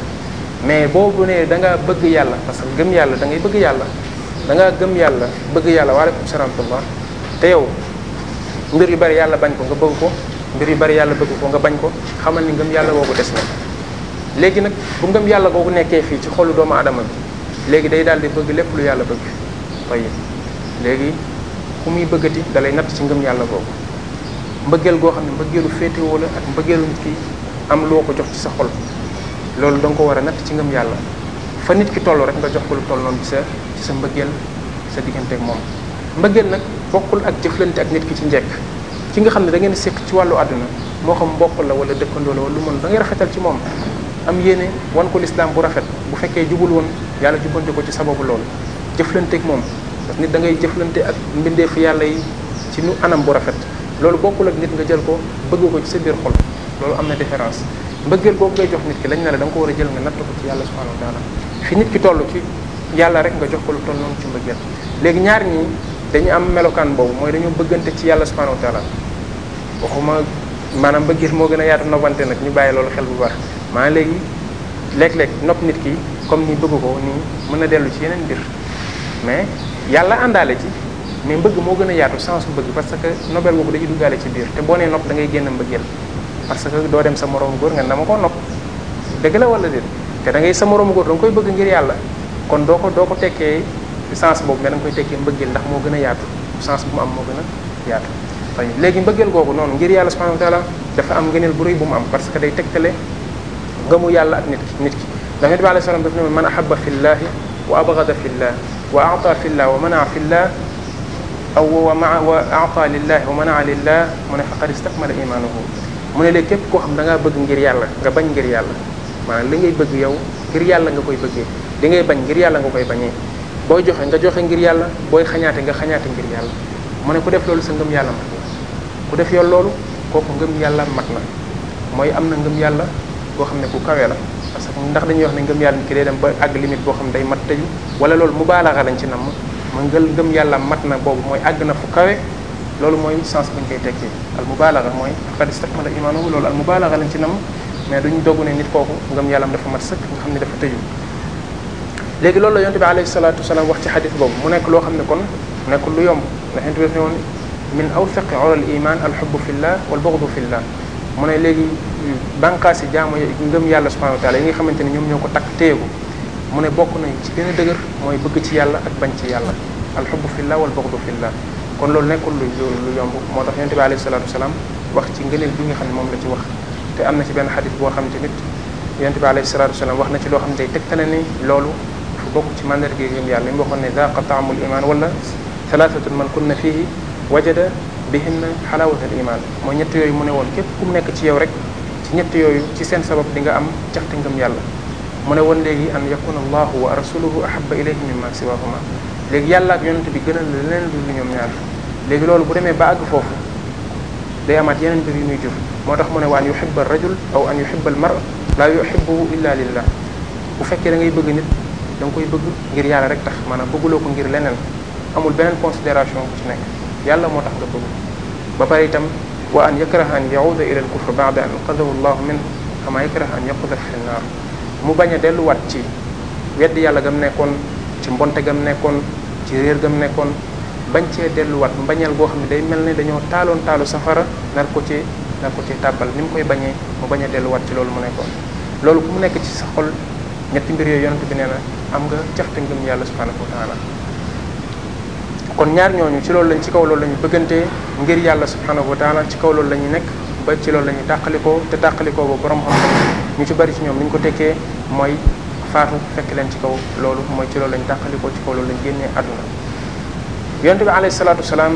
S1: mais boobu ne da ngaa bëgg yàlla parce que gëm yàlla dangay bëgg yàlla da gëm yàlla bëgg yàlla waaleykum salaam wa te yow mbir yu bari yàlla bañ ko nga bëgg ko mbir yu bari yàlla bëgg ko nga bañ ko xamal ni ngëm yàlla googu des na léegi nag bu ngëm yàlla googu nekkee fii ci xolu doomu aadama bi léegi day daal di bëgg lépp lu yàlla bëgg tayib léegi ku muy bëggati da lay natt ci ngëm yàlla googu mbëggeel goo xam ne mbëggeelu féetewoo la ak mbëggeelu kii am loo ko jox ci loolu danga ko war a natt ci ngëm yàlla fa nit ki toll rek nga jox ko lu toll noonu sa ci sa mbëggeel sa digganteeg moom mbëggeel nag bokkul ak jëflante ak nit ki ci njekk ki nga xam ne da ngeen sekk ci wàllu àdduna moo xam mbokk la wala dëkkandoo la lu mën da ngay rafetal ci moom am yéene wan ko lislaam bu rafet bu fekkee jubul woon yàlla jubante ko ci sababu loolu jëflanteeg moom parce que nit da ngay jëflante ak fi yàlla yi ci nu anam bu rafet loolu bokkul ak nit nga jël ko bëgg ko ci sa biir xol loolu am na différence mbëggeel boobu ngay jox nit ki lañ ne la da nga ko war a jël nga natt ko ci yàlla subhanahu wa fi nit ki toll ci yàlla rek nga jox ko lu toll noonu ci mbëggeel léegi ñaar ñii dañu am melokaan boobu mooy dañoo bëggante ci yàlla subhanahu wa taala waxuma maanaam bëggeel moo gën a yaatu nobante nag ñu bàyyi loolu xel bu baax maa léegi léeg-léeg nopp nit ki comme ni bëgg ko nii mën a dellu ci yeneen mbir mais yàlla àndaale ci mais mbëgg moo gën a yaatu que nobel boobu dañuy duggaale ci biir te boo nee nopp da ngay génn mbëggeel parce que doo dem sa moroom góor nga ne dama ko nopp dëgg la wala déet te da ngay sa moroom góor da koy bëgg ngir yàlla kon doo ko doo tekkee sens boobu mais da nga koy tekkee mbëggeel ndax moo gën a yaatu sens bu mu am moo gën a yaatu léegi mbëggeel googu noonu ngir yàlla subhanahu wa taala am ngëneel bu rëy bu mu am parce que day tegtale ngëmu yàlla ak nit ki nit ki ndax yonent bi alayhi salaam daf ne man ahabba fillahi wa abghada fillahi wa fi fillahi wa mana'a fi aw wa maa wa a'ta lillahi wa mana'a lillahi mu ne faqad istakmala imanuhu mu ne léegi képp koo xam da bëgg ngir yàlla nga bañ ngir yàlla maanaam li ngay bëgg yow ngir yàlla nga koy bëggee li ngay bañ ngir yàlla nga koy bañee boo joxe nga joxe ngir yàlla booy xañaatee nga xañaate ngir yàlla mu ne ku def loolu sa ngëm yàlla mat na def yoon loolu kooku ngëm yàlla mat na mooy am na ngëm yàlla boo xam ne bu kawee la parce que ndax dañu wax ne ngëm yàlla ki day dem ba àgg limite boo xam ne day mat tëju wala loolu mu mubaalaxa lañ ci namm ma ngël ngëm yàlla mat na boobu mooy àgg na fu kawe loolu mooy sens bu ñu koy tekkee al mubaalaga mooy xad istakmala imaanahu loolu al mubaalaga lañ ci nam mais duñ dogg ne nit kooku ngëm yàllam dafa mat sëkk nga xam ne dafa loolu la yonte bi alayhi salaatu wax ci xadis boobu mu nekk loo xam ne kon nekkul lu yomb ndax yonte bi daf ne woon min awthaqi ulal iman al hubbu fillah wal bughdu fillah mu ne léegi bànqaas yi jaamu ngëm yàlla subhanahu wa taala yi nga xamante ne ñoom ñoo ko takk téyegu mu ne bokk nañ ci gën a dëgër mooy bëgg ci yàlla ak bañ ci yàlla al hubbu fillah wal bughdu laa kon loolu nekkul lu lu yomb moo tax yonte bi alayhi salaatu wasalaam wax ci ngëneel bi nga xam ne moom la ci wax te am na ci benn xadis boo xam tamit yonte bi alayhi salaatu wax na ci loo xam ne day tegtale ni loolu fu bokk ci mandarga gëm yàlla mi waxoon ne daqa taamul iman wala thalathatun man kunna fihi wajada bihinna xalaawatal iman mooy ñett yooyu mu ne woon képp ku nekk ci yow rek ci yooyu ci seen sabab di nga am caxte ngëm yàlla mu ne woon léegi an yakuna allahu wa rasuluhu ahaba ilayhi mimma siwahuma léegi yàlla ak yonent bi gënal na leneen ñoom ñaar léegi loolu bu demee ba àgg foofu day amaat yeneen mbir yu ñuy jëf moo tax mu ne wa an yuhibba rajul aw an yuhibba al mara laa yuhibbuhu illa lillah bu fekkee da ngay bëgg nit da nga koy bëgg ngir yàlla rek tax maanaam bëgguloo ko ngir leneen amul beneen considération bu ci nekk yàlla moo tax nga bëgg ba pare itam wa an yakraha an yauda ila al kufr baada an qadahu llahu minhu kama yakraha an yaquda fi nnaar mu bañ a delluwaat ci weddi gam nekkoon ci mbonte gam nekkoon ci réer gam nekkoon bañ cee delluwaat mbañeel goo xam ne day mel ne dañoo taaloon taalu safara nar ko ci nar ko ci tàbbal ni mu koy bañee mu bañ a delluwaat ci loolu mu nekkoon loolu ku mu nekk ci sa xol ñetti mbir yooyu yonent bi nee na am nga caxte ngëm yàlla subhanahu wa taala kon ñaar ñooñu ci loolu lañ ci kaw loolu la ñu bëggantee ngir yàlla subhanahu wa taala ci kaw loolu la ñuy nekk ba ci loolu la ñuy tàqalikoo te tàqalikoo ba borom xam ñu ci bari ci ñoom li ko tekkee mooy faatu fekk leen ci kaw loolu mooy ci loolu lañ dàqalikoo ci kaw loolu lañ génnee àdduna yonent bi alayhi salaatu wasalaam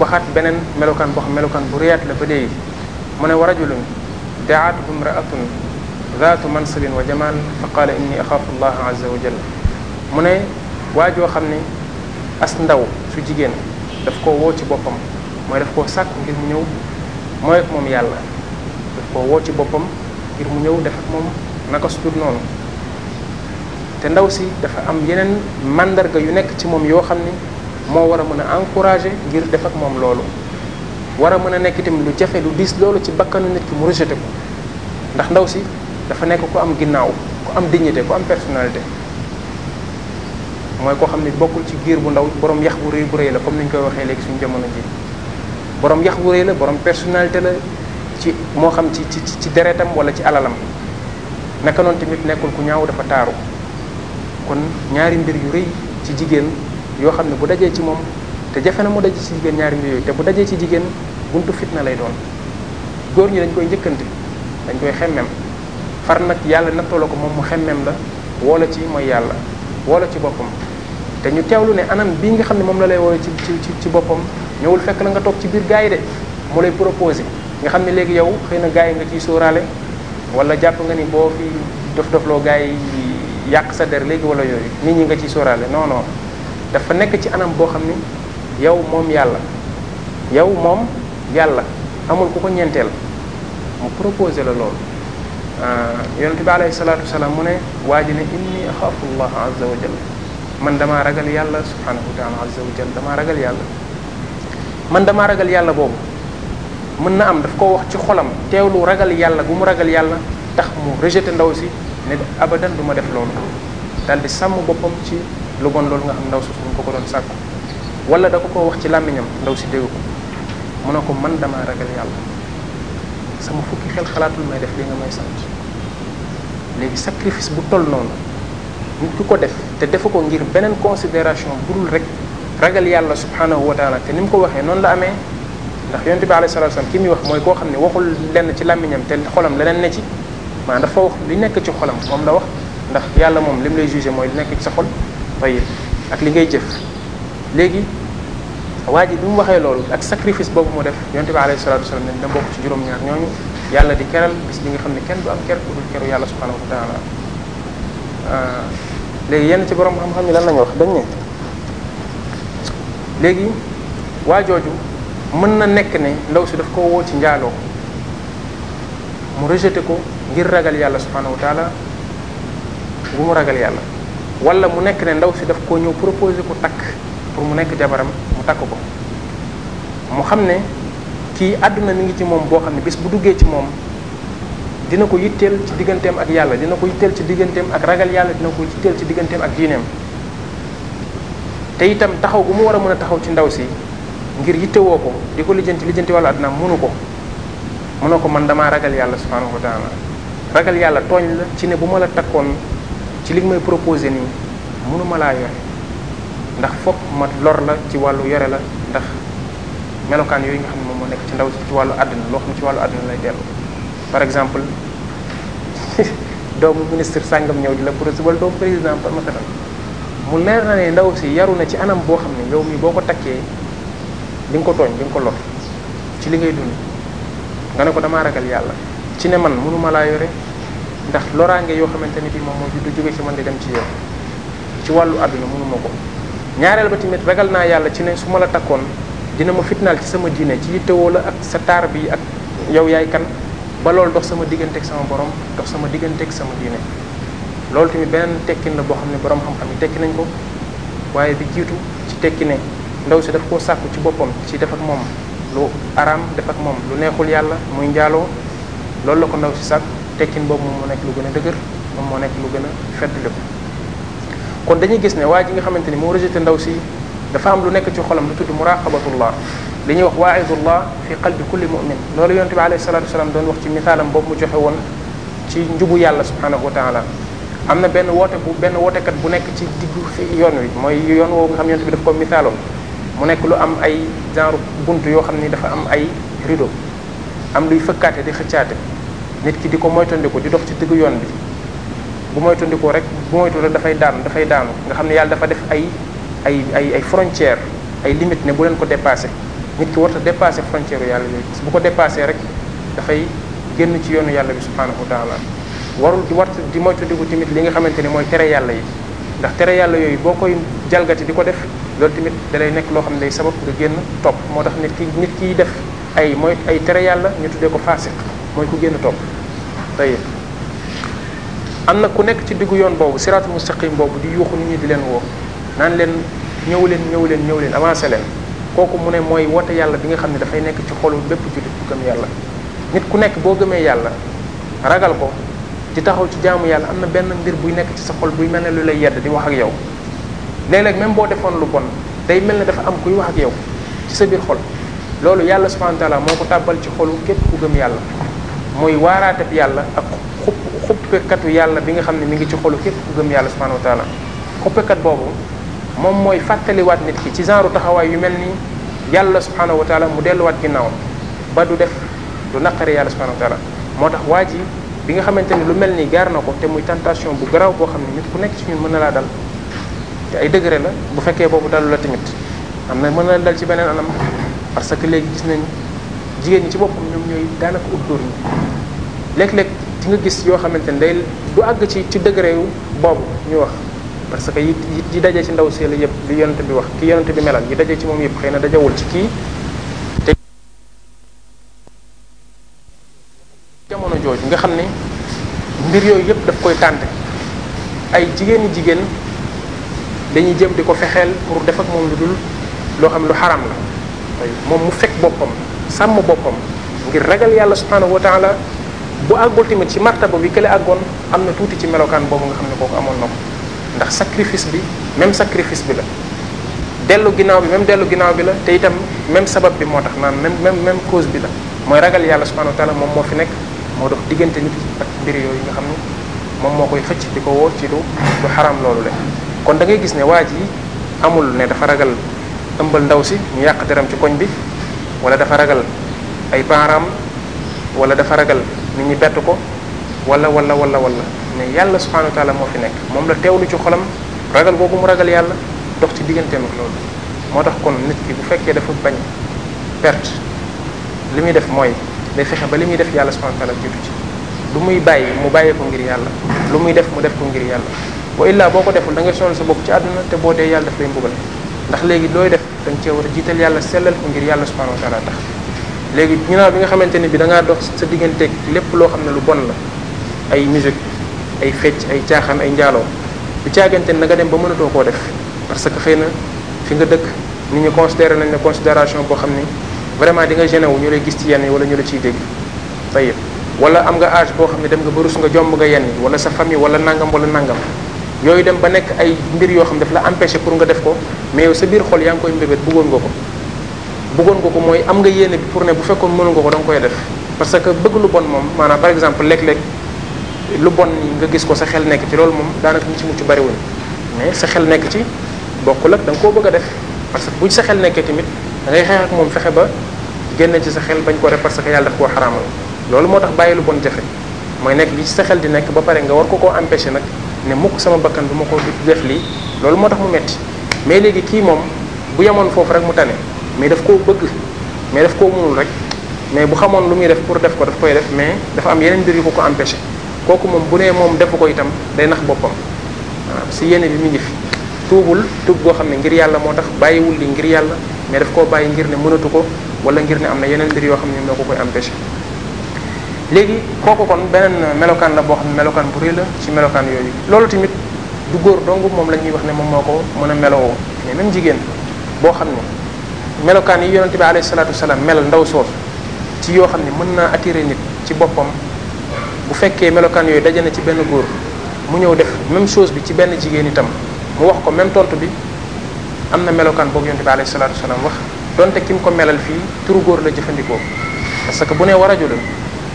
S1: waxaat beneen melokaan boo xam melokaan bu réyaat la ba dee mu ne wa rajulun daatu imraatun zaatu mansabin wa jamal fa qaala inni axaafu allaha azza wa jalla mu ne waa joo xam ne as ndaw su jigéen daf koo woo ci boppam mooy daf koo sàkk ngir mu ñëw mooy ak moom yàlla daf koo woo ci boppam ngir mu ñëw def ak moom naka su noonu te ndaw si dafa am yeneen màndarga yu nekk ci moom yoo xam ni moo war a mën a encourager ngir def ak moom loolu war a mën a nekk itam lu jafe lu diis loolu ci bakkanu nit ki mu rejeté ko ndax ndaw si dafa nekk ku am ginnaaw ku am dignité ku am personnalité mooy koo xam ni bokkul ci giir bu ndaw borom yax bu rëy bu rëy la comme ni ñu koy waxee léegi suñu jamono ji borom yax bu rëy la borom personnalité la ci moo xam ci ci ci deretam wala ci alalam naka noonu tamit nekkul ku ñaaw dafa taaru kon ñaari mbir yu rëy ci jigéen yoo xam ne bu dajee ci moom te jafe na mu daje ci jigéen ñaari mbir yooyu te bu dajee ci jigéen buntu fitna lay doon góor ñi dañ koy njëkkante dañ koy xemmem far nag yàlla nattoo ko moom mu xemmem la woola ci mooy yàlla woola ci boppam te ñu teewlu ne anam bii nga xam ne moom la lay woola ci ci ci boppam ñëwul fekk la nga toog ci biir gars yi de mu lay proposé nga xam ne léegi yow xëy na gaay yi nga ciy sóoraale wala jàpp nga ni boo fi dof dofloo yàq sa der léegi wala yooyu nit ñi nga ciy sóoraale non dafa nekk ci anam boo xam ni yow moom yàlla yow moom yàlla amul ku ko ñeenteel mu proposé la loolu euh, yonente bi alayhi salatu wasalaam mu ne waa ji ne inni axaafu allah man damaa ragal yàlla subhanahu wa taala azza damaa ragal yàlla man dama ragal yàlla boobu mën na am daf koo wax ci xolam teewlu ragal yàlla gu mu ragal yàlla tax mu rejeté ndaw si ne ko abadan du ma def loolu daal sàmm boppam ci lu bon loolu nga xam ndaw suñu ko ko doon sàkku wala da ko ko wax ci làmmiñam ndaw si dégg ko mu ne ko man dama ragal yàlla sama fukki xel xalaatul may def li nga may sant léegi sacrifice bu toll noonu nit ku ko def te defu ko ngir beneen considération burul rek ragal yàlla subhanahu wa taala te ni mu ko waxee noonu la amee ndax yonte bi alayhi salatu wasallam ki muy wax mooy koo xam ne waxul lenn ci làmmiñam te xolam leneen ne ci maanaam dafa wax li nekk ci xolam moom la wax ndax yàlla moom li lay jugé mooy li nekk ci sa xol tayib ak li ngay jëf léegi waa ji bi mu waxee loolu ak sacrifice boobu mu def yonte bi alayhi salatu wasalam ne da bokk ci ñaar ñooñu yàlla di keral bis bi nga xam ne kenn du am ker ku dul keru yàlla subhanahu wa taala ah, léegi yenn ci borom xam-xam yi lan lañu wax dañ ne léegi waa jooju mën na nekk ne ndaw si daf ko woo ci njaaloo mu rejeté ko ngir ragal yàlla subhanahu wa taala bu mu ragal yàlla wala mu nekk ne ndaw si daf koo ñëw proposé ko takk pour mu nekk jabaram mu takk ko mu xam ne kii àdduna mi ngi ci moom boo xam ne bis bu duggee ci moom dina ko yitteel ci digganteem ak yàlla dina ko yitteel ci digganteem ak ragal yàlla dina ko ci digganteem ak diineem te itam taxaw gu mu war a mën a taxaw ci ndaw si ngir yittewoo ko di ko lijjanti lijjanti wàllu àdduna mënu ko mënoo ko man damaa ragal yàlla subhanahu wa ragal yàlla tooñ la ci ne bu ma la takkoon ci li may proposé nii mënuma laa yore ndax foog ma lor la ci wàllu yore la ndax melokaan yooyu nga xam ne moom moo nekk ci ndaw si ci wàllu àdduna loo xam ne ci wàllu àdduna lay dellu par exemple doomu ministre sàngam ñëw di la proposé wala doomu président par masalan mu leer na ne ndaw si yaru na ci anam boo xam ne yow mi boo ko takkee di ko tooñ di nga ko lor ci li ngay dund nga ne ko damaa ragal yàlla ci ne man mënuma laa yore ndax loraange yoo xamante ni bii moom moo du jóge ci man di dem ci yow ci wàllu àdduna mënuma ko ñaareel ba tamit ragal naa yàlla ci ne su ma la takkoon dina ma fitnaal ci sama diine ci yittewoo la ak sa taar bi ak yow yaay kan ba loolu dox sama digganteeg sama borom dox sama digganteeg sama diine loolu tamit beneen tekkin la boo xam ne borom xam-xam yi tekki nañ ko waaye bi jiitu ci tekki ne ndaw si daf koo sàkku ci boppam ci def moom lu araam yàlla muy njaaloo loolu la ko ndaw si sàkk tekkin boobu moom moo nekk lu gën a dëgër moom moo nekk lu gën a fedd lépp kon dañuy gis ne waa ji nga xamante ni moo rejeté ndaw si dafa am lu nekk ci xolam lu tudd muraqabatullah li ñuy wax waaidullah fi qalbi kulli mu'min loolu yonte bi alayhi salatu wasalaam doon wax ci misaalam boobu mu joxe woon ci njubu yàlla subhanahu wa taala am na benn woote bu benn wootekat bu nekk ci diggu yoon wi mooy yoon woowu nga xam yonte bi daf ko misaaloon mu nekk lu am ay genre bunt yoo xam ni dafa am ay rideau am luy fëkkaate di xëccaate nit ki di ko moytandiku di dox ci diggu yoon bi bu moytandiku rek bu moytu dafay daanu dafay daanu nga xam ne yàlla dafa def ay ay ay ay frontière ay limite ne bu leen ko dépassé nit ki warta dépassé frontière u yàlla yooyu bu ko dépassé rek dafay génn ci yoonu yàlla bi subhanahu wa taala warul di warta di moytandiku tamit li nga xamante ne mooy tere yàlla yi ndax tere yàlla yooyu boo koy jalgati di ko def loolu tamit da nekk loo xam ne day sabab nga génn topp moo tax nit ki nit kiy def ay mooy ay tere yàlla ñu tuddee ko faasiq mooy ku génn topp tayib am na ku nekk ci diggu yoon boobu siraatul mustaqim boobu di yuuxu nit ñi di leen woo naan leen ñëw leen ñëw leen ñëw leen avancé leen kooku mu ne mooy woote yàlla bi nga xam ne dafay nekk ci xolu bépp jullit bu gëm yàlla nit ku nekk boo gëmee yàlla ragal ko di taxaw ci jaamu yàlla am na benn mbir buy nekk ci sa xol buy mel ne lu lay yedd di wax ak yow léeg-léeg même boo defoon lu bon day mel ne dafa am kuy wax ak yow ci sa biir xol loolu yàlla subhanahu wa moo ko tàbbal ci xolu képp ku gëm yàlla mooy waaraatab yàlla ak xup xuppekatu yàlla bi nga xam ne mu ngi ci xolu képp ku gëm yàlla subhanahu wa taala xuppekat boobu moom mooy fàttaliwaat nit ki ci genre taxawaay yu mel nii yàlla subhanahu wa taala mu delluwaat ginnaaw ba du def du naqare yàlla subhanahu wa moo tax waa ji bi nga xamante ni lu mel nii gaar na ko te muy tentation bu garaw boo xam ne nit ku nekk ci ñun mën na laa dal te ay degré la bu fekkee boobu dalu la tamit am na mën na dal ci beneen anam parce que léegi gis nañ jigéen ñi ci boppam ñoom ñooy daanaka ut góor ñi léeg-léeg di nga gis yoo xamante ne day du àgg ci ci degré yu boobu ñu wax parce que yi yi daje ci ndaw seela yëpp li yonente bi wax ki yonente bi melal yi daje ci moom yëpp xëy na dajawul ci kii te jamono jooju nga xam ne mbir yooyu yëpp daf koy tànte ay jigéeni jigéen dañuy jëm di ko fexeel pour def ak moom lu dul loo xam lu xaram la moom mu fekk boppam sàmm boppam ngir ragal yàlla subhanahu wa taala bu àggul tamit ci martaba bi kële àggoon am na tuuti ci melokaan boobu nga xam ne kooku amoon na ko ndax sacrifice bi même sacrifice bi la dellu ginnaaw bi même dellu ginnaaw bi la te itam même sabab bi moo tax naan même même même cause bi la mooy ragal yàlla subhanahu wa taala moom moo fi nekk moo dox diggante nit ak mbir yooyu nga xam ne moom moo koy xëcc di ko woo ci du du loolu le kon da ngay gis ne waa ji amul ne dafa ragal ëmbal ndaw si ñu yàq ci koñ bi wala dafa ragal ay parents wala dafa ragal nit ñi bett ko wala wala wala wala mais yàlla subhanahu wa taala moo fi nekk moom la lu ci xolam ragal googu mu ragal yàlla dox ci digganteem ak loolu moo tax kon nit ki bu fekkee dafa bañ perte li muy def mooy day fexe ba li muy def yàlla subhanahu wa taala jiitu ci lu muy bàyyi mu bàyyi ko ngir yàlla lu muy def mu def ko ngir yàlla wa illaa boo ko deful da ngay sonal sa bopp ci àdduna te boo dee yàlla daf lay ndax léegi looy def da nga cee a jiital yàlla sellal ko ngir yàlla subhanahu wa taala tax léegi ginnaaw bi nga xamante ne bi da ngaa dox sa digganteeg lépp loo xam ne lu bon la ay musique ay fecc ay caaxaan ay njaaloo bu caagante na nga dem ba mënatoo koo def parce que xëy na fi nga dëkk ñu ñi considéré nañ ne considération boo xam ni vraiment di nga gêné wu ñu lay gis ci yenn yi wala ñu la ciy dégg tayib wala am nga âge boo xam ne dem nga ba nga jomb nga yenn wala sa famille wala nangam wala nangam yooyu dem ba nekk ay mbir yoo xam daf la empêché pour nga def ko mais yow sa biir xol yaa ngi koy mbébét bëggoon nga ko bëggoon nga ko mooy am nga yéene bi pour ne bu fekkoon mënu nga ko da koy def parce que bëgg lu bon moom maanaam exemple léeg-léeg lu bon nga gis ko sa xel nekk ci loolu moom daanaka ñu ci mucc bariwuñ mais sa xel nekk ci bokkul ak da nga koo bëgg a def parce que buñ sa xel nekkee tamit dangay ngay moom fexe ba génn ci sa xel bañ ko def parce que yàlla daf koo xaraamal loolu moo tax bàyyi lu bon jafe mooy nekk li ci sa xel di nekk ba pare nga war ko koo empêché nag ne mukk sama bakkan du ma ko def lii loolu moo tax mu metti mais léegi kii moom bu yamoon foofu rek mu tane mais daf koo bëgg mais daf koo mënul rek mais bu xamoon lu muy def pour def ko daf koy def mais dafa am yeneen mbir yu ko ko empêché kooku moom bu nee moom defu ko itam day nax boppam waaw si yéene bi mu ngi fi tuubul tuub goo xam ne ngir yàlla moo tax bàyyiwul li ngir yàlla mais daf koo bàyyi ngir ne mënatu ko wala ngir ne am na yeneen mbir yoo xam ne ñoo ko koy empêché léegi kooku kon beneen melokaan la boo xam ne melokaan bu la ci melokaan yooyu loolu tamit du góor dong moom la ñuy wax ne moom moo ko mën a melowoo mais même jigéen boo xam ne melokaan yi yonente bi alayhi salaatu melal ndaw soos ci yoo xam ne mën naa attirer nit ci boppam bu fekkee melokaan yooyu daje na ci benn góor mu ñëw def même chose bi ci benn jigéen itam mu wax ko même tontu bi am na melokaan boobu yonente bi alayhi salaatu wasalaam wax donte ki mu ko melal fii turu góor la jëfandikoo parce que bu nee war a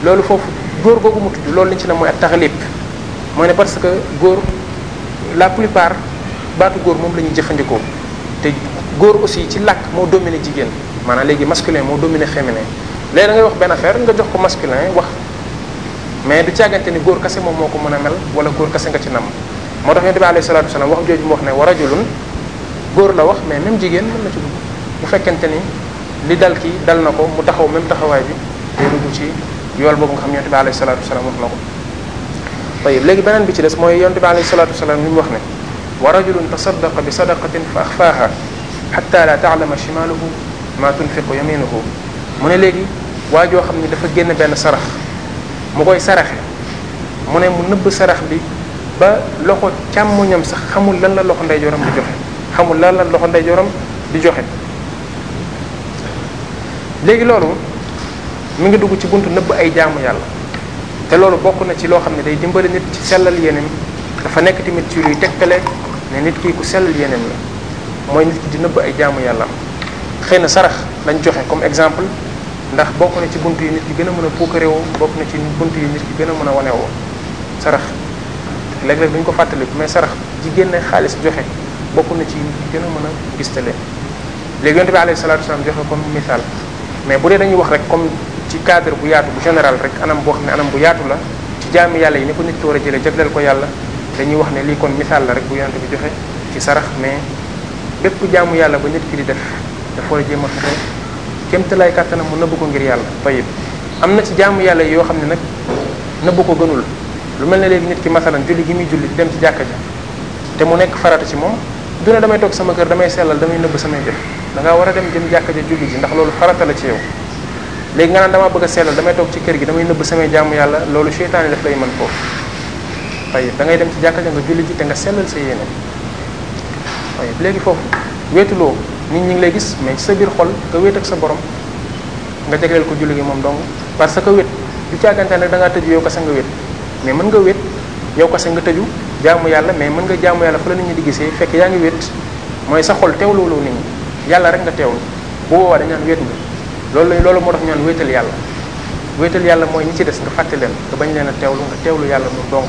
S1: loolu foofu góor googu mu tudd loolu lañ ci la mooy ak taxalib mooy ne parce que góor la plupart baatu góor moom la ñuy jëfandikoo te góor aussi ci làkk moo dominé jigéen maanaam léegi masculin moo dominé féminin léegi da ngay wax benn affaire nga jox ko masculin wax mais du jàggante ni góor kase moom moo ko mën a mel wala góor kase nga ci nam moo tax yonent bi alayhi salaatu wasalaam wax jooju mu wax ne wa rajulun góor la wax mais même jigéen mën na bu fekkente ni li dal kii dal na ko mu taxaw même taxawaay bi day ci yool boobu nga xam yonte bi alayhi salatu wasalaam wax na ko tayib léegi beneen bi ci des mooy yonte bi alayhi salatu wasalaam li mu wax ne wa rajulun tasaddaqa bi sadaqatin fa axfaaha xatta la taalama chimaaluhu ma tunfiqu yaminuhu mu ne léegi waa joo xam ni dafa génn benn sarax mu koy saraxe mu ne mu nëbb sarax bi ba loxo càmmoñam sax xamul lan la loxo ndeyjooram di joxe xamul lan la loxo ndeyjooram di joxe léegi loolu mi ngi dugg ci bunt nëbb ay jaamu yàlla te loolu bokk na ci loo xam ne day dimbali nit ci sellal yeneen dafa nekk tamit ci luy tegtale ne nit kii ku sellal yeneen la mooy nit ki di nëbb ay jaamu yàlla xëy na sarax lañ joxe comme exemple ndax bokk na ci bunt yi nit ki gën a mën a puukarewoo bokk na ci bunt yi nit ki gën a mën a wanewoo sarax léeg-léeg duñ ko fàttaliku mais sarax ji génne xaalis joxe bokk na ci nit ki gën a mën a gistale léegi yonte bi alayhi salatu wasalam joxe comme ci cadre bu yaatu bu général rek anam boo xam ne anam bu yaatu la ci jaami yàlla yi ni ko nit war a jële jagleel ko yàlla dañuy wax ne lii kon misaal la rek bu yonent bi joxe ci sarax mais bépp jaamu yàlla ba nit ki di def dafa war a jéem a fexe kéemtalaay kàttanam mu nëbb ko ngir yàlla tayib am na ci jaamu yàlla yoo xam ne nag nëbb ko gënul lu mel ne léegi nit ki masalan julli gi muy julli di dem ci jàkka ja te mu nekk farata ci moom du ne damay toog sama kër damay damay nëbb samay def da ngaa war dem jëm jàkka ja julli ndax loolu farata la ci léegi nga naan damaa bëgg sellal damay toog ci kër gi damay nëbb samay jaamu yàlla loolu seytaane daf lay man foofu tayib da ngay dem ci jàkka ja nga julli ji te nga sellal sa yéene tayib léegi foofu wéetuloo nit ñi ngi lay gis mais sa biir xol nga wéet ak sa borom nga jagleel ko julli gi moom dong parce que wéet du caagante nag da ngaa tëju yow kese nga wéet mais mën nga wéet yow kese nga tëju jàmm yàlla mais mën nga jaamu yàlla fa la nit ñi di gisee fekk yaa ngi wéet mooy sa xol teewloo yàlla rek nga teewlu bu boobaa dañ naan loolu lay loolu moo tax ñoon wéetal yàlla wéetal yàlla mooy ñi ci des nga fàtte leen nga bañ leen a teewlu nga teewlu yàlla moom donc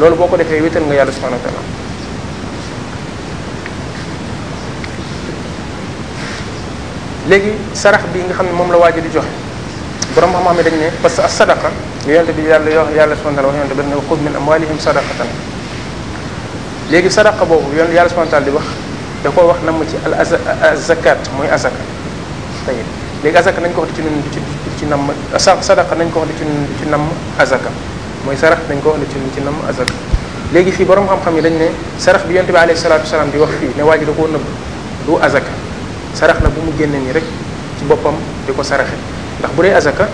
S1: loolu boo ko defee wéetal nga yàlla subhanahu wa taala léegi sarax bi nga xam ne moom la waaji di joxe borom xam-xam yi dañ parce que as sadaqa lu yonte bi yàlla yoo yàlla subhanahu wa taala wax yonte bi ne xud min amwalihim sadaqatan léegi sadaqa boobu yoon yàlla subhanahu di wax da ko wax na mu ci al zakat mooy azaka léegi azaka nañ ko wax li ci nañ ci ci namm ah, sadaqa nañ ko wax li ci li ci namm azaka mooy sarax nañ ko wax li ci li ci namm azaka léegi fii borom xam-xam yi dañu ne sarax bi yonte bi alayhi salatu wasalaam wax fii waa ji da koo nëbb du azaka sarax la bu mu génne nii rek ci boppam di ko saraxe ndax bu dee azaka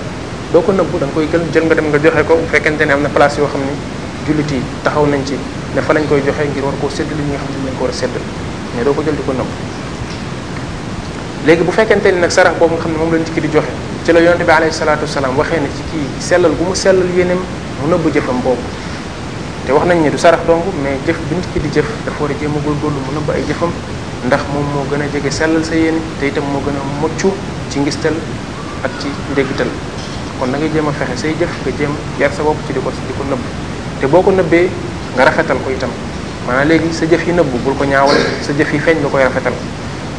S1: doo ko nëbbu da nga koy gël jël nga dem nga joxe ko bu fekkente ne am na place yoo xam ne jullit yi taxaw nañ ci ne fa lañ koy joxe ngir war koo séddale ñi nga xam ne lañ ko war a mais doo ko jël di ko nëbbu léegi bu fekkente ni nag sarax boobu nga xam ne moom lañ ci kii di joxe ci la yonte bi alayhi salaatu wasalaam waxee ne ci kii sellal bu mu sellal yéenem mu nëbb jëfam boobu te wax nañ ne du sarax dong mais jëf bi nit ki di jëf dafa war a jéem a góorgóorlu mu nëbb ay jëfam ndax moom moo gën a jege sellal sa yéene te itam moo gën a mucc ci ngistal ak ci ndéggital kon da ngay jéem a fexe say jëf nga jéem yar sa bopp ci di ko nëbb te boo ko nëbbee nga rafetal ko itam maanaam léegi sa jëf yi nëbb bul ko ñaawal sa jëf yi feeñ nga koy rafetal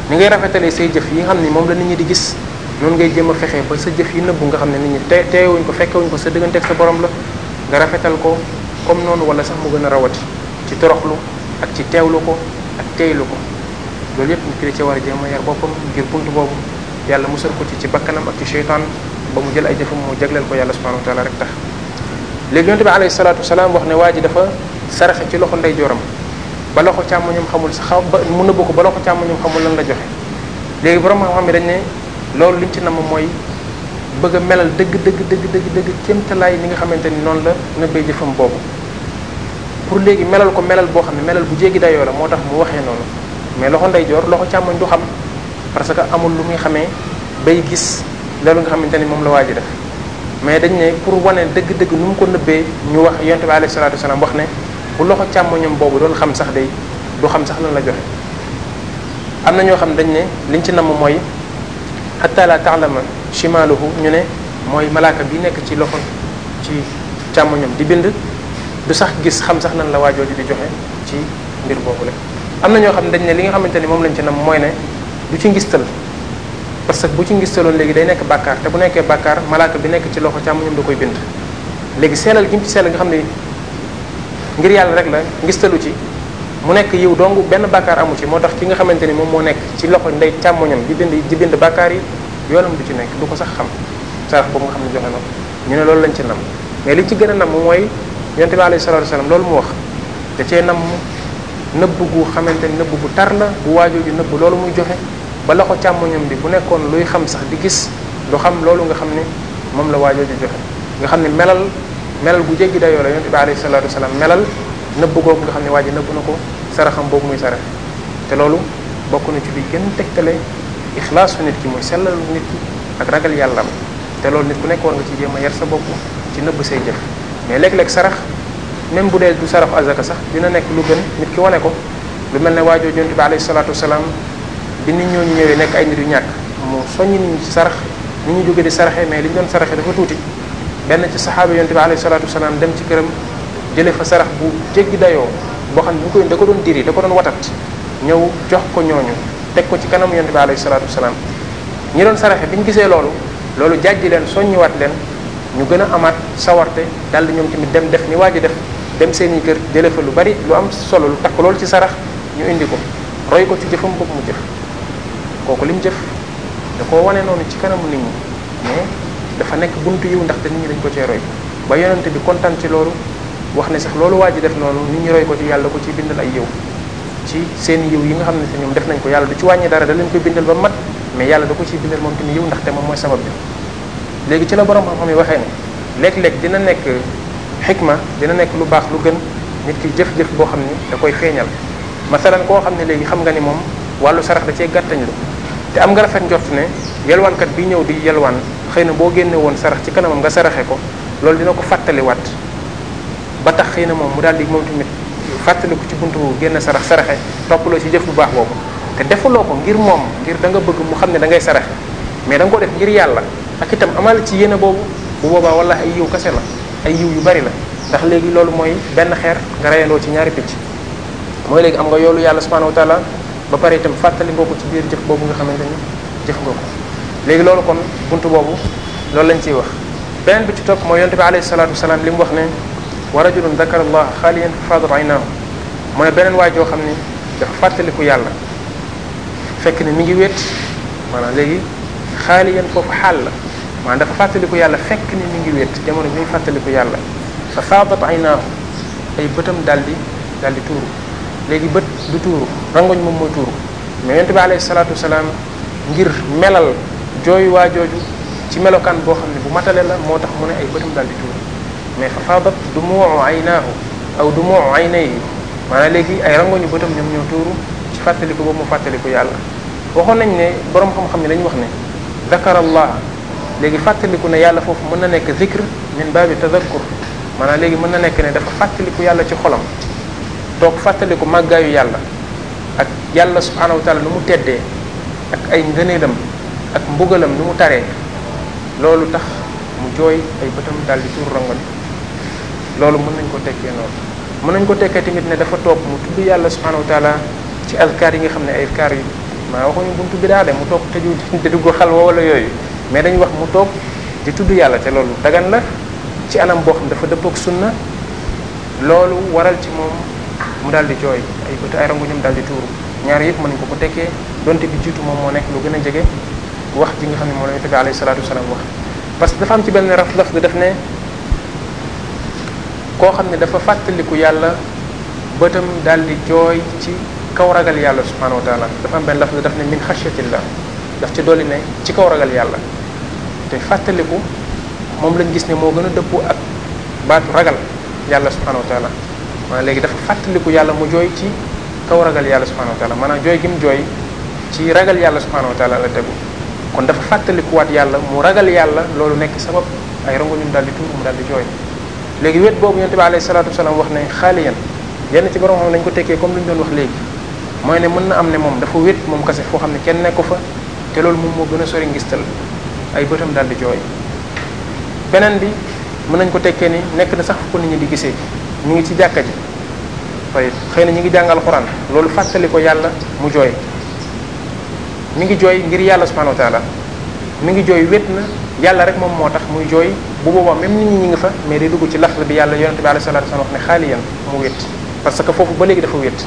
S1: ni ngay rafetalee say jëf yi nga xam ne moom la nit ñi di gis noonu ngay jéem a fexe ba sa jëf yi nëbbu nga xam ne nit ñi te teewuñ ko fekkewuñ ko sa diggante ak sa borom la nga rafetal ko comme noonu wala sax mu gën a rawati ci toroxlu ak ci teewlu ko ak teeylu ko loolu yëpp mu ki da war a jéem a yar boppam ngir bunt boobu yàlla musal ko ci ci bakkanam ak ci seytaan ba mu jël ay jëfam mu jagleel ko yàlla subhanahu wa taala rek tax léegi yonte bi alayhi salaatu wasalaam wax ne waa ji dafa saraxe ci loxo ndeyjooram ba loxo càmmoñam xamul sa xaw ba mu nëbbu ko ba loxo càmmoñam xamul lan la joxe léegi borom xam-xam yi dañ ne loolu liñ ci nam mooy bëgg melal dëgg dëgg dëgg dëgg dëgg kéemtalaay ni nga xamante ni noonu la nëbbee jëfam boobu pour léegi melal ko melal boo xam ne melal bu jéggi dayoo la moo tax mu waxee noonu mais loxo ndeyjoor loxo càmmoñ du xam parce que amul lu muy xamee bay gis loolu nga xamante ni moom la waa ji def mais dañ ne pour wane dëgg-dëgg nu mu ko nëbbee ñu wax yonte bi alayhi salaatu wasalaam wax ne bu loxo càmmoñam boobu doon xam sax day du xam sax lan la joxe am na ñoo xam dañ ne liñ ci namm mooy tax la taalama chimaaluhu ñu ne mooy malaaka bi nekk ci loxo ci càmmoñam di bind du sax gis xam sax nan la waajooju di joxe ci mbir boobu la am na ñoo xam dañ ne li nga xamante ni moom lañ ci nam mooy ne du ci ngistal parce que bu ci ngistaloon léegi day nekk bàkkaar te bu nekkee bàkkaar malaaka bi nekk ci loxo càmmoñam da koy bind léegi seelal gi mu ci seelal nga xam ne ngir yàlla rek la ngistalu ci mu nekk yiw dong benn bàkkaar amu ci moo tax ki nga xamante ni moom moo nekk ci loxo ndey càmmoñam di bind di bind bàkkaar yi yoonam du ci nekk du ko sax xam sarax boobu nga xam joxe na ñu ne loolu lañ ci nam mais li ci gën a nam mooy yonte bi alayhi salatu wasallam loolu mu wax da cee nam nëbb gu xamante ni nëbb gu tar la bu waajooju nëbb loolu muy joxe ba loxo càmmoñam bi bu nekkoon luy xam sax di gis lu xam loolu nga xam ne moom la waajooju joxe nga xam ne melal melal bu jéggi dayoo la yonent bi alayhi salaatu wasalaam melal nëbb googu nga xam ne waa ji nëbb na ko saraxam boobu muy sarax te loolu bokk na ci luy gën tegtale ixlaasu nit ki mooy sellal nit ki ak ragal yàllam te loolu nit ku nekk war nga ci jéem a yar sa bopp ci nëbb say jëf mais léeg-léeg sarax même bu dee du saraxu azaka sax dina nekk lu gën nit ki wane ko lu mel ne waajoo yonent bi alayhi salaatu wasalaam bi nit ñooñu ñëwee nekk ay nit yu ñàkk mu soññ nit ñi ci sarax nit ñu jóge di saraxee mais li ñu doon saraxee dafa tuuti benn ci saxaaba yonte bi alayhi salaatu dem ci këram jëlee fa sarax bu jéggi dayoo boo xam ne bu koy da ko doon diri da ko doon watat ñëw jox ko ñooñu teg ko ci kanam yonte bi alayhi salaatu wasalaam ñi doon saraxe bi ñu gisee loolu loolu jàjji leen soññiwaat leen ñu gën a amaat sawarte daldi ñoom tamit dem def ni waa ji def dem seeni kër jëlee fa lu bari lu am solo lu takk loolu ci sarax ñu indi ko roy ko ci jëfam boobu mu jëf kooku li jëf da koo wane noonu ci kanamu nit dafa nekk buntu yiw ndaxte nit ñi dañ ko cee roy ba yonente bi kontaan ci loolu wax ne sax loolu waa ji def noonu nit ñi roy ko ci yàlla ko ci bindal ay yiw ci seen yiw yi nga xam ne si moom def nañ ko yàlla du ci wàññi dara da leen koy bindal ba mat mais yàlla da ko ciy bindal moom tamit yiw ndaxte moom mooy sabab bi léegi ci la borom xam-xam yi waxee ne léeg-léeg dina nekk xikma dina nekk lu baax lu gën nit ki jëf-jëf boo xam ni da koy feeñal masalan koo xam ne léegi xam nga ni moom wàllu sarax da cee gàttañ lu te am nga rafet njort ne yelwaankat bi ñëw di yelwaan xëy na boo génne woon sarax ci kanamam nga saraxe ko loolu dina ko fàttaliwaat ba tax xëy na moom mu daal di moom tamit fàttaliku ci buntu boobu génne sarax saraxe toppaloo ci jëf bu baax boobu te defaloo ko ngir moom ngir da nga bëgg mu xam ne da ngay saraxe mais da ko def ngir yàlla ak itam amal ci yéene boobu bu boobaa wala ay yiw kase la ay yiw yu bari la ndax léegi loolu mooy benn xeer nga ci ñaari picc mooy léegi am nga yoolu yàlla subhanahu wa taala ba pare tam fàttali nga ko ci biir jëf boobu nga xamante ni jëf nga ko léegi loolu kon bunt boobu loolu lañ ciy wax beneen bi ci topp mooy yonte bi alayhi salatu li mu wax ne wa rajulun dakara allah xaaliyan fa fadat aynaahu mu ne beneen waay joo xam ne dafa fàttaliku yàlla fekk ne mu ngi wéet maanaam léegi xaaliyan foofu xaal la maanaam dafa fàttaliku yàlla fekk ne mi ngi wéet jamono bi muy fàttaliku yàlla fa ay aynaahu ay bëtam daldi daldi tuuru léegi bët du tuuru rangoñ moom mooy tuuru mais yonent bi alayhi salaatu wasalaam ngir melal jooyu waa jooju ci melokaan boo xam ne bu matalee la moo tax mu ne ay bëtam daal di tuuru mais fa faadat dumuu aynaahu aw du dumuu aynayhi maanaam léegi ay rangoñu bëtam ñoom ñoo tuuru ci fàttaliku boobu mu fàttaliku yàlla waxoon nañ ne borom xam-xam ne dañu wax ne dakara léegi fàttaliku ne yàlla foofu mën na nekk zikr min baabi tadakkur maanaa léegi mën na nekk ne dafa fàttaliku yàlla ci xolam toog fàttaliku màggaayu yàlla ak yàlla subhanahu wa taala nu mu teddee ak ay ngëneelam ak mbugalam nu mu taree loolu tax mu jooy ay bëtam daal di tuur rongoñ loolu mën nañ koo tekkee noonu mën nañ ko tekkee tamit ne dafa toog mu tudd yàlla subhanahu wa taala ci azkar yi nga xam ne ay azkar yu maa waxuñu buntu bi daal mu toog tëju di dugg xalwa wala yooyu mais dañu wax mu toog di tudd yàlla te loolu dagan la ci anam boo xam dafa dëppoo ak sunna loolu waral ci moom mu daal di jooy ay bët ay rangu ñoom daal di tuuru ñaar yëpp mën nañu ko ko tekkee donte bi jiitu moom moo nekk lu gën a jege wax ji nga xam ne moom la yonent bi alayhi salaatu wasalaam wax que dafa ci benn raf laf daf ne koo xam ne dafa fàttaliku yàlla bëtam daal di jooy ci kaw ragal yàlla subhanahu wa taala dafa am benn laf daf ne min xashatillah daf ci dolli ne ci kaw ragal yàlla te fàttaliku moom lañ gis ne moo gën a dëppoo ak baatu ragal yàlla subhanahu wa waaye léegi dafa fàttaliku yàlla mu jooy ci kaw ragal yàlla subhanahu wa taala maanaam jooy gi mu jooy ci ragal yàlla subhanahu wa taala la tegu kon dafa fàttalikuwaat yàlla mu ragal yàlla loolu nekk sabab ay rongo ñu daal di tuur mu daal di jooy léegi wet boobu yonte bi alayhi salatu wasalaam wax ne xaaliyan yenn ci borom xam lañ ko tekkee comme lu ñu doon wax léegi mooy ne mën na am ne moom dafa wét moom kase foo xam ne kenn nekku fa te loolu moom moo gën a sori ngistal ay bëtam daal di jooy beneen bi mën nañ ko tekkee ni nekk na sax fu ko nit di gisee mu ngi ci jàkka ji waaye xëy na ñu ngi jàngal alxuraan loolu fàttali ko yàlla mu jooy mi ngi jooy ngir yàlla subhanahu wa taala mi ngi jooy wét na yàlla rek moom moo tax muy jooy bu boobaa même nit ñi ñi nga fa mais day dugg ci laxla bi yàlla yonente bi alayhi salaatu wax ne xaaliyan mu wét parce que foofu ba léegi dafa wét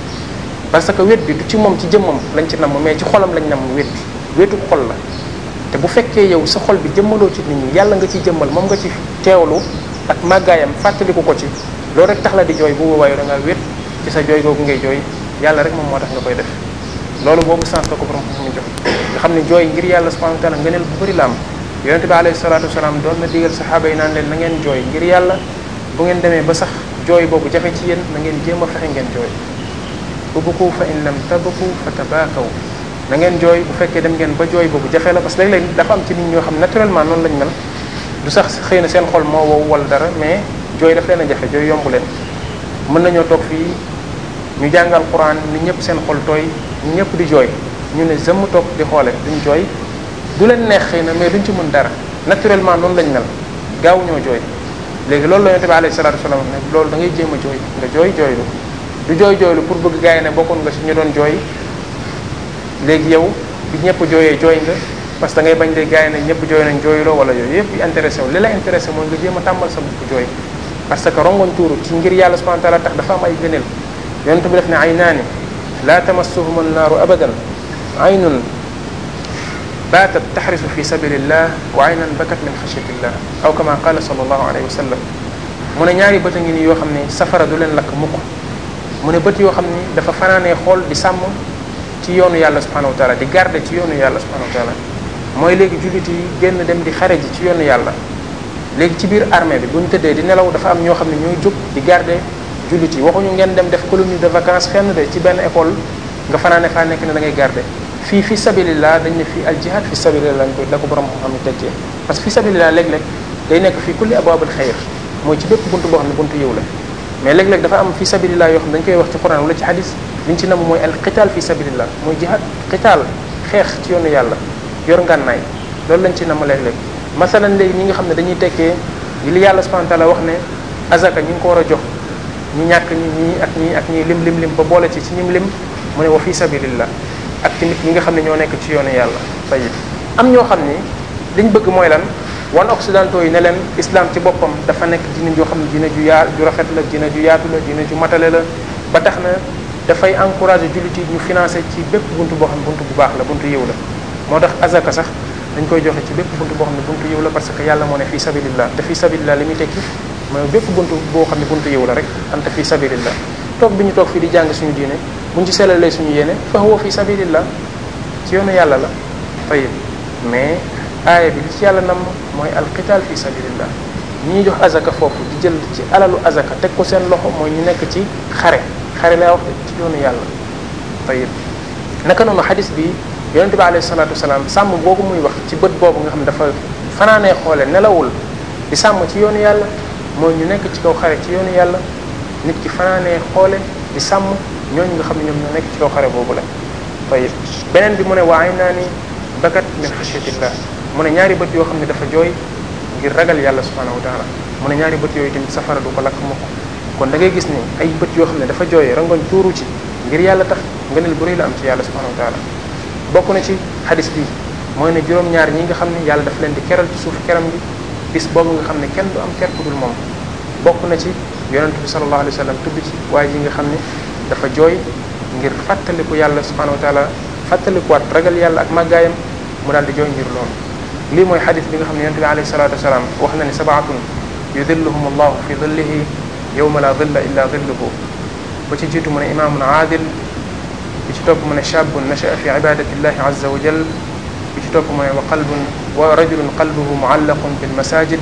S1: parce que wét bi ci moom ci jëmmam lañ ci namm mais ci xolam lañ namm wét bi wétu xol la te bu fekkee yow sa xol bi jëmmaloo ci nit yàlla nga ciy jëmmal moom nga ci teewlu ak màggaayam fàttaliku ko ci loolu rek tax la di jooy bu boobaa yow da ngaa wét ci sa jooy googu ngay jooy yàlla rek moom moo tax nga koy def loolu boobu sens la ko borom xam-xam xam ne jooy ngir yàlla subhanahu wa taala ngëneel bu bëri la am yonente bi alayhi salatu wasalaam doon na digal saxaaba yi naan leen na ngeen jooy ngir yàlla bu ngeen demee ba sax jooy boobu jafe ci yéen na ngeen jéem a fexe ngeen jooy ubku fa in lam tabku fa tabakaw na ngeen jooy bu fekkee dem ngeen ba jooy boobu jafe la parce que léeg-léeg dafa am ci nit ñoo xam naturellement noonu lañ mel du sax xëy na seen xol moo wow wala dara mais jooy daf leen a jafe jooy yomb leen mën nañoo toog fii ñu jàngal quran ni ñëpp seen xol tooy ñëpp di jooy ñu ne zëmm toog di xoole duñ jooy du leen neex xëy na mais duñu ci mën dara naturellement noonu lañ mel gaaw ñoo jooy léegi loolu la yonent bi alayhi salaatu wasalaam ne loolu dangay ngay a jooy nga jooy jooylu du jooy jooylu pour bëgg gars yi ne bokkoon nga ci ñu doon jooy léegi yow bi ñëpp jooyee jooy nga parce ngay bañ léegi gars ne ñëpp jooy nañ jooyloo wala yooyu yëpp yi wu li la mooy nga jéem a tàmbal sa bopp jooy parce que rongoñ tuuru ci ngir yàlla subhanahu wa taala ay gëneel yonent bi def ne aynaani la tamassuhuma annaaru abadan aynun baatat taxrisu fi sabilillah wa aynan bakat min xasyatillah aw kama qala bët a yoo xam ne safara du leen lakk mu ne bët yoo xam ne dafa fanaanee xool di sàmm ci yoonu yàlla subhanahu wa taala di garder ci yoonu yàlla subhanahu wa taala mooy léegi jullit yi génn dem di xare ji ci yoonu yàlla léegi ci biir armée bi bu ñu tëddee di nelaw dafa am ñoo xam ne ñooy jóg di garder jullit yi waxuñu ngeen dem def colonie de vacances fenn de ci benn école nga fanaane faa nekk ne da ngay garder fii fi sabilillah dañ ne fii al jihad fi sabilillah lañ ko la ko borom xam-xam ni teccee parce que fi sabilillah léeg-léeg day nekk fii kulli abwaabul xayr mooy ci bépp bunt boo xam ne bunt yiw la mais léeg-léeg dafa am fii sabilillah yoo xam dañ koy wax ci quran wala ci hadis liñ ci nam mooy al qital fi sabilillah mooy jihad qital xeex ci yoonu yàlla yor ngànnaay loolu lañ ci nam léeg-léeg masalan léegi ñi nga xam ne dañuy tekkee li yàlla subhanahu wa ta'ala wax ne azaka ñu ngi ko war a jox ñi ñàkk ñi ñii ak ñii ak ñii lim lim lim ba boole ci ci ñim lim mu ne wa fi sabilillah ak tamit ñi nga xam ne ñoo nekk ci yoonu yàlla tayib am ñoo xam ni ñu bëgg mooy lan wan occidentaux yi ne leen islam ci boppam dafa nekk dina joo xam ne dina ju yaa ju rafet la dina ju yaatu la dina ju matale la ba tax na dafay encourage jullit yi ñu financé ci bépp buntu boo xam buntu bu baax la buntu yiw la moo tax azaka sax dañ koy joxe ci bépp buntu boo xam ne buntu yiw la parce que yàlla moo ne fii sabilillah te fii sabilillah li muy tekki mooy bépp buntu boo xam ne buntu yiw la rek anta fii sabilillah toog bi ñu toog fii di jàng suñu diine buñ ci selalee suñu yéene fa huwa fii ci yoonu yàlla la tayib mais aaya bi li ci nam mooy alqital fii sabilillah ñi ñuy jox azaka foofu di jël ci alalu azaka teg ko seen loxo mooy ñu nekk ci xare xare laa wax ci yoonu yàlla tayib naka noonu xadis bi yonente bi alayhi salaatu salaam sàmm boobu muy wax ci bët boobu nga xam dafa fanaanee xoole nelawul di sàmm ci yoonu yàlla mooy ñu nekk ci kaw xare ci yoonu yàlla nit ki fanaanee xoole di sàmm ñooñu nga xam ne ñoom ñoo nekk ci kaw xare boobu la tayib beneen bi mu ne waay naa ni bakat min xasyatillah mu ne ñaari bët yoo xam ne dafa jooy ngir ragal yàlla subhanahu wa taala mu ne ñaari bët yooyu tamit safara du ko lakk mukk kon da ngay gis ni ay bët yoo xam ne dafa jooy rangoñ tuuru ci ngir yàlla tax ngëneel bu rëy la am ci yàlla subhanahu wa taala bokk na ci xadis bi mooy ne juróom-ñaar ñi nga xam ne yàlla daf leen di keral ci suuf keram gi bis boobu nga xam ne kenn du am ker ku dul moom bokk na ci yonent bi sallallahu alayhi wa ci waaye ji nga xam ni dafa jooy ngir fàttaliku yàlla subhanahu wa taala fàttalikuwaat ragal yàlla ak màggaayam mu daal di jooy ngir loolu lii mooy xadis bi nga xam ne yonent bi alayhi salatu wasalaam wax na ne sabaatun yudilluhum allahu fi dillihi yowma la dilla illa dilluhu ba ci jiitu mu ne aadil bi ci topp mu ne chabun nachaa fi ibadati llahi azza wa jal bi ci topp mu ne wa qalbun wa rajulun qalbuhu muallaqun bil masajid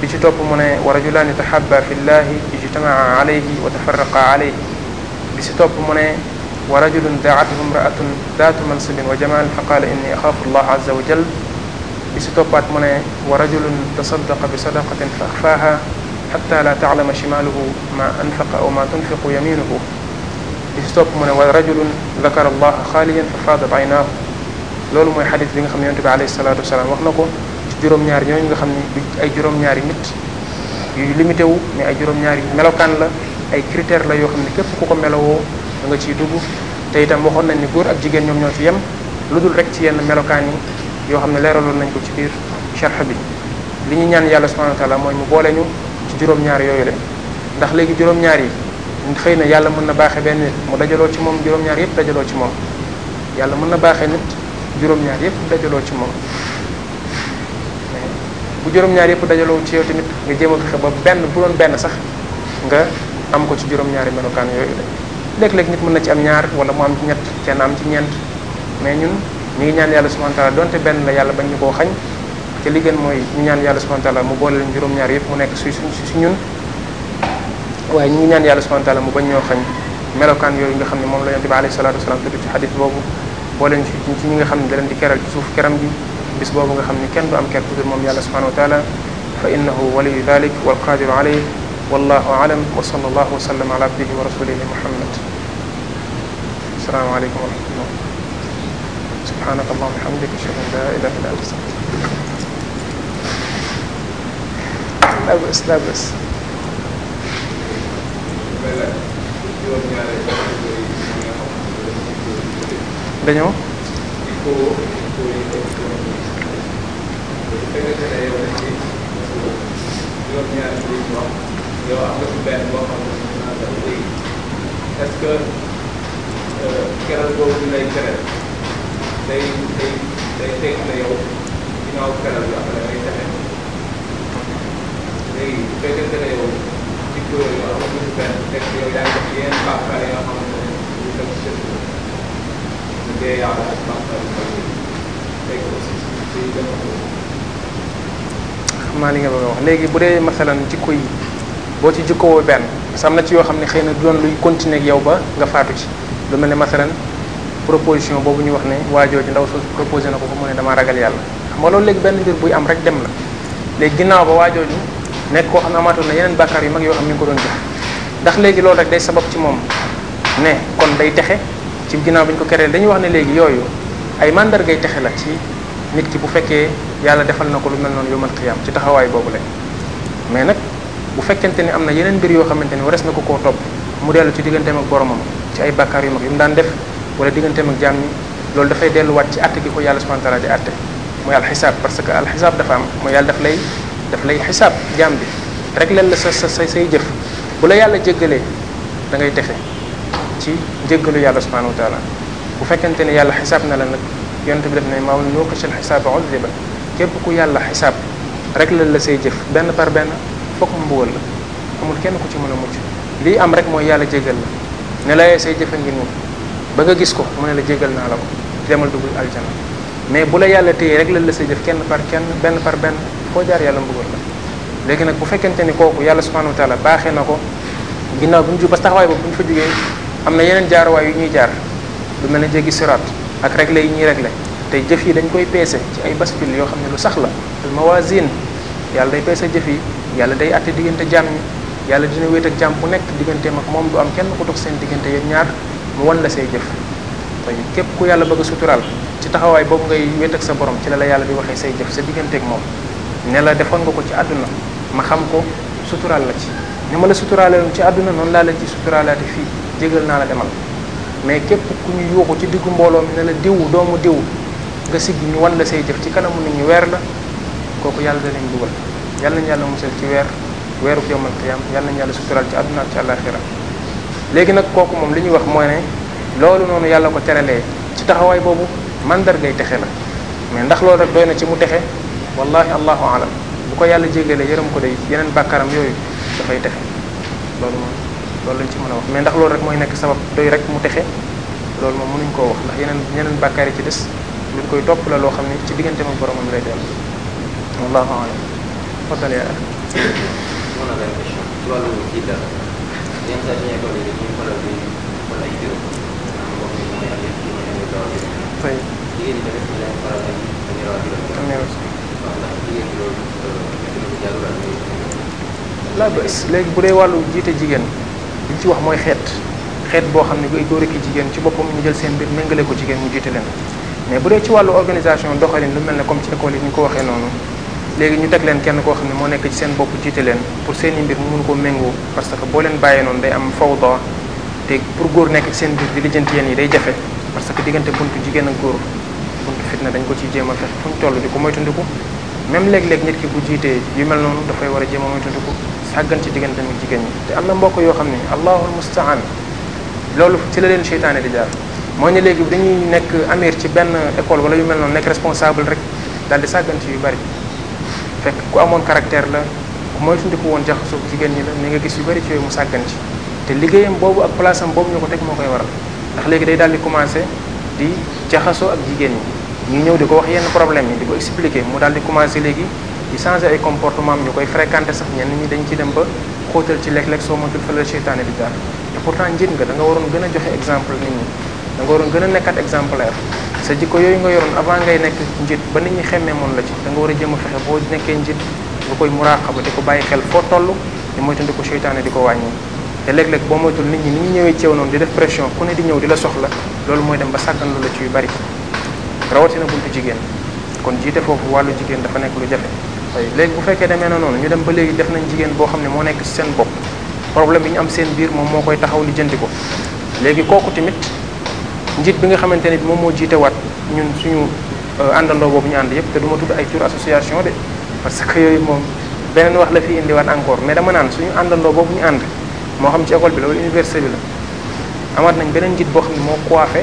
S1: bi ci topp mu ne wa rajulaani tahabba fi llahi ijtamaa alayhi wa tafarraqa alayhi bi ci topp mu ne wa rajulun daatuhu imraatun daatu mansibin wa jamal fa qaala inni axaafu llah azza wa jal bi ci toppaat mu ne wa rajulun tasaddaqa bi sadaqatin fa axfaaha xatta la taclama shimaaluhu ma anfaqa aw ma tunfiqu yaminuhu bi ci topp mu ne wa rajulun dakara allaha xaaliyan fa faadat aynaahu loolu mooy xadis bi nga xam ne yonte bi alayhi salaatu wax na ko ci juróom-ñaari ñooñu nga xam ne ay juróom-ñaari nit yu limité wu mais ay juróom-ñaari melokaan la ay critères la yoo xam ne képp ku ko melowoo da nga ciy dugg te itam waxoon nañ ni góor ak jigéen ñoom ñoo ci yem lu dul rek ci yenn melokaan yi yoo xam ne leeraloon nañ ko ci biir sharh bi li ñu ñaan yàlla subhanahu wa mooy mu boole ñu ci juróom-ñaar yooyu le ndax léegi juróom-ñaar xëy na yàlla mën na baaxee benn nit mu dajaloo ci moom juróom-ñaar yépp ci moom yàlla mën na baaxee nit juróom-ñaar yépp dajaloo ci moom bu juróom-ñaar yépp dajaloo ci yow tamit nga jéem a fexe benn bu benn sax nga am ko ci juróom-ñaari melokaan yooyu la léeg-léeg nit mën na ci am ñaar wala mu am ñett kenn am ci ñeent mais ñun ñu ngi ñaan yàlla subhanahu wa donte benn la yàlla bañ ñu koo xañ te li gën mooy ñu ñaan yàlla subhanahu wa ta'ala mu boole leen juróom-ñaar yépp mu nekk suy suñ si ñun waaye ñu ngi ñaan yàlla subhanahu wa taala mu bañ ñoo xañ melokaan yooyu nga xam ne moom la yonte bi alayhi salatu wasalaam tudd ci xadis boobu boo leen ci ñi nga xam ne da leen di keral ci suuf keram bi bis boobu nga xam ne kenn du am ker kudur moom yàlla subhanahu wa taala fa innahu waliyu dalik walqadiru alayh wallahu alam wa sallallahu wa sallam ala abdihi wa rasulihi muhammad asalaamaaleykum wa rahmatullah subhanaka allahuma bihamdika ashhadu an la ilaha illa anta astaghfiruka dañoo. est-ce que euh, keral boobu lay keral day day day teg na yow ginnaaw keral bi après day texe léegi bu fekkente ne yow. xam naa li nga bëgg a wax léegi bu dee masalan jikko yi boo ci jikkowoo benn parce que am na ci yoo xam ne xëy na doon luy continuer ak yow ba nga faatu ci lu mel ne masalan proposition boobu ñu wax ne waajoo ji ndaw soo proposé na ko ko mu ne damaa ragal yàlla xam nga loolu léegi benn mbir buy am rek dem la léegi ginnaaw ba waajooju nekk koo xam ne amaatoon na yeneen bàkkaar yu mag yoo xam ni nga ko doon jëf ndax léegi loolu rek day sabab ci moom ne kon day texe ci ginnaaw bi ñu ko kereel dañuy wax ne léegi yooyu ay mandargay texe la ci nit ki bu fekkee yàlla defal na ko lu mel noonu yomal xiyam ci taxawaay boobu la mais nag bu fekkente ni am na yeneen mbir yoo xamante ni wares na ko koo topp mu dellu ci digganteem ak boromam ci ay bàkkaar yu mag yu mu daan def wala digganteem ak jaam ñi loolu dafay delluwaat ci àtte gi ko yàlla subhanahu wa taala di àtte mooy alxisaab parce que yàlla daf lay daf lay xisaab jaam bi rek leen la sa sa say jëf bu la yàlla jéggalee da ngay texe ci jéggalu yàlla subhanahu wa taala bu fekkente ne yàlla xisaab na la nag yonent bi def ne maaw nuuqishal xisaaba udriba képp ku yàlla xisaab rek leen la say jëf benn par benn fokk mbugal la amul kenn ku ci mën a mucc lii am rek mooy yàlla jéggal la ne la say jëfe ngi nii ba nga gis ko mu ne la jéggal naa la ko demal dugg aljana mais bu la yàlla téye rek la la say jëf kenn par kenn benn par benn foo jaar yàlla mbugal la léegi nag bu fekkente ni kooku yàlla subhanahu wa taala baaxee na ko ginnaaw bu ñu jub ba taxawaay boobu bu ñu fa jógee am na yeneen jaaruwaay yu ñuy jaar lu mel ne jéggi siraat ak réglé yi ñuy réglé tey jëf yi dañ koy peese ci ay bascule yoo xam ne lu sax la al mawazin yàlla day peese jëf yi yàlla day atte diggante jaam ñi yàlla dina wéet ak jaam bu nekk digganteem ak moom du am kenn ku dox seen diggante yéen ñaar mu wan la say jëf tey képp ku yàlla bëgg a suturaal ci taxawaay boobu ngay wéet ak sa borom ci la la yàlla di waxee say jëf sa digganteeg moom ne la defoon nga ko ci àdduna ma xam ko suturaal la ci ni ma la suturaale ci àdduna noonu laa la ci suturaalaate fii jégal naa la demal mais képp ku ñu yuuxu ci diggu mbooloo mi ne la diwu doomu diw nga siggi ñu wan la say jëf ci kanamu nit ñu weer la kooku yàlla da leen dugal yàlla nañu yàlla musal ci weer weeru yawmal qiyaam yàlla nañu yàlla suturaal ci àdduna ak ci àllaaxira léegi nag kooku moom li ñuy wax mooy ne loolu noonu yàlla ko teralee ci taxawaay boobu mandargay texe la mais ndax loolu rek na ci mu texe wallahi allahu alam bu ko yàlla jégale yërëm ko day yeneen bàkkaaram yooyu dafay texe loolu moom loolu lañ ci mën a wax mais ndax loolu rek mooy nekk sabab doy rek mu texe loolu moom mënuñ koo wax ndax yeneen yeneen bàkkaar yi ci des luñ koy topp la loo xam ne ci diggante moom boromam lay dellu wallahu alam fadal yaa a la question ci wàllu ci dara yenn saa yi école laa euh, ba léegi bu dee wàllu jiite jigéen li ci wax mooy xeet xeet boo xam ne góor ak jigéen ci boppam ñu jël seen mbir méngale ko jigéen ñu jiite leen mais bu dee ci wàllu organisation doxalin lu mel ne comme ci école yi ñu ko waxee noonu léegi ñu teg leen kenn koo xam ne moo nekk ci seen bopp jiite leen pour seen i mbir mu mun koo méngoo parce que boo leen bàyyee noonu day am fawda te pour góor nekk ci seen biir di lijjanti yéen yi day jafe parce que diggante buntu jigéen ak góor buntu fitna dañ ko ciy jéem a fexe fu di ko moytandiku même léeg-léeg nit ki bu jiitee yu mel noonu dafay war a jéem a ko sàggan ci diggante mu jigéen ñi te am na mbokk yoo xam ne allahul mustaan loolu ci la leen seytaane di jaar moo ne léegi dañuy nekk amir ci benn école wala yu mel noonu nekk responsable rek daal di sàggan ci yu bari fekk ku amoon caractère la ko woon jaxasoo jigéen ñi la ni nga gis yu bari ci yooyu mu sàggan ci te liggéeyam boobu ak place am boobu ñu ko moo koy waral ndax léegi day daal di commencer di jaxasoo ak jigéen ñi ñuy ñëw di ko wax yenn problème yi di ko expliquer mu daal di commencer léegi di changer ay comportement am ñu koy fréquenter sax ñenn ñi dañ ci dem ba xóotal ci lekk-lekk soo matul fa la seytaane te nga da nga waroon gën a joxe exemple nit ñi da nekkat exemplaire sa jikko yooyu nga yoroon avant ngay nekk njiit ba nit ñi xemmee moon la ci da nga a jëm a fexe boo nekkee njiit nga koy muraaxaba di ko bàyyi xel foo toll di moytandi ko seytaane di ko wàññi te léeg-léeg boo moytul nit ñi ni ñu ñëwee ceew noonu di def pression ku ne di ñëw di la soxla loolu mooy dem ba sàggan lu la ci yu bari rawatina buntu jigéen kon jiite foofu wàllu jigéen dafa nekk lu jafe tey léegi bu fekkee demee na noonu ñu dem ba léegi def nañ jigéen boo xam ne moo nekk seen bopp problème bi ñu am seen biir moom moo koy taxaw li ko léegi kooku tamit njiit bi nga xamante ne bi moom moo jiite waat ñun suñu euh, àndandoo boobu ñu ànd yépp te du tudd ay tur association de parce que yooyu moom beneen wax la fi indiwaat encore mais dama naan suñu àndandoo boobu ñu ànd moo xam ci école bi la wala université bi la amaat nañ beneen njiit boo xam ne moo coiffé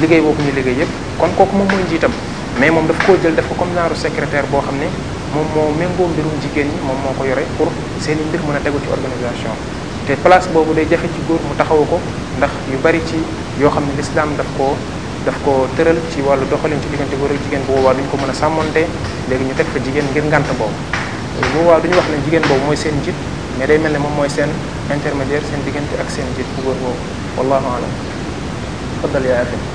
S1: liggéey boobu ñu liggéey yépp kon kooku moom mooy njiitam mais moom daf koo jël def ko comme naaru secrétaire boo xam ne moom moo méngoo mbirum jigéen ñi moom moo ko yore pour seen i mbir mën a tegu ci organisation te place boobu day jafe ci góor mu taxawu ko ndax yu bari ci yoo xam ne l'islam daf koo daf ko tëral ci wàllu doxalin ci diggante góor ak jigéen bu boobaa duñ ko mën a sàmmonte léegi ñu teg fa jigéen ngir ngànt boobu bu boobaa duñu wax ne jigéen boobu mooy seen njiit mais day mel ne moom mooy seen intermédiaire seen diggante ak seen njiit bu góor boobu wallahu alam faddal yaa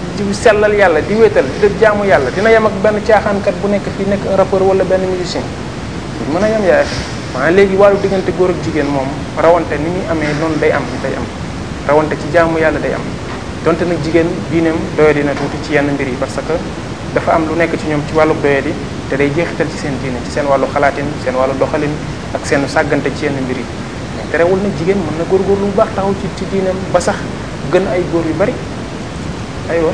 S1: di sellal yàlla di wéetal di def jaamu yàlla dina yem ak benn caaxaankat bu nekk fii nekk un rappeur wala benn musicien mën a yem yaay maanaam léegi wàllu diggante góor ak jigéen moom rawante ni muy amee noonu day am day am rawante ci jaamu yàlla day am donte nag jigéen diineem doye dina tuuti ci yenn mbir yi parce que dafa am lu nekk ci ñoom ci wàllu doye di te day jeexital ci seen diine ci seen wàllu xalaatin seen wàllu doxalin ak seen sàggante ci mbir yi terewul jigéen mën na góorgóorlu bu baax taxaw ci ci diineem ba sax gën ay góor yu bari aywa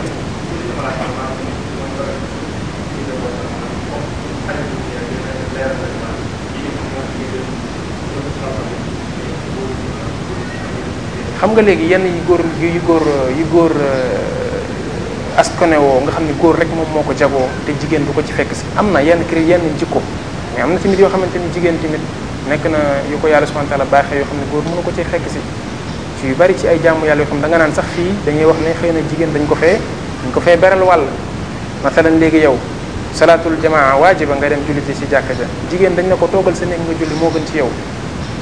S1: xam nga léegi yenn yu góor yi góor yu góor euh, askanewoo nga xam ni góor rek moom moo ko jagoo te jigéen du ko ci fekk si am na yenn cri yenn jikko mais am na tamit yoo xamante ni jigéen tamit nekk na yu ko yàlla subhanahu wa ta'ala baaxee yoo xam ne góor mënu ko ci fekk si yu bari ci ay jàmm yàlla yoo xam da nga naan sax fii dañuy wax ne xëy na jigéen dañ ko fee dañ ko fee beral wàll masalan léegi yow salaatul jamaa waajiba nga dem julli ci jàkka ja jigéen dañ ne ko toogal sa néeg nga julli moo gën ci yow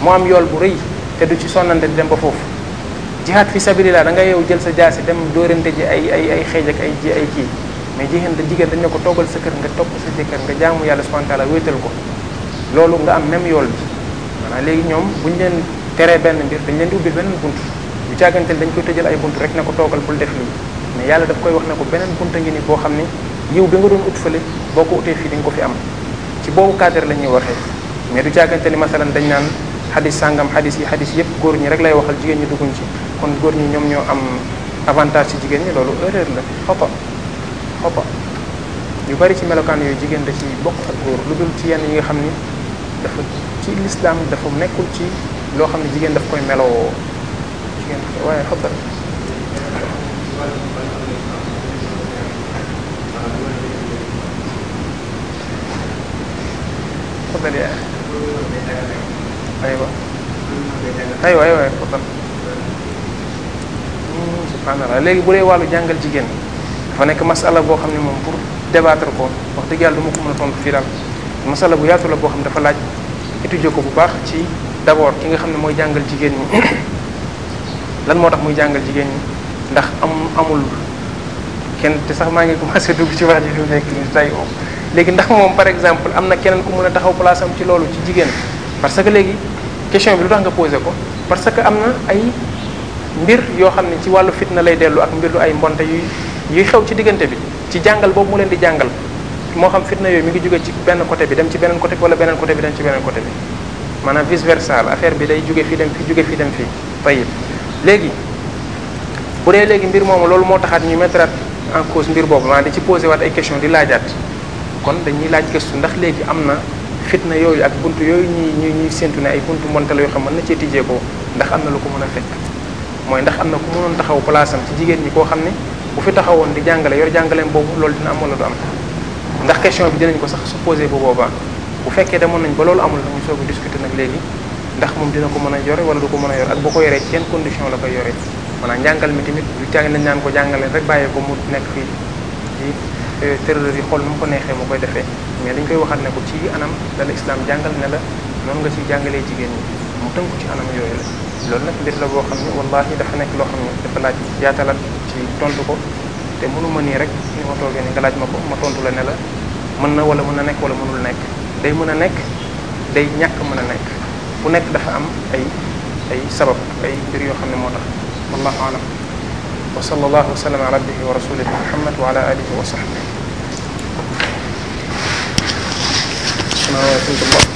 S1: mu am yool bu rëy te du ci sonnante di dem ba foofu jihaad fi sabilillah da nga yow jël sa jaasi dem dóorante ji ay ay ay xeej ak ay ji ay kii mais jigéen da jigéen dañ ne ko toogal sa kër nga topp sa jëkkër nga jaamu yàlla subhanahu wa taala wéetal ko loolu nga yool teree benn mbir dañ leen di ubbil beneen bunt jàggante càgganteel dañ koy tëjal ay bunt rek ne ko toogal bul def lii mais yàlla daf koy wax ne ko beneen bunt a ngi ni boo xam ne yiw bi nga doon ut fële boo ko utee fii dañ ko fi am ci boobu cadre la ñuy waxee mais du jàggante ni masalan dañ naan xadis sàngam xadis yi xadis yépp góor ñi rek lay waxal jigéen ñi dugguñ ci kon góor ñi ñoom ñoo am avantage ci jigéen ñi loolu erreur la xopa xopa yu bari ci melokaan yooyu jigéen da ci bokk ak góor lu dul ci yenn yi nga xam ni dafa ci l'islam dafa nekkul ci loo xam ne jigéen daf koy meloo jigéen waaye xobbal xobbal yaa aywa aywa aywa xobbal hmm, subhanallah léegi bu dee wàllu jàngal jigéen dafa nekk masala boo xam ne moom pour débattre ko wax dëgg yàlla du ma ko mën a tontu fii daal masala bu yaatu la boo xam ne dafa laaj étudier ko bu baax ci d'abord ki nga xam ne mooy jàngal jigéen ñi lan moo tax muy jàngal jigéen ñi ndax am amul kenn te sax maa ngi commencé dugg ci wax ji fi nekk léegi ndax moom par exemple am na keneen ku mën a taxaw place am ci loolu ci jigéen parce que léegi question bi lu tax nga posé ko parce que am na ay mbir yoo xam ne ci wàllu fitna lay dellu ak mbir lu ay mbonte yuy yuy xew ci diggante bi ci jàngal boobu mu leen di jàngal moo xam fitna yooyu mi ngi jóge ci benn côté bi dem ci beneen côté bi wala beneen côté bi dem ci beneen côté bi maanaam vice versa la affaire bi day juge fi dem fi juge fi dem fii tayib léegi bu dee léegi mbir moomu loolu moo taxaat ñu mettre en cause mbir boobu maa di ci posé waat ay question di laajaat kon dañuy laaj gestu ndax léegi am na fitna yooyu ak buntu yooyu ñuy ñuy ñuy séntu ne ay buntu mbonte la yoo xam mën na cee tijjee ko ndax am na lu ko mën a fekk mooy ndax am na ku mënoon taxaw place am ci jigéen ñi koo xam ne bu fi taxawoon di jàngale yor jàngaleem boobu loolu dina am ndax question bi dinañ ko sax supposé bu boobaa bu fekkee demoon nañ ba loolu amul nag ñu soog a nag léegi ndax moom dina ko mën a yore wala du ko mën a yore ak bu ko yoree ci condition la koy yore maanaam njàngal mi tamit du jàng nañ naan ko jàngale rek bàyyi ko mu nekk fii di euh, tërëlër yi xool nu mu ko neexee mu koy defee mais dañ koy waxal ne ko ci anam dala islam jàngal ne la noonu nga ciy jàngalee jigéen ñi mu tënku ci anam yooyu la loolu nag mbir la boo xam ne wallahi dafa nekk loo xam ne dafa laaj yaatalal ci tontu ko te mënuma nii rek ni ma toogee ni nga laaj ma ko ma tontu la ne la mën na wala mën na nekk wala nekk day mën a nekk day ñàkk mën a nekk bu nekk dafa am ay ay sabab ay mbir yoo xam ne moo tax wallahu alam wa sallallahu wa sallam ala abdihi wa rasulihi muhammad wa ala alihi wa sahbihi